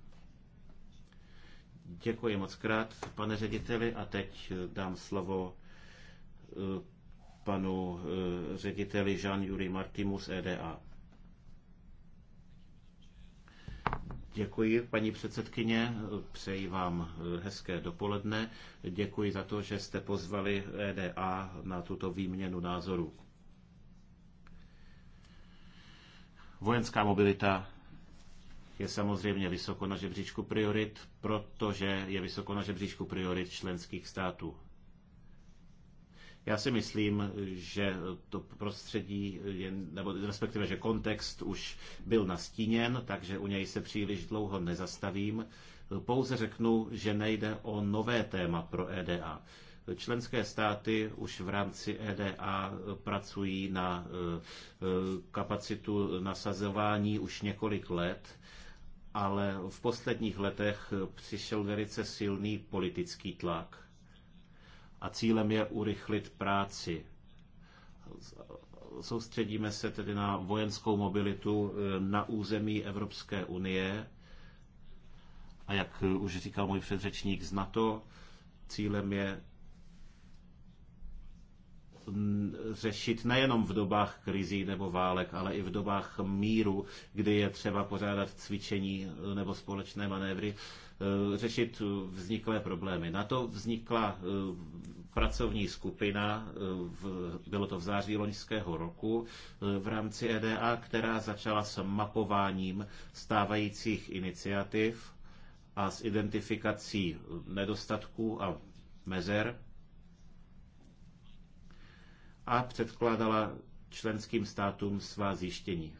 Děkuji moc krát, pane řediteli, a teď dám slovo eh, panu eh, řediteli Jean-Jury Martimus, z EDA. Děkuji, paní předsedkyně, přeji vám eh, hezké dopoledne. Děkuji za to, že jste pozvali EDA na tuto výměnu názorů. Vojenská mobilita je samozřejmě vysoko na žebříčku priorit, protože je vysoko na žebříčku priorit členských států. Já si myslím, že to prostředí, je, nebo respektive, že kontext už byl nastíněn, takže u něj se příliš dlouho nezastavím. Pouze řeknu, že nejde o nové téma pro EDA. Členské státy už v rámci EDA pracují na eh, kapacitu nasazování už několik let ale v posledních letech přišel velice silný politický tlak. A cílem je urychlit práci. Soustředíme se tedy na vojenskou mobilitu eh, na území Evropské unie. A jak už říkal můj předřečník z NATO, cílem je řešit nejenom v dobách krizí nebo válek, ale i v dobách míru, kdy je třeba pořádat cvičení e, nebo společné manévry, e, řešit vzniklé problémy. Na to vznikla e, pracovní skupina, bylo to v září loňského roku, v rámci EDA, která začala s mapováním stávajících iniciativ a s identifikací nedostatků a mezer a předkládala členským státům svá zjištění.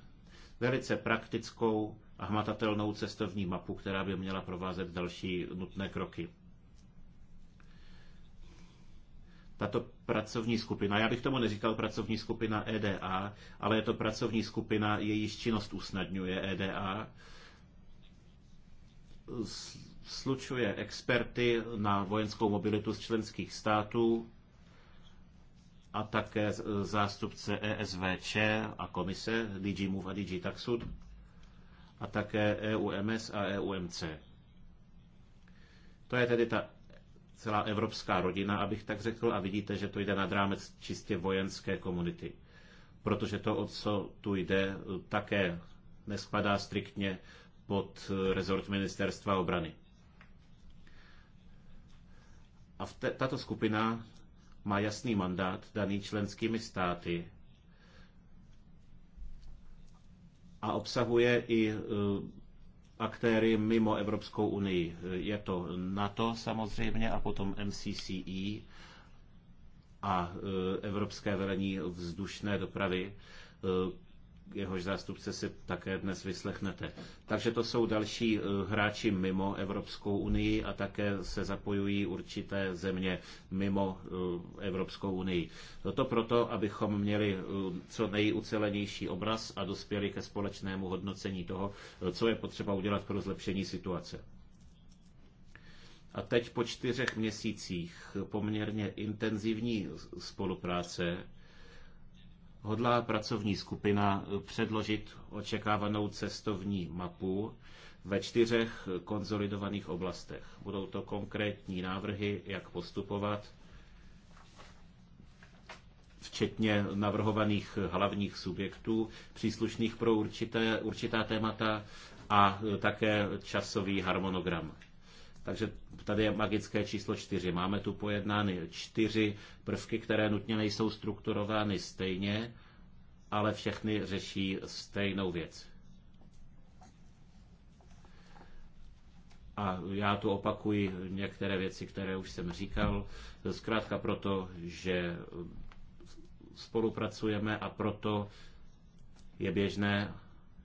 Velice praktickou a hmatatelnou cestovní mapu, která by měla provázet další nutné kroky. Tato pracovní skupina, já bych tomu neříkal pracovní skupina EDA, ale je to pracovní skupina, jejíž činnost usnadňuje EDA, slučuje experty na vojenskou mobilitu z členských států, a také zástupce ESVČ a komise DG Move a DG Taxud a také EUMS a EUMC. To je tedy ta celá evropská rodina, abych tak řekl, a vidíte, že to jde nad rámec čistě vojenské komunity. Protože to, o co tu jde, také nespadá striktně pod rezort ministerstva obrany. A v te, tato skupina má jasný mandát daný členskými státy a obsahuje i e, aktéry mimo Evropskou unii. Je to NATO samozřejmě a potom MCCE a e, Evropské velení vzdušné dopravy, e, jehož zástupce si také dnes vyslechnete. Takže to jsou další eh, hráči mimo Evropskou unii a také se zapojují určité země mimo eh, Evropskou unii. To proto, abychom měli eh, co nejucelenější obraz a dospěli ke společnému hodnocení toho, co je potřeba udělat pro zlepšení situace. A teď po čtyřech měsících poměrně intenzivní spolupráce hodlá pracovní skupina předložit očekávanou cestovní mapu ve čtyřech konzolidovaných oblastech. Budou to konkrétní návrhy, jak postupovat, včetně navrhovaných hlavních subjektů, příslušných pro určité, určitá témata a také časový harmonogram. Takže tady je magické číslo čtyři. Máme tu pojednány čtyři prvky, které nutně nejsou strukturovány stejně, ale všechny řeší stejnou věc. A já tu opakuji některé věci, které už jsem říkal, zkrátka proto, že spolupracujeme a proto je běžné,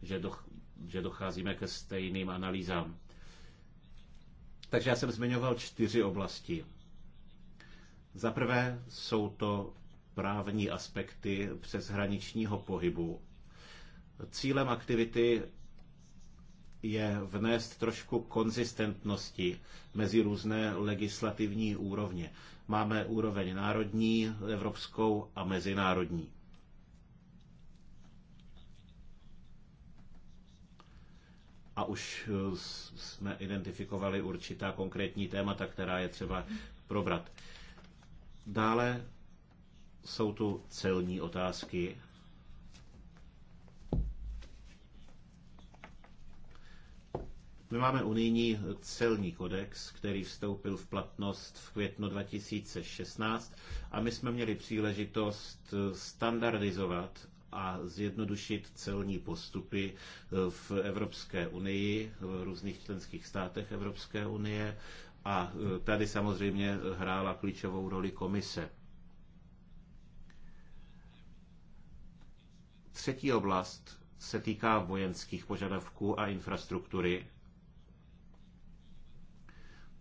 že, doch, že docházíme ke stejným analýzám. Takže já jsem zmiňoval čtyři oblasti. Za prvé jsou to právní aspekty přeshraničního pohybu. Cílem aktivity je vnést trošku konzistentnosti mezi různé legislativní úrovně. Máme úroveň národní, evropskou a mezinárodní. a už eh, jsme identifikovali určitá konkrétní témata, která je třeba probrat. Dále jsou tu celní otázky. My máme unijní celní kodex, který vstoupil v platnost v květnu 2016 a my jsme měli příležitost standardizovat a zjednodušit celní postupy eh, v Evropské unii, v různých členských státech Evropské unie. A eh, tady samozřejmě hrála klíčovou roli komise. Třetí oblast se týká vojenských požadavků a infrastruktury.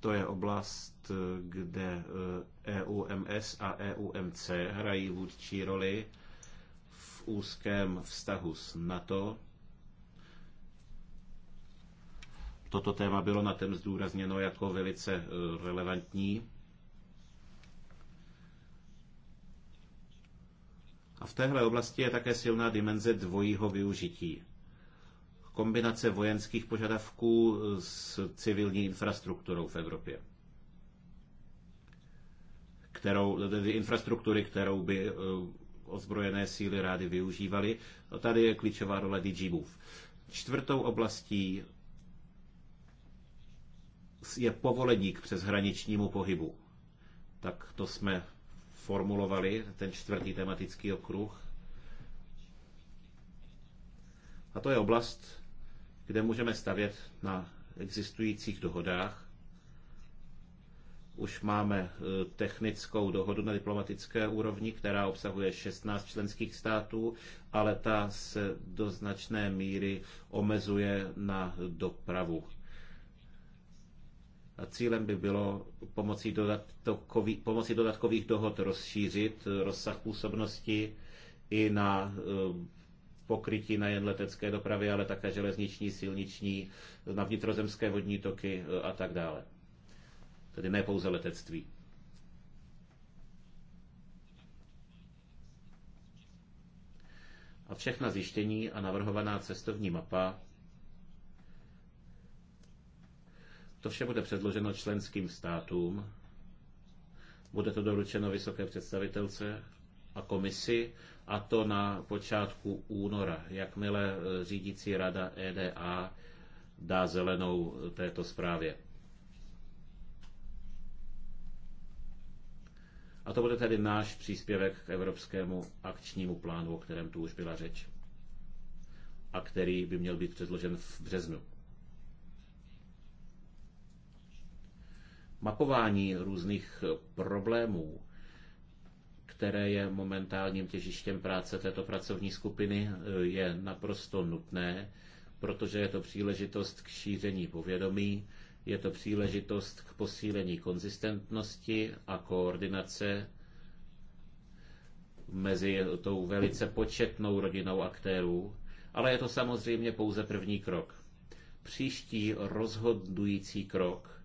To je oblast, eh, kde EUMS e a EUMC hrají vůdčí roli úzkém vztahu s NATO. Toto téma bylo na tem zdůrazněno jako velice eh, relevantní. A v téhle oblasti je také silná dimenze dvojího využití. Kombinace vojenských požadavků eh, s civilní infrastrukturou v Evropě kterou, infrastruktury, kterou by eh, ozbrojené síly rády využívaly. No, tady je klíčová role DG Move. Čtvrtou oblastí je povolení k přeshraničnímu pohybu. Tak to jsme formulovali, ten čtvrtý tematický okruh. A to je oblast, kde můžeme stavět na existujících dohodách už máme e, technickou dohodu na diplomatické úrovni, která obsahuje 16 členských států, ale ta se do značné míry omezuje na dopravu. A cílem by bylo pomocí, dodatkový, pomocí dodatkových dohod rozšířit e, rozsah působnosti i na e, pokrytí jen letecké dopravy, ale také železniční, silniční, na vnitrozemské vodní toky a tak dále. Tedy ne pouze letectví. A všechna zjištění a navrhovaná cestovní mapa To vše bude předloženo členským státům, bude to doručeno vysoké představitelce a komisi, a to na počátku února, jakmile eh, řídící rada EDA dá zelenou eh, této zprávě. A to bude tedy náš příspěvek k Evropskému akčnímu plánu, o kterém tu už byla řeč a který by měl být předložen v březnu. Mapování různých problémů, které je momentálním těžištěm práce této pracovní skupiny, je naprosto nutné, protože je to příležitost k šíření povědomí, je to příležitost k posílení konzistentnosti a koordinace mezi tou velice početnou rodinou aktérů, ale je to samozřejmě pouze první krok. Příští rozhodující krok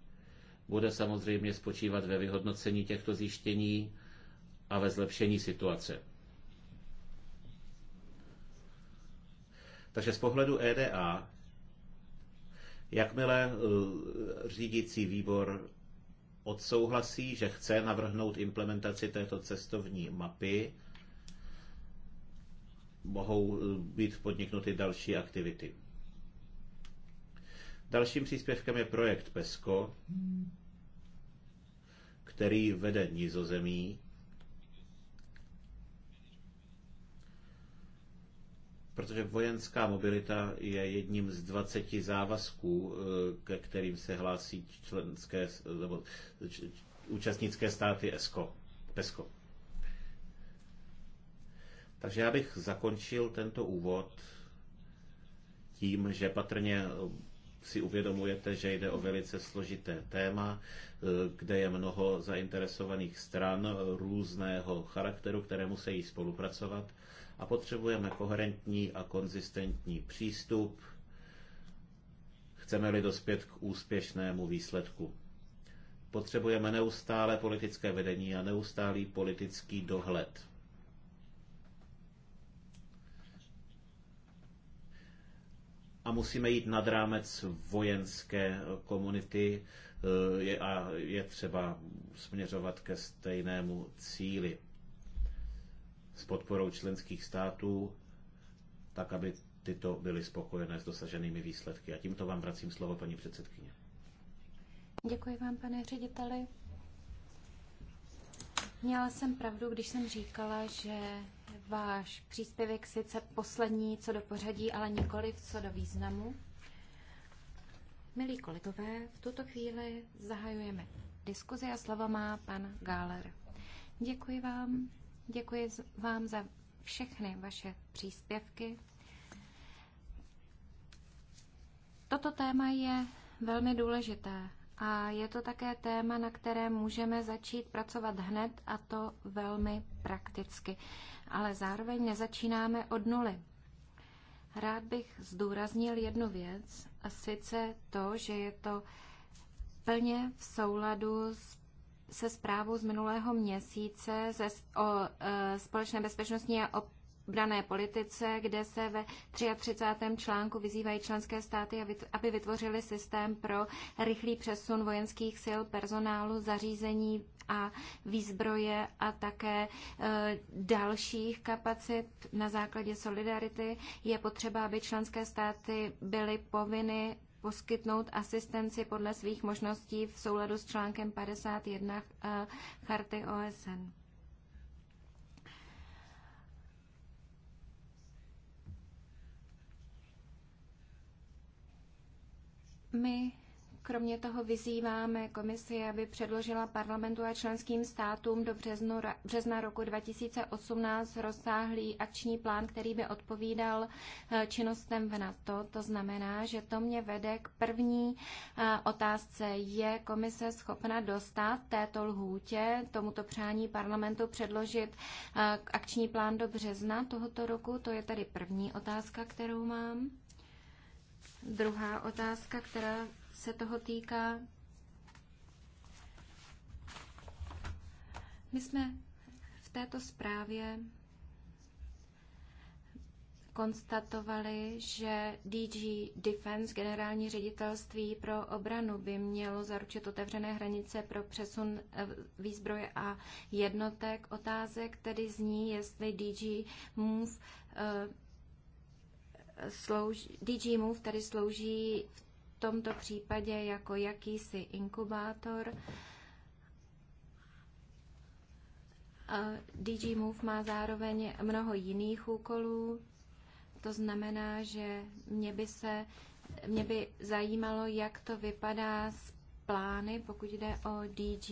bude samozřejmě spočívat ve vyhodnocení těchto zjištění a ve zlepšení situace. Takže z pohledu EDA Jakmile eh, řídící výbor odsouhlasí, že chce navrhnout implementaci této cestovní mapy, mohou eh, být podniknuty další aktivity. Dalším příspěvkem je projekt PESCO, který vede Nizozemí protože vojenská mobilita je jedním z 20 závazků, eh, ke kterým se hlásí členské nebo účastnické státy ESCO, PESCO. Takže já bych zakončil tento úvod tím, že patrně eh, si uvědomujete, že jde o velice složité téma, eh, kde je mnoho zainteresovaných stran různého charakteru, které musí spolupracovat a potřebujeme koherentní a konzistentní přístup, chceme-li dospět k úspěšnému výsledku. Potřebujeme neustále politické vedení a neustálý politický dohled. A musíme jít nad rámec vojenské komunity eh, a je třeba směřovat ke stejnému cíli s podporou členských států, tak aby tyto byly spokojené s dosaženými výsledky. A tímto vám vracím slovo, paní předsedkyně. Děkuji vám, pane řediteli. Měla jsem pravdu, když jsem říkala, že váš příspěvek sice poslední co do pořadí, ale nikoli co do významu. Milí kolegové, v tuto chvíli zahajujeme diskuzi a slovo má pan Gáler. Děkuji vám, Děkuji vám za všechny vaše příspěvky. Toto téma je velmi důležité a je to také téma, na které můžeme začít pracovat hned a to velmi prakticky. Ale zároveň nezačínáme od nuly. Rád bych zdůraznil jednu věc, a sice to, že je to plně v souladu s se zprávou z minulého měsíce ze, o e, společné bezpečnostní a obrané politice, kde se ve 33. článku vyzývají členské státy, aby vytvořili systém pro rychlý přesun vojenských sil, personálu, zařízení a výzbroje a také e, dalších kapacit na základě solidarity. Je potřeba, aby členské státy byly povinny poskytnout asistenci podle svých možností v souladu s článkem 51 eh, Charty OSN. My Kromě toho vyzýváme komisi, aby předložila parlamentu a členským státům do březnu, března roku 2018 rozsáhlý akční plán, který by odpovídal eh, činnostem v NATO. To znamená, že to mě vede k první eh, otázce. Je komise schopna dostat této lhůtě, tomuto přání parlamentu předložit eh, akční plán do března tohoto roku? To je tedy první otázka, kterou mám. Druhá otázka, která se toho týká. My jsme v této zprávě konstatovali, že DG Defense, generální ředitelství pro obranu, by mělo zaručit otevřené hranice pro přesun eh, výzbroje a jednotek. Otázek tedy zní, jestli DG Move eh, Slouž, DG Move tady slouží v tomto případě jako jakýsi inkubátor. DG Move má zároveň mnoho jiných úkolů, to znamená, že mě by se mě by zajímalo, jak to vypadá s plány, pokud jde o DG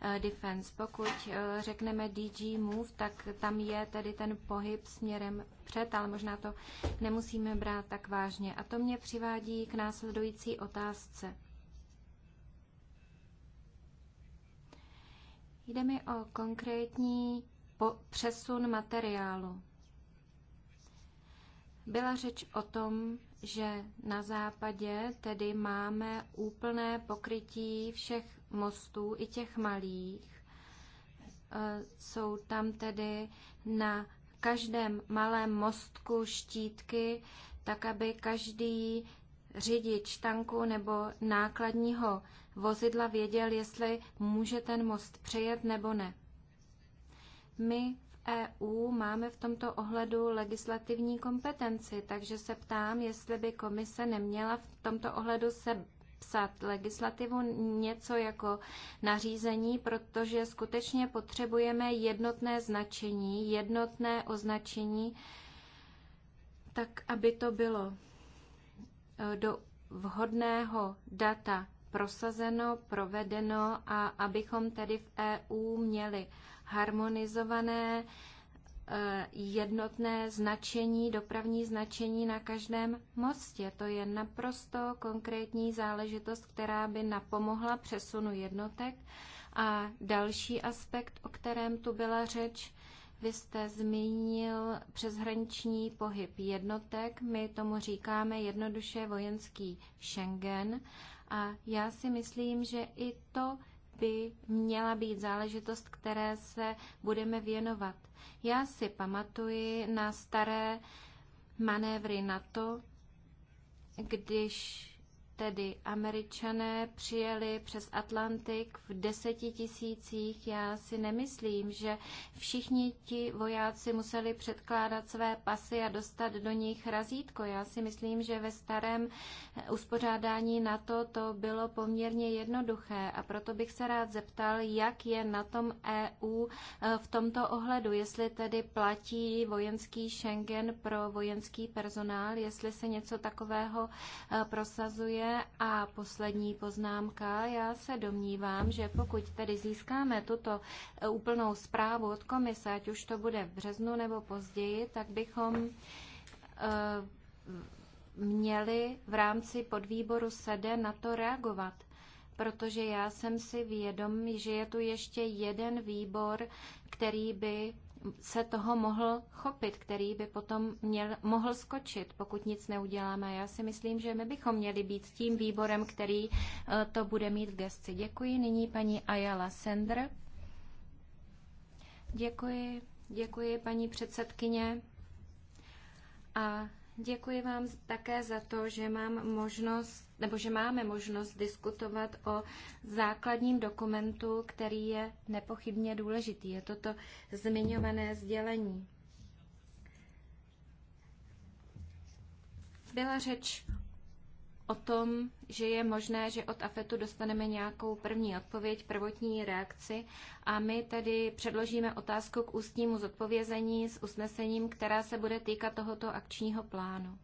eh, Defense. Pokud eh, řekneme DG Move, tak tam je tedy ten pohyb směrem před, ale možná to nemusíme brát tak vážně. A to mě přivádí k následující otázce. Jde mi o konkrétní přesun materiálu. Byla řeč o tom, že na západě tedy máme úplné pokrytí všech mostů, i těch malých. E, jsou tam tedy na každém malém mostku štítky, tak aby každý řidič tanku nebo nákladního vozidla věděl, jestli může ten most přejet nebo ne. My EU máme v tomto ohledu legislativní kompetenci, takže se ptám, jestli by komise neměla v tomto ohledu se psat legislativu něco jako nařízení, protože skutečně potřebujeme jednotné značení, jednotné označení, tak aby to bylo e, do vhodného data prosazeno, provedeno a abychom tedy v EU měli harmonizované eh, jednotné značení, dopravní značení na každém mostě. To je naprosto konkrétní záležitost, která by napomohla přesunu jednotek. A další aspekt, o kterém tu byla řeč, vy jste zmínil přeshraniční pohyb jednotek, my tomu říkáme jednoduše vojenský Schengen a já si myslím, že i to by měla být záležitost, které se budeme věnovat. Já si pamatuji na staré manévry NATO, když tedy američané přijeli přes Atlantik v deseti tisících. Já si nemyslím, že všichni ti vojáci museli předkládat své pasy a dostat do nich razítko. Já si myslím, že ve starém uspořádání to to bylo poměrně jednoduché a proto bych se rád zeptal, jak je na tom EU eh, v tomto ohledu, jestli tedy platí vojenský Schengen pro vojenský personál, jestli se něco takového eh, prosazuje a poslední poznámka. Já se domnívám, že pokud tedy získáme tuto e, úplnou zprávu od komise, ať už to bude v březnu nebo později, tak bychom e, měli v rámci podvýboru SEDE na to reagovat protože já jsem si vědom, že je tu ještě jeden výbor, který by se toho mohl chopit, který by potom měl, mohl skočit, pokud nic neuděláme. Já si myslím, že my bychom měli být tím výborem, který eh, to bude mít v gesci. Děkuji. Nyní paní Ayala Sender. Děkuji. Děkuji, paní předsedkyně. A Děkuji vám také za to, že mám možnost, nebo že máme možnost diskutovat o základním dokumentu, který je nepochybně důležitý. Je toto zmiňované sdělení. Byla řeč o tom, že je možné, že od AFETu dostaneme nějakou první odpověď, prvotní reakci a my tedy předložíme otázku k ústnímu zodpovězení s usnesením, která se bude týkat tohoto akčního plánu.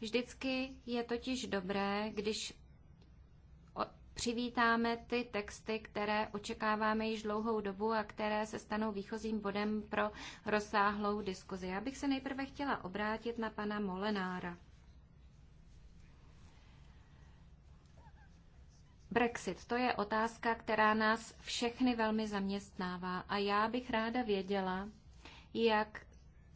Vždycky je totiž dobré, když přivítáme ty texty, které očekáváme již dlouhou dobu a které se stanou výchozím bodem pro rozsáhlou diskuzi. Já bych se nejprve chtěla obrátit na pana Molenára. Brexit, to je otázka, která nás všechny velmi zaměstnává a já bych ráda věděla, jak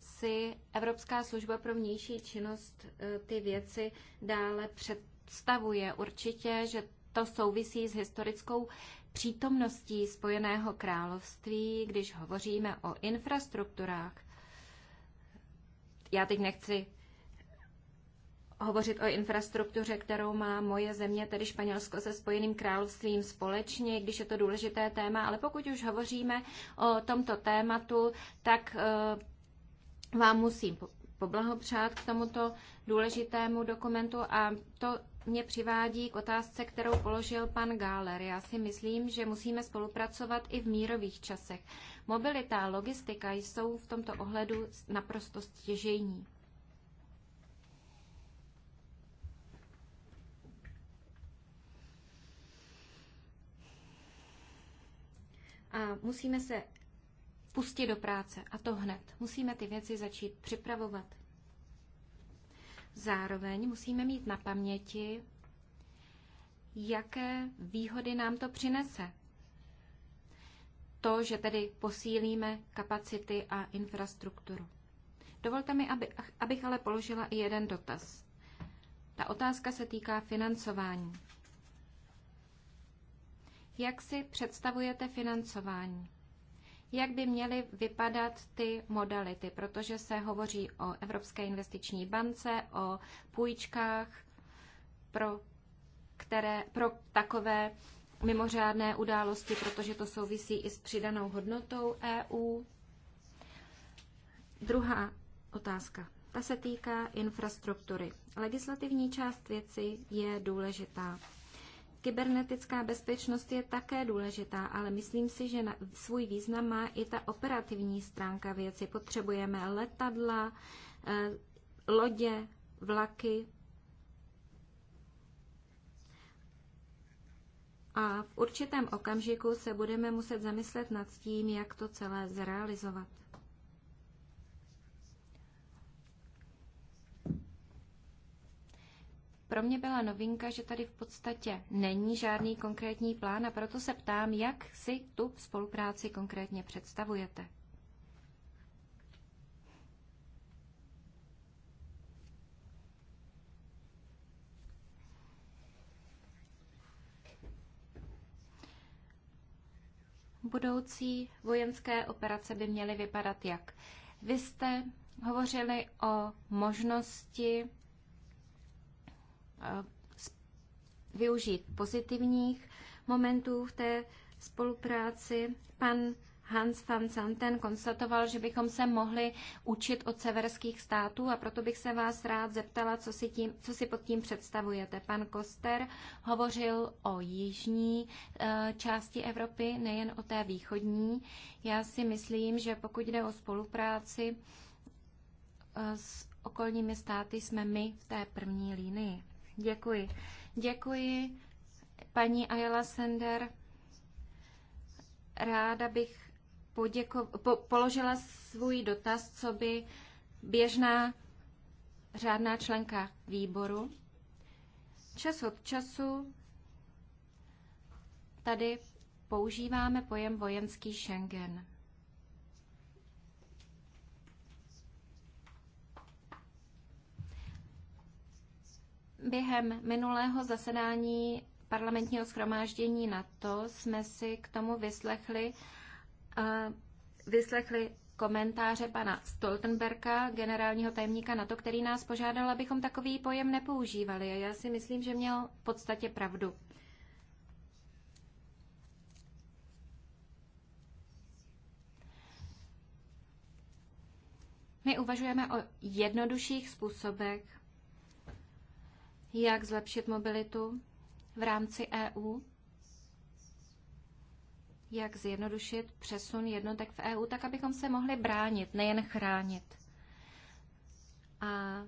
si Evropská služba pro vnější činnost eh, ty věci dále představuje. Určitě, že to souvisí s historickou přítomností Spojeného království, když hovoříme o infrastrukturách. Já teď nechci hovořit o infrastruktuře, kterou má moje země, tedy Španělsko se Spojeným královstvím společně, když je to důležité téma, ale pokud už hovoříme o tomto tématu, tak eh, vám musím poblahopřát k tomuto důležitému dokumentu a to mě přivádí k otázce, kterou položil pan Gáler. Já si myslím, že musíme spolupracovat i v mírových časech. Mobilita a logistika jsou v tomto ohledu naprosto stěžejní. A musíme se pustit do práce a to hned. Musíme ty věci začít připravovat. Zároveň musíme mít na paměti, jaké výhody nám to přinese. To, že tedy posílíme kapacity a infrastrukturu. Dovolte mi, aby, abych ale položila i jeden dotaz. Ta otázka se týká financování. Jak si představujete financování? Jak by měly vypadat ty modality? Protože se hovoří o Evropské investiční bance, o půjčkách pro, které, pro takové mimořádné události, protože to souvisí i s přidanou hodnotou EU. Druhá otázka. Ta se týká infrastruktury. Legislativní část věci je důležitá. Kybernetická bezpečnost je také důležitá, ale myslím si, že na svůj význam má i ta operativní stránka věci. Potřebujeme letadla, eh, lodě, vlaky. A v určitém okamžiku se budeme muset zamyslet nad tím, jak to celé zrealizovat. Pro mě byla novinka, že tady v podstatě není žádný konkrétní plán a proto se ptám, jak si tu spolupráci konkrétně představujete. budoucí vojenské operace by měly vypadat jak? Vy jste hovořili o možnosti Eh, využít pozitivních momentů v té spolupráci. Pan Hans van Santen konstatoval, že bychom se mohli učit od severských států a proto bych se vás rád zeptala, co si, tím, co si pod tím představujete. Pan Koster hovořil o jižní e, části Evropy, nejen o té východní. Já si myslím, že pokud jde o spolupráci e, s okolními státy, jsme my v té první línii. Děkuji. Děkuji, paní Ayala Sender. Ráda bych poděko- po- položila svůj dotaz, co by běžná řádná členka výboru. Čas od času tady používáme pojem vojenský Schengen. Během minulého zasedání parlamentního schromáždění NATO jsme si k tomu vyslechli, eh, vyslechli komentáře pana Stoltenberka, generálního tajemníka NATO, který nás požádal, abychom takový pojem nepoužívali. A já si myslím, že měl v podstatě pravdu. My uvažujeme o jednodušších způsobech, jak zlepšit mobilitu v rámci EU, jak zjednodušit přesun jednotek v EU, tak abychom se mohli bránit, nejen chránit. A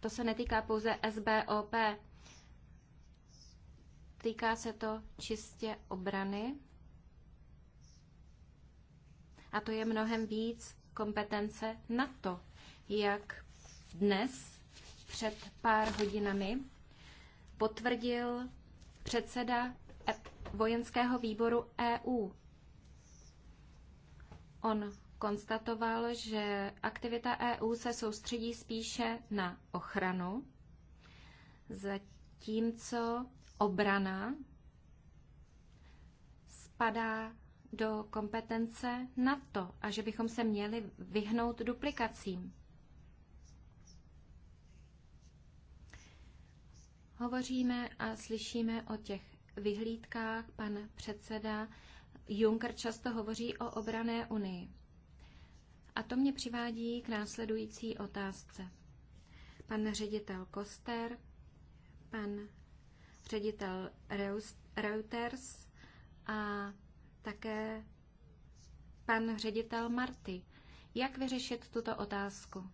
to se netýká pouze SBOP, týká se to čistě obrany. A to je mnohem víc kompetence na to, jak dnes před pár hodinami potvrdil předseda e- vojenského výboru EU. On konstatoval, že aktivita EU se soustředí spíše na ochranu, zatímco obrana spadá do kompetence NATO a že bychom se měli vyhnout duplikacím. Hovoříme a slyšíme o těch vyhlídkách. Pan předseda Juncker často hovoří o obrané unii. A to mě přivádí k následující otázce. Pan ředitel Koster, pan ředitel Reuters a také pan ředitel Marty. Jak vyřešit tuto otázku?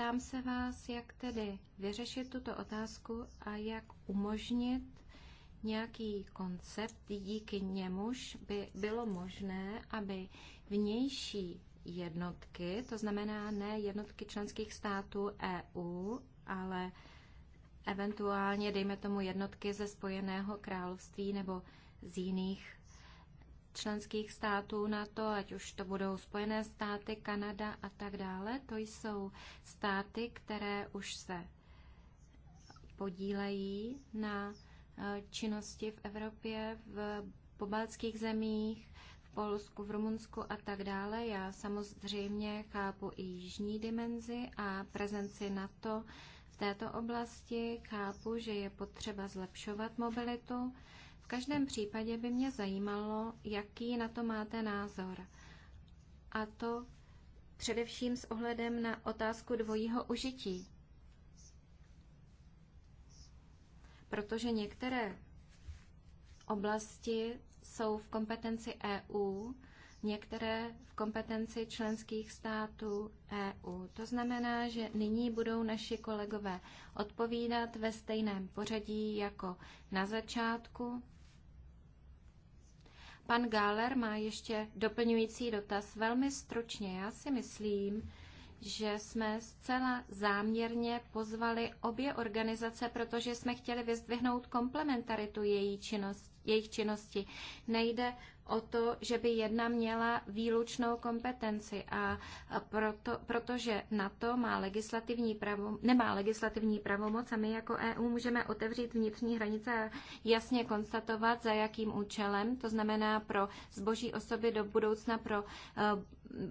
Ptám se vás, jak tedy vyřešit tuto otázku a jak umožnit nějaký koncept, díky němuž by bylo možné, aby vnější jednotky, to znamená ne jednotky členských států EU, ale eventuálně, dejme tomu, jednotky ze Spojeného království nebo z jiných členských států na to, ať už to budou Spojené státy, Kanada a tak dále. To jsou státy, které už se podílejí na eh, činnosti v Evropě, v pobaltských zemích, v Polsku, v Rumunsku a tak dále. Já samozřejmě chápu i jižní dimenzi a prezenci NATO v této oblasti. Chápu, že je potřeba zlepšovat mobilitu každém případě by mě zajímalo, jaký na to máte názor. A to především s ohledem na otázku dvojího užití. Protože některé oblasti jsou v kompetenci EU, některé v kompetenci členských států EU. To znamená, že nyní budou naši kolegové odpovídat ve stejném pořadí jako na začátku. Pan Gáler má ještě doplňující dotaz. Velmi stručně, já si myslím, že jsme zcela záměrně pozvali obě organizace, protože jsme chtěli vyzdvihnout komplementaritu její činnost, jejich činnosti. Nejde o to, že by jedna měla výlučnou kompetenci a proto, protože na to má legislativní pravo, nemá legislativní pravomoc a my jako EU můžeme otevřít vnitřní hranice a jasně konstatovat, za jakým účelem, to znamená pro zboží osoby do budoucna pro eh,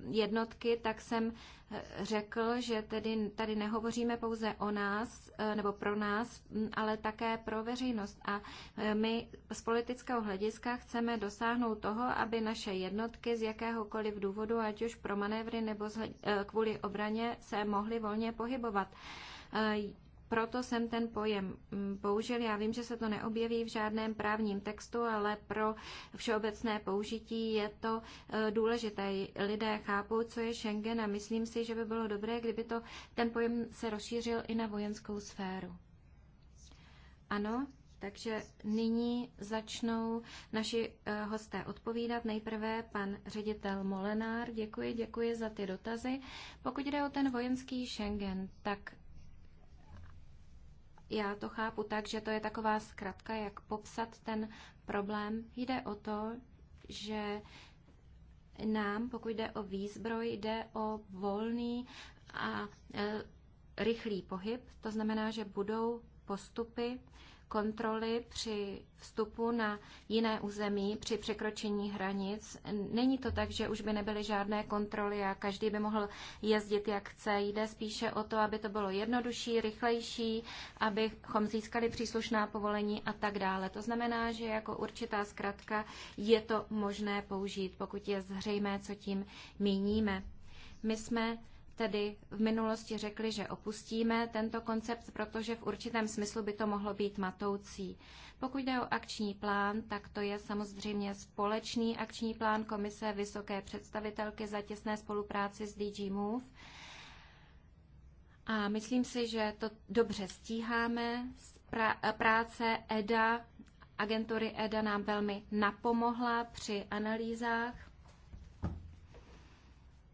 jednotky, tak jsem eh, řekl, že tedy tady nehovoříme pouze o nás eh, nebo pro nás, mm, ale také pro veřejnost. A eh, my z politického hlediska chceme dosáhnout toho, aby naše jednotky z jakéhokoliv důvodu, ať už pro manévry nebo kvůli obraně, se mohly volně pohybovat proto jsem ten pojem mm, použil. Já vím, že se to neobjeví v žádném právním textu, ale pro všeobecné použití je to eh, důležité. Lidé chápou, co je Schengen a myslím si, že by bylo dobré, kdyby to, ten pojem se rozšířil i na vojenskou sféru. Ano, takže nyní začnou naši eh, hosté odpovídat. Nejprve pan ředitel Molenár. Děkuji, děkuji za ty dotazy. Pokud jde o ten vojenský Schengen, tak já to chápu tak, že to je taková zkratka, jak popsat ten problém. Jde o to, že nám, pokud jde o výzbroj, jde o volný a e, rychlý pohyb. To znamená, že budou postupy, kontroly při vstupu na jiné území, při překročení hranic. Není to tak, že už by nebyly žádné kontroly a každý by mohl jezdit, jak chce. Jde spíše o to, aby to bylo jednodušší, rychlejší, abychom získali příslušná povolení a tak dále. To znamená, že jako určitá zkratka je to možné použít, pokud je zřejmé, co tím míníme. My jsme tedy v minulosti řekli, že opustíme tento koncept, protože v určitém smyslu by to mohlo být matoucí. Pokud jde o akční plán, tak to je samozřejmě společný akční plán Komise Vysoké představitelky za těsné spolupráci s DG Move. A myslím si, že to dobře stíháme. Práce EDA, agentury EDA nám velmi napomohla při analýzách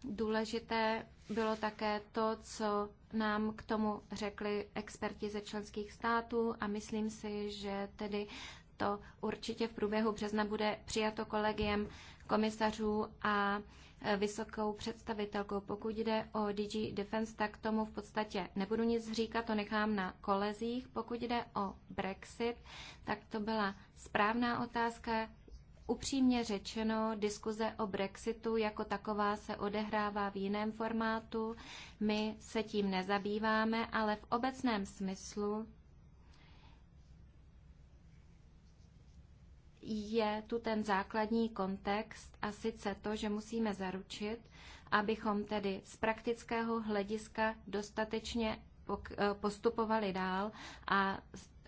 důležité bylo také to, co nám k tomu řekli experti ze členských států a myslím si, že tedy to určitě v průběhu března bude přijato kolegiem komisařů a e, vysokou představitelkou. Pokud jde o DG Defense, tak tomu v podstatě nebudu nic říkat, to nechám na kolezích. Pokud jde o Brexit, tak to byla správná otázka, Upřímně řečeno, diskuze o Brexitu jako taková se odehrává v jiném formátu. My se tím nezabýváme, ale v obecném smyslu je tu ten základní kontext a sice to, že musíme zaručit, abychom tedy z praktického hlediska dostatečně postupovali dál a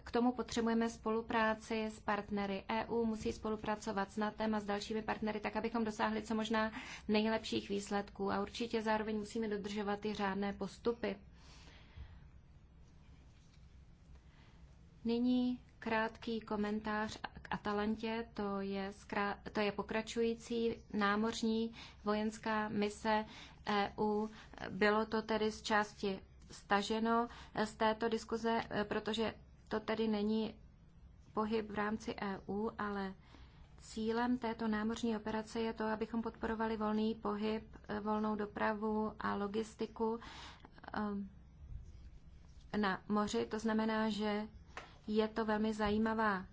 k tomu potřebujeme spolupráci s partnery. EU musí spolupracovat s NATEM a s dalšími partnery, tak abychom dosáhli co možná nejlepších výsledků. A určitě zároveň musíme dodržovat i řádné postupy. Nyní krátký komentář k Atalantě. To je, zkrát, to je pokračující námořní vojenská mise EU. Bylo to tedy z části staženo z této diskuze, protože to tedy není pohyb v rámci EU, ale cílem této námořní operace je to, abychom podporovali volný pohyb, e, volnou dopravu a logistiku e, na moři. To znamená, že je to velmi zajímavá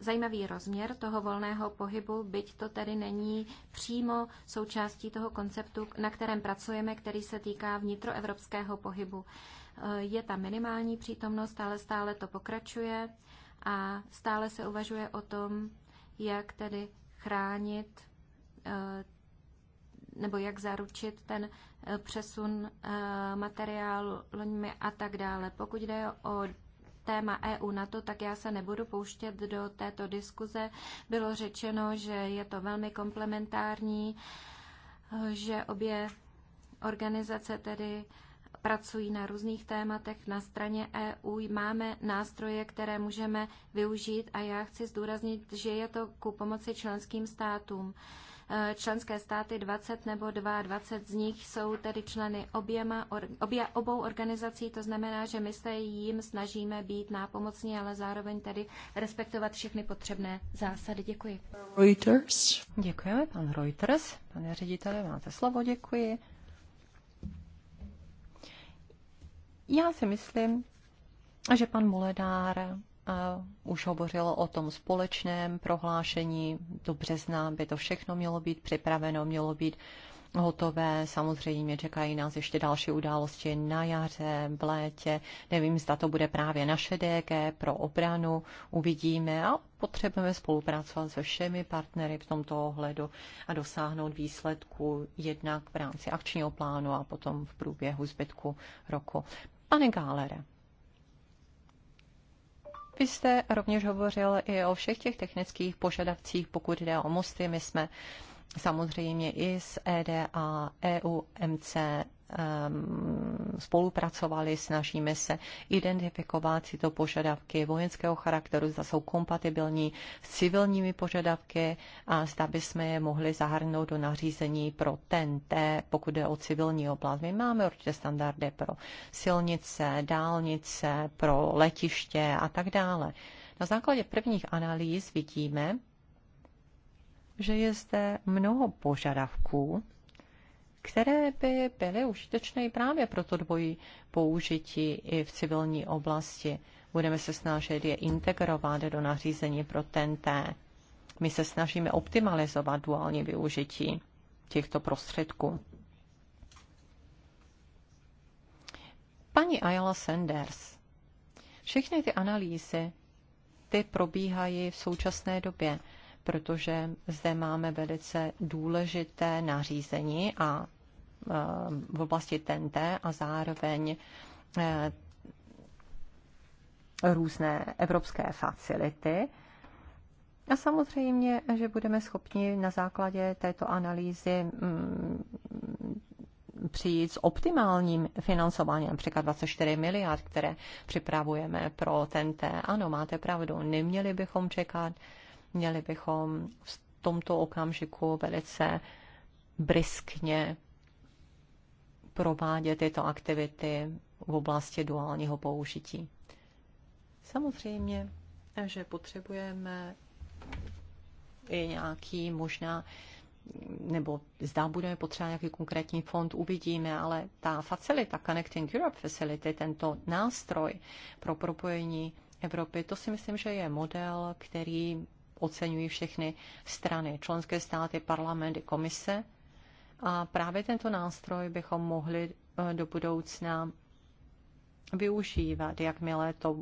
zajímavý rozměr toho volného pohybu, byť to tedy není přímo součástí toho konceptu, na kterém pracujeme, který se týká vnitroevropského pohybu. Eh, je tam minimální přítomnost, ale stále to pokračuje a stále se uvažuje o tom, jak tedy chránit eh, nebo jak zaručit ten eh, přesun materiálu loňmi a tak dále. Pokud jde o téma EU na to, tak já se nebudu pouštět do této diskuze. Bylo řečeno, že je to velmi komplementární, že obě organizace tedy pracují na různých tématech na straně EU. Máme nástroje, které můžeme využít a já chci zdůraznit, že je to ku pomoci členským státům. E, členské státy 20 nebo 22 z nich jsou tedy členy oběma, obě, obou organizací, to znamená, že my se jim snažíme být nápomocní, ale zároveň tedy respektovat všechny potřebné zásady. Děkuji. Reuters. Děkujeme, pan Reuters. Pane řediteli, máte slovo, děkuji. Já si myslím, že pan Moledár uh, už hovořil o tom společném prohlášení. Dobře znám, by to všechno mělo být připraveno, mělo být hotové. Samozřejmě čekají nás ještě další události na jaře, v létě. Nevím, zda to bude právě naše DG pro obranu. Uvidíme a potřebujeme spolupracovat se všemi partnery v tomto ohledu a dosáhnout výsledku jednak v rámci akčního plánu a potom v průběhu zbytku roku. Anne Gálere. Vy jste rovněž hovořil i o všech těch technických požadavcích, pokud jde o mosty. My jsme samozřejmě i z EDA, EUMC Ehm, spolupracovali, snažíme se identifikovat tyto požadavky vojenského charakteru, zda jsou kompatibilní s civilními požadavky a zda bychom je mohli zahrnout do nařízení pro TNT, pokud je o civilní oblast. My máme určitě standardy pro silnice, dálnice, pro letiště a tak dále. Na základě prvních analýz vidíme, že je zde mnoho požadavků, které by byly užitečné právě pro to dvojí použití i v civilní oblasti. Budeme se snažit je integrovat do nařízení pro TNT. My se snažíme optimalizovat duální využití těchto prostředků. Paní Ayala Sanders, všechny ty analýzy, ty probíhají v současné době, protože zde máme velice důležité nařízení a v oblasti TNT a zároveň eh, různé evropské facility. A samozřejmě, že budeme schopni na základě této analýzy mm, přijít s optimálním financováním, například 24 miliard, které připravujeme pro TNT. Ano, máte pravdu, neměli bychom čekat, měli bychom v tomto okamžiku velice briskně provádět tyto aktivity v oblasti duálního použití. Samozřejmě, že potřebujeme i nějaký možná nebo zdá budeme potřebovat nějaký konkrétní fond, uvidíme, ale ta facilita, Connecting Europe Facility, tento nástroj pro propojení Evropy, to si myslím, že je model, který oceňují všechny strany, členské státy, parlamenty, komise. A právě tento nástroj bychom mohli eh, do budoucna využívat, jakmile to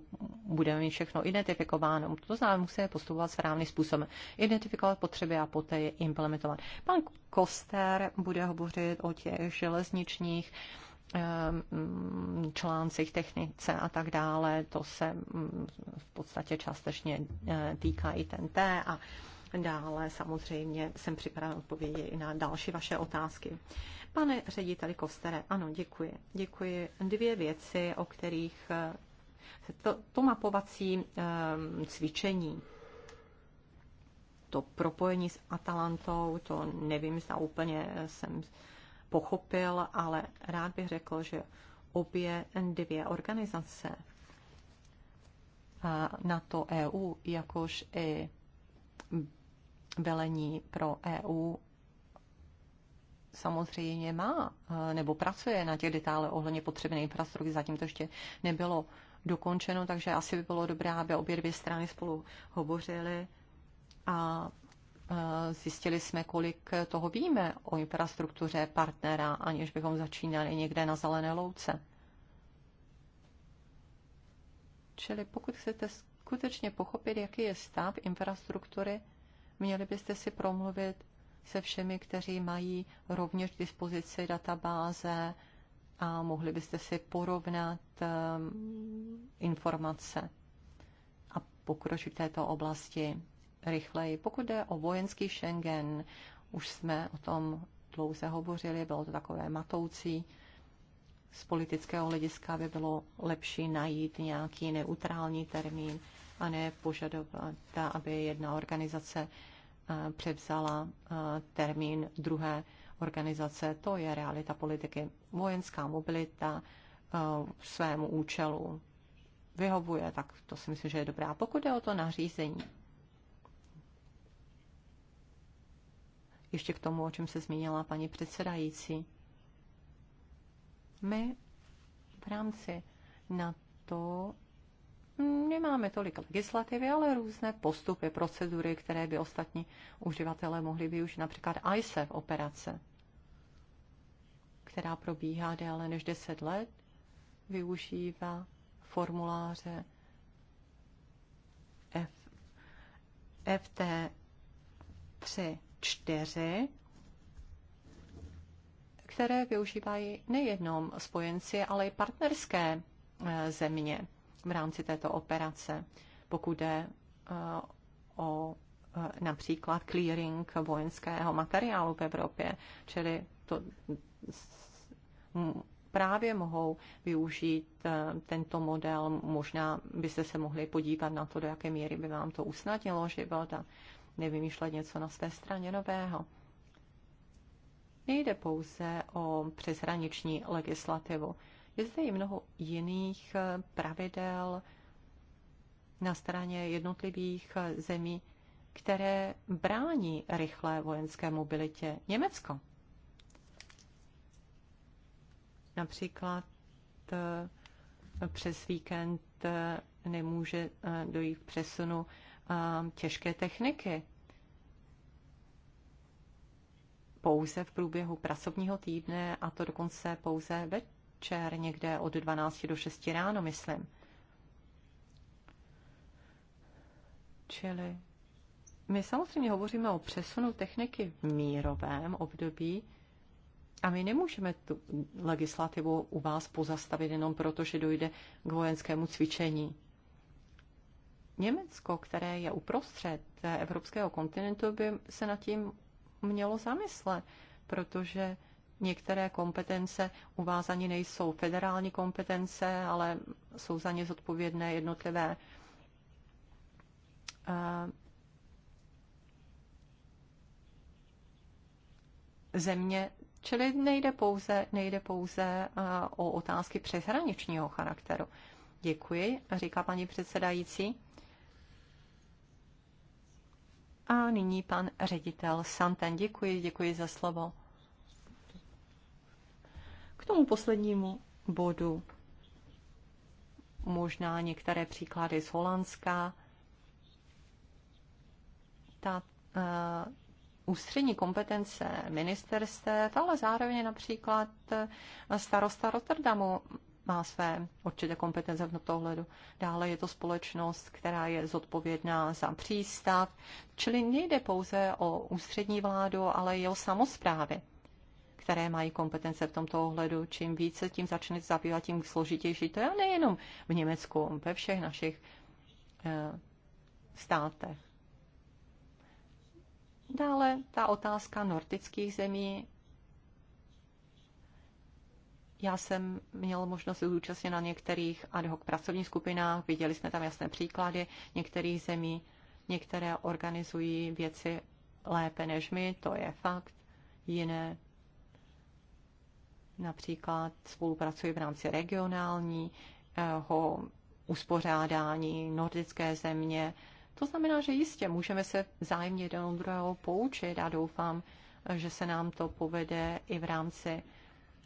budeme mít všechno identifikováno. To znamená, musíme postupovat správným způsobem. Identifikovat potřeby a poté je implementovat. Pan Koster bude hovořit o těch železničních ehm, článcích, technice a tak dále. To se mm, v podstatě částečně eh, týká i ten T a Dále samozřejmě jsem připraven odpovědět i na další vaše otázky. Pane řediteli Kostere, ano, děkuji. Děkuji. Dvě věci, o kterých eh, to, to mapovací um, cvičení, to propojení s Atalantou, to nevím, zda úplně jsem pochopil, ale rád bych řekl, že obě dvě organizace eh, NATO EU, jakož i velení pro EU samozřejmě má eh, nebo pracuje na těch detailech ohledně potřebné infrastruktury. Zatím to ještě nebylo dokončeno, takže asi by bylo dobré, aby obě dvě strany spolu hovořily a eh, zjistili jsme, kolik toho víme o infrastruktuře partnera, aniž bychom začínali někde na zelené louce. Čili pokud chcete skutečně pochopit, jaký je stav infrastruktury, Měli byste si promluvit se všemi, kteří mají rovněž k dispozici databáze a mohli byste si porovnat um, informace a pokročit v této oblasti rychleji. Pokud jde o vojenský Schengen, už jsme o tom dlouze hovořili, bylo to takové matoucí. Z politického hlediska by bylo lepší najít nějaký neutrální termín a ne požadovat, aby jedna organizace převzala termín druhé organizace. To je realita politiky. Vojenská mobilita svému účelu vyhovuje, tak to si myslím, že je dobrá. Pokud je o to nařízení, ještě k tomu, o čem se zmínila paní předsedající, my v rámci na to nemáme tolik legislativy, ale různé postupy, procedury, které by ostatní uživatelé mohli využít, například ISEF operace, která probíhá déle než 10 let, využívá formuláře F, ft 4 které využívají nejenom spojenci, ale i partnerské eh, země v rámci této operace, pokud jde eh, o eh, například clearing vojenského materiálu v Evropě, čili to právě mohou využít eh, tento model. Možná byste se mohli podívat na to, do jaké míry by vám to usnadnilo život a nevymýšlet něco na své straně nového. Nejde pouze o přeshraniční legislativu. Je zde i mnoho jiných eh, pravidel na straně jednotlivých eh, zemí, které brání rychlé vojenské mobilitě. Německo. Například eh, přes víkend nemůže dojít k přesunu těžké techniky. Pouze v průběhu pracovního týdne a to dokonce pouze ve večer, někde od 12 do 6 ráno, myslím. Čili my samozřejmě hovoříme o přesunu techniky v mírovém období a my nemůžeme tu legislativu u vás pozastavit jenom proto, že dojde k vojenskému cvičení. Německo, které je uprostřed evropského kontinentu, by se nad tím mělo zamyslet, protože některé kompetence uvázaní nejsou federální kompetence, ale jsou za ně zodpovědné jednotlivé eh, země. Čili nejde pouze, nejde pouze eh, o otázky přeshraničního charakteru. Děkuji, říká paní předsedající. A nyní pan ředitel Santen. Děkuji, děkuji za slovo. K tomu poslednímu bodu možná některé příklady z Holandska. Ta uh, ústřední kompetence ministerstv, ale zároveň například eh, starosta Rotterdamu má své určité kompetence v tomto ohledu. Dále je to společnost, která je zodpovědná za přístav, čili nejde pouze o ústřední vládu, ale i o samozprávy které mají kompetence v tomto ohledu. Čím více tím začne zabývat, tím složitější. To je nejenom v Německu, ve všech našich uh, státech. Dále ta otázka nordických zemí. Já jsem měl možnost zúčastnit na některých ad hoc pracovních skupinách, viděli jsme tam jasné příklady některých zemí, některé organizují věci lépe než my, to je fakt, jiné například spolupracují v rámci regionálního uspořádání nordické země. To znamená, že jistě můžeme se vzájemně jeden od druhého poučit a doufám, že se nám to povede i v rámci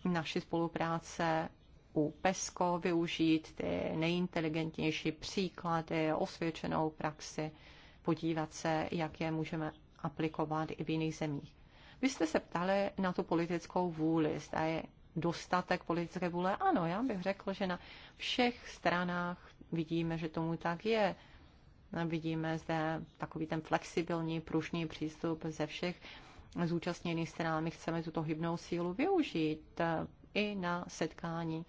naší spolupráce u PESCO využít ty nejinteligentnější příklady, osvědčenou praxi, podívat se, jak je můžeme aplikovat i v jiných zemích. Vy jste se ptali na tu politickou vůli, zda je dostatek politické vůle? Ano, já bych řekl, že na všech stranách vidíme, že tomu tak je. Vidíme zde takový ten flexibilní, pružný přístup ze všech zúčastněných stran. My chceme tuto hybnou sílu využít eh, i na setkání,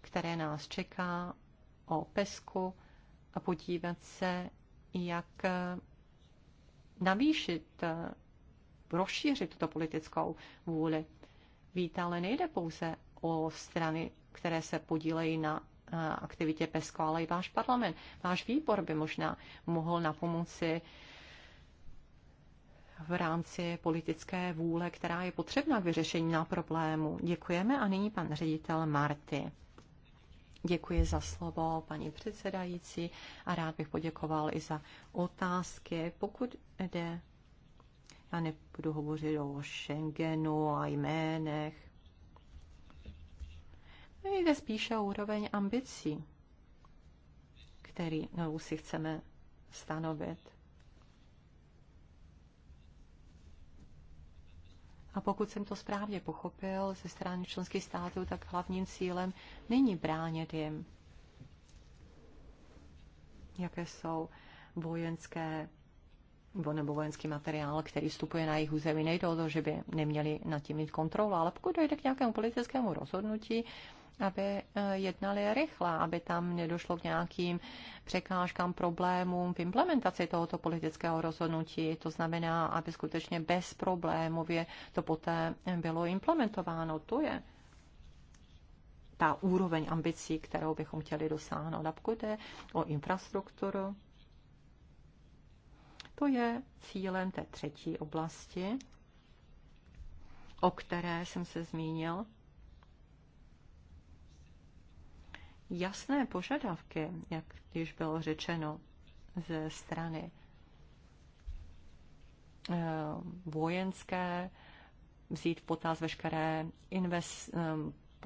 které nás čeká o pesku a podívat se, jak eh, navýšit, eh, rozšířit tuto politickou vůli víte, ale nejde pouze o strany, které se podílejí na eh, aktivitě PESCO, ale i váš parlament. Váš výbor by možná mohl na pomoci v rámci politické vůle, která je potřebná k vyřešení na problému. Děkujeme a nyní pan ředitel Marty. Děkuji za slovo, paní předsedající, a rád bych poděkoval i za otázky. Pokud jde já nebudu hovořit o Schengenu a jménech. Jde spíše o úroveň ambicí, který no, si chceme stanovit. A pokud jsem to správně pochopil ze strany členských států, tak hlavním cílem není bránit jim, jaké jsou vojenské nebo vojenský materiál, který vstupuje na jejich území. Nejde o to, že by neměli nad tím mít kontrolu, ale pokud dojde k nějakému politickému rozhodnutí, aby eh, jednali rychle, aby tam nedošlo k nějakým překážkám, problémům v implementaci tohoto politického rozhodnutí. To znamená, aby skutečně bez problémově to poté bylo implementováno. To je ta úroveň ambicí, kterou bychom chtěli dosáhnout. A pokud je o infrastrukturu, to je cílem té třetí oblasti, o které jsem se zmínil. Jasné požadavky, jak již bylo řečeno ze strany eh, vojenské, vzít v potaz veškeré invest, eh,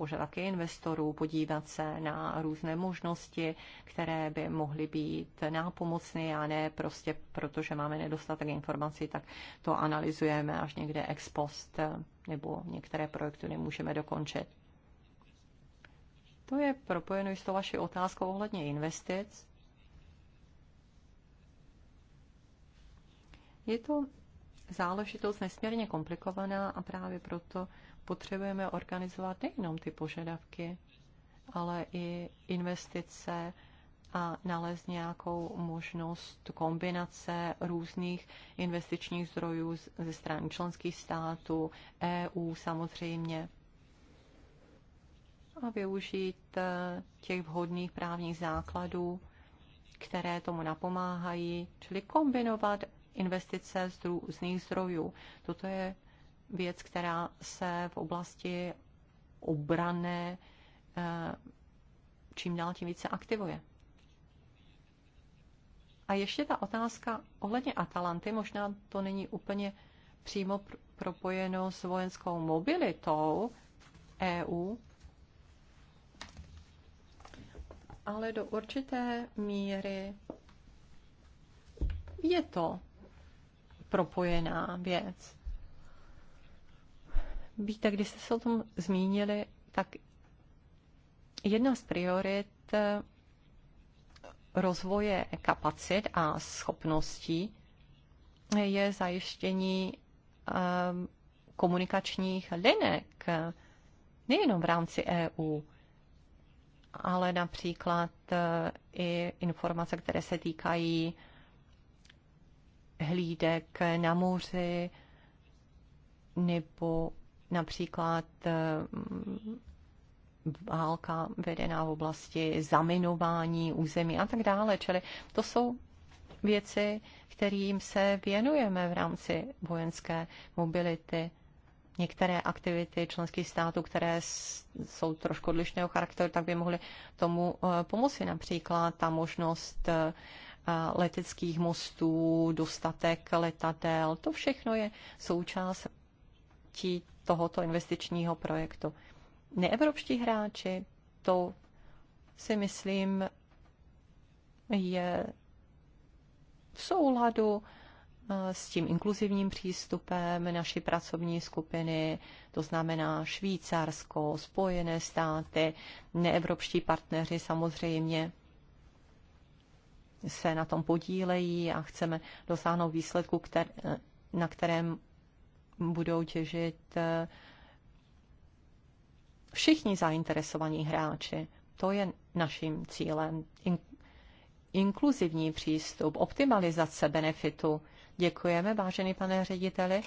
požadavky investorů, podívat se na různé možnosti, které by mohly být nápomocné a ne prostě protože máme nedostatek informací, tak to analyzujeme až někde ex post eh, nebo některé projekty nemůžeme dokončit. To je propojeno s tou vaší otázkou ohledně investic. Je to záležitost nesmírně komplikovaná a právě proto potřebujeme organizovat nejenom ty požadavky, ale i investice a nalézt nějakou možnost kombinace různých investičních zdrojů ze strany členských států, EU samozřejmě a využít eh, těch vhodných právních základů, které tomu napomáhají, čili kombinovat investice z různých zdrojů. Toto je věc, která se v oblasti obrané eh, čím dál tím více aktivuje. A ještě ta otázka ohledně Atalanty, možná to není úplně přímo propojeno s vojenskou mobilitou EU, ale do určité míry je to propojená věc. Víte, když jste se o tom zmínili, tak jedna z priorit eh, rozvoje kapacit a schopností je zajištění eh, komunikačních linek nejenom v rámci EU, ale například eh, i informace, které se týkají hlídek na moři nebo například eh, válka vedená v oblasti zaminování území a tak dále. Čili to jsou věci, kterým se věnujeme v rámci vojenské mobility. Některé aktivity členských států, které jsou trošku odlišného charakteru, tak by mohly tomu eh, pomoci. Například ta možnost eh, leteckých mostů, dostatek letadel, to všechno je součástí tohoto investičního projektu. Neevropští hráči, to si myslím, je v souladu eh, s tím inkluzivním přístupem naší pracovní skupiny, to znamená Švýcarsko, Spojené státy, neevropští partneři samozřejmě se na tom podílejí a chceme dosáhnout výsledku, na kterém budou těžit eh, všichni zainteresovaní hráči. To je naším cílem. In, inkluzivní přístup, optimalizace benefitu. Děkujeme, vážený pane řediteli.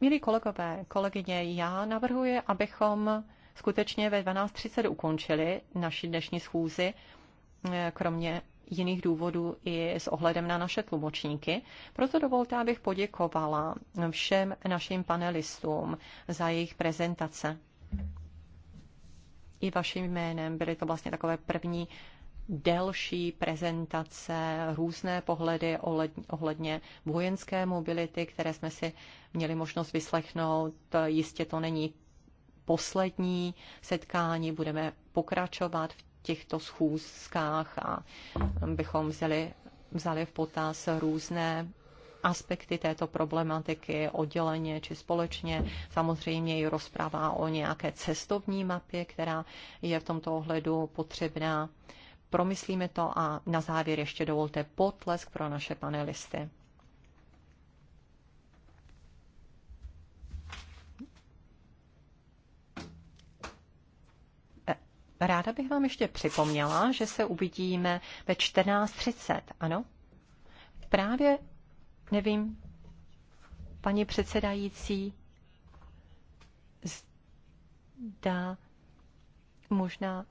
Milí kolegové, kolegyně, já navrhuji, abychom skutečně ve 12.30 ukončili naši dnešní schůzi, eh, kromě jiných důvodů i s ohledem na naše tlumočníky. Proto dovolte, abych poděkovala všem našim panelistům za jejich prezentace. I vaším jménem byly to vlastně takové první delší prezentace, různé pohledy ohledně vojenské mobility, které jsme si měli možnost vyslechnout. Jistě to není poslední setkání, budeme pokračovat v těchto schůzkách a bychom vzali, vzali v potaz různé aspekty této problematiky odděleně či společně. Samozřejmě i rozprava o nějaké cestovní mapě, která je v tomto ohledu potřebná. Promyslíme to a na závěr ještě dovolte potlesk pro naše panelisty. Ráda bych vám ještě připomněla, že se uvidíme ve 14.30, ano? Právě, nevím, paní předsedající, zda možná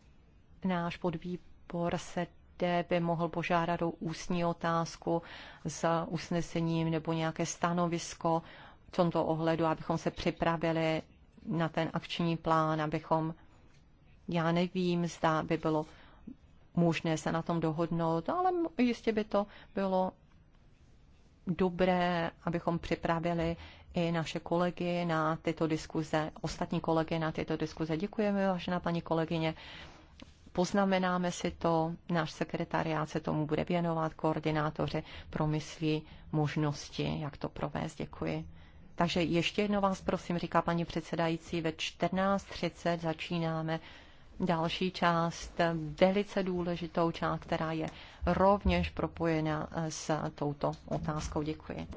náš podvýbor se kde by mohl požádat o ústní otázku s usnesením nebo nějaké stanovisko v tomto ohledu, abychom se připravili na ten akční plán, abychom já nevím, zda by bylo možné se na tom dohodnout, ale jistě by to bylo dobré, abychom připravili i naše kolegy na tyto diskuze, ostatní kolegy na tyto diskuze. Děkujeme, vážená paní kolegyně. Poznamenáme si to, náš sekretariát se tomu bude věnovat, koordinátoři promyslí možnosti, jak to provést. Děkuji. Takže ještě jednou vás prosím, říká paní předsedající, ve 14.30 začínáme další část, velice důležitou část, která je rovněž propojena s touto otázkou. Děkuji.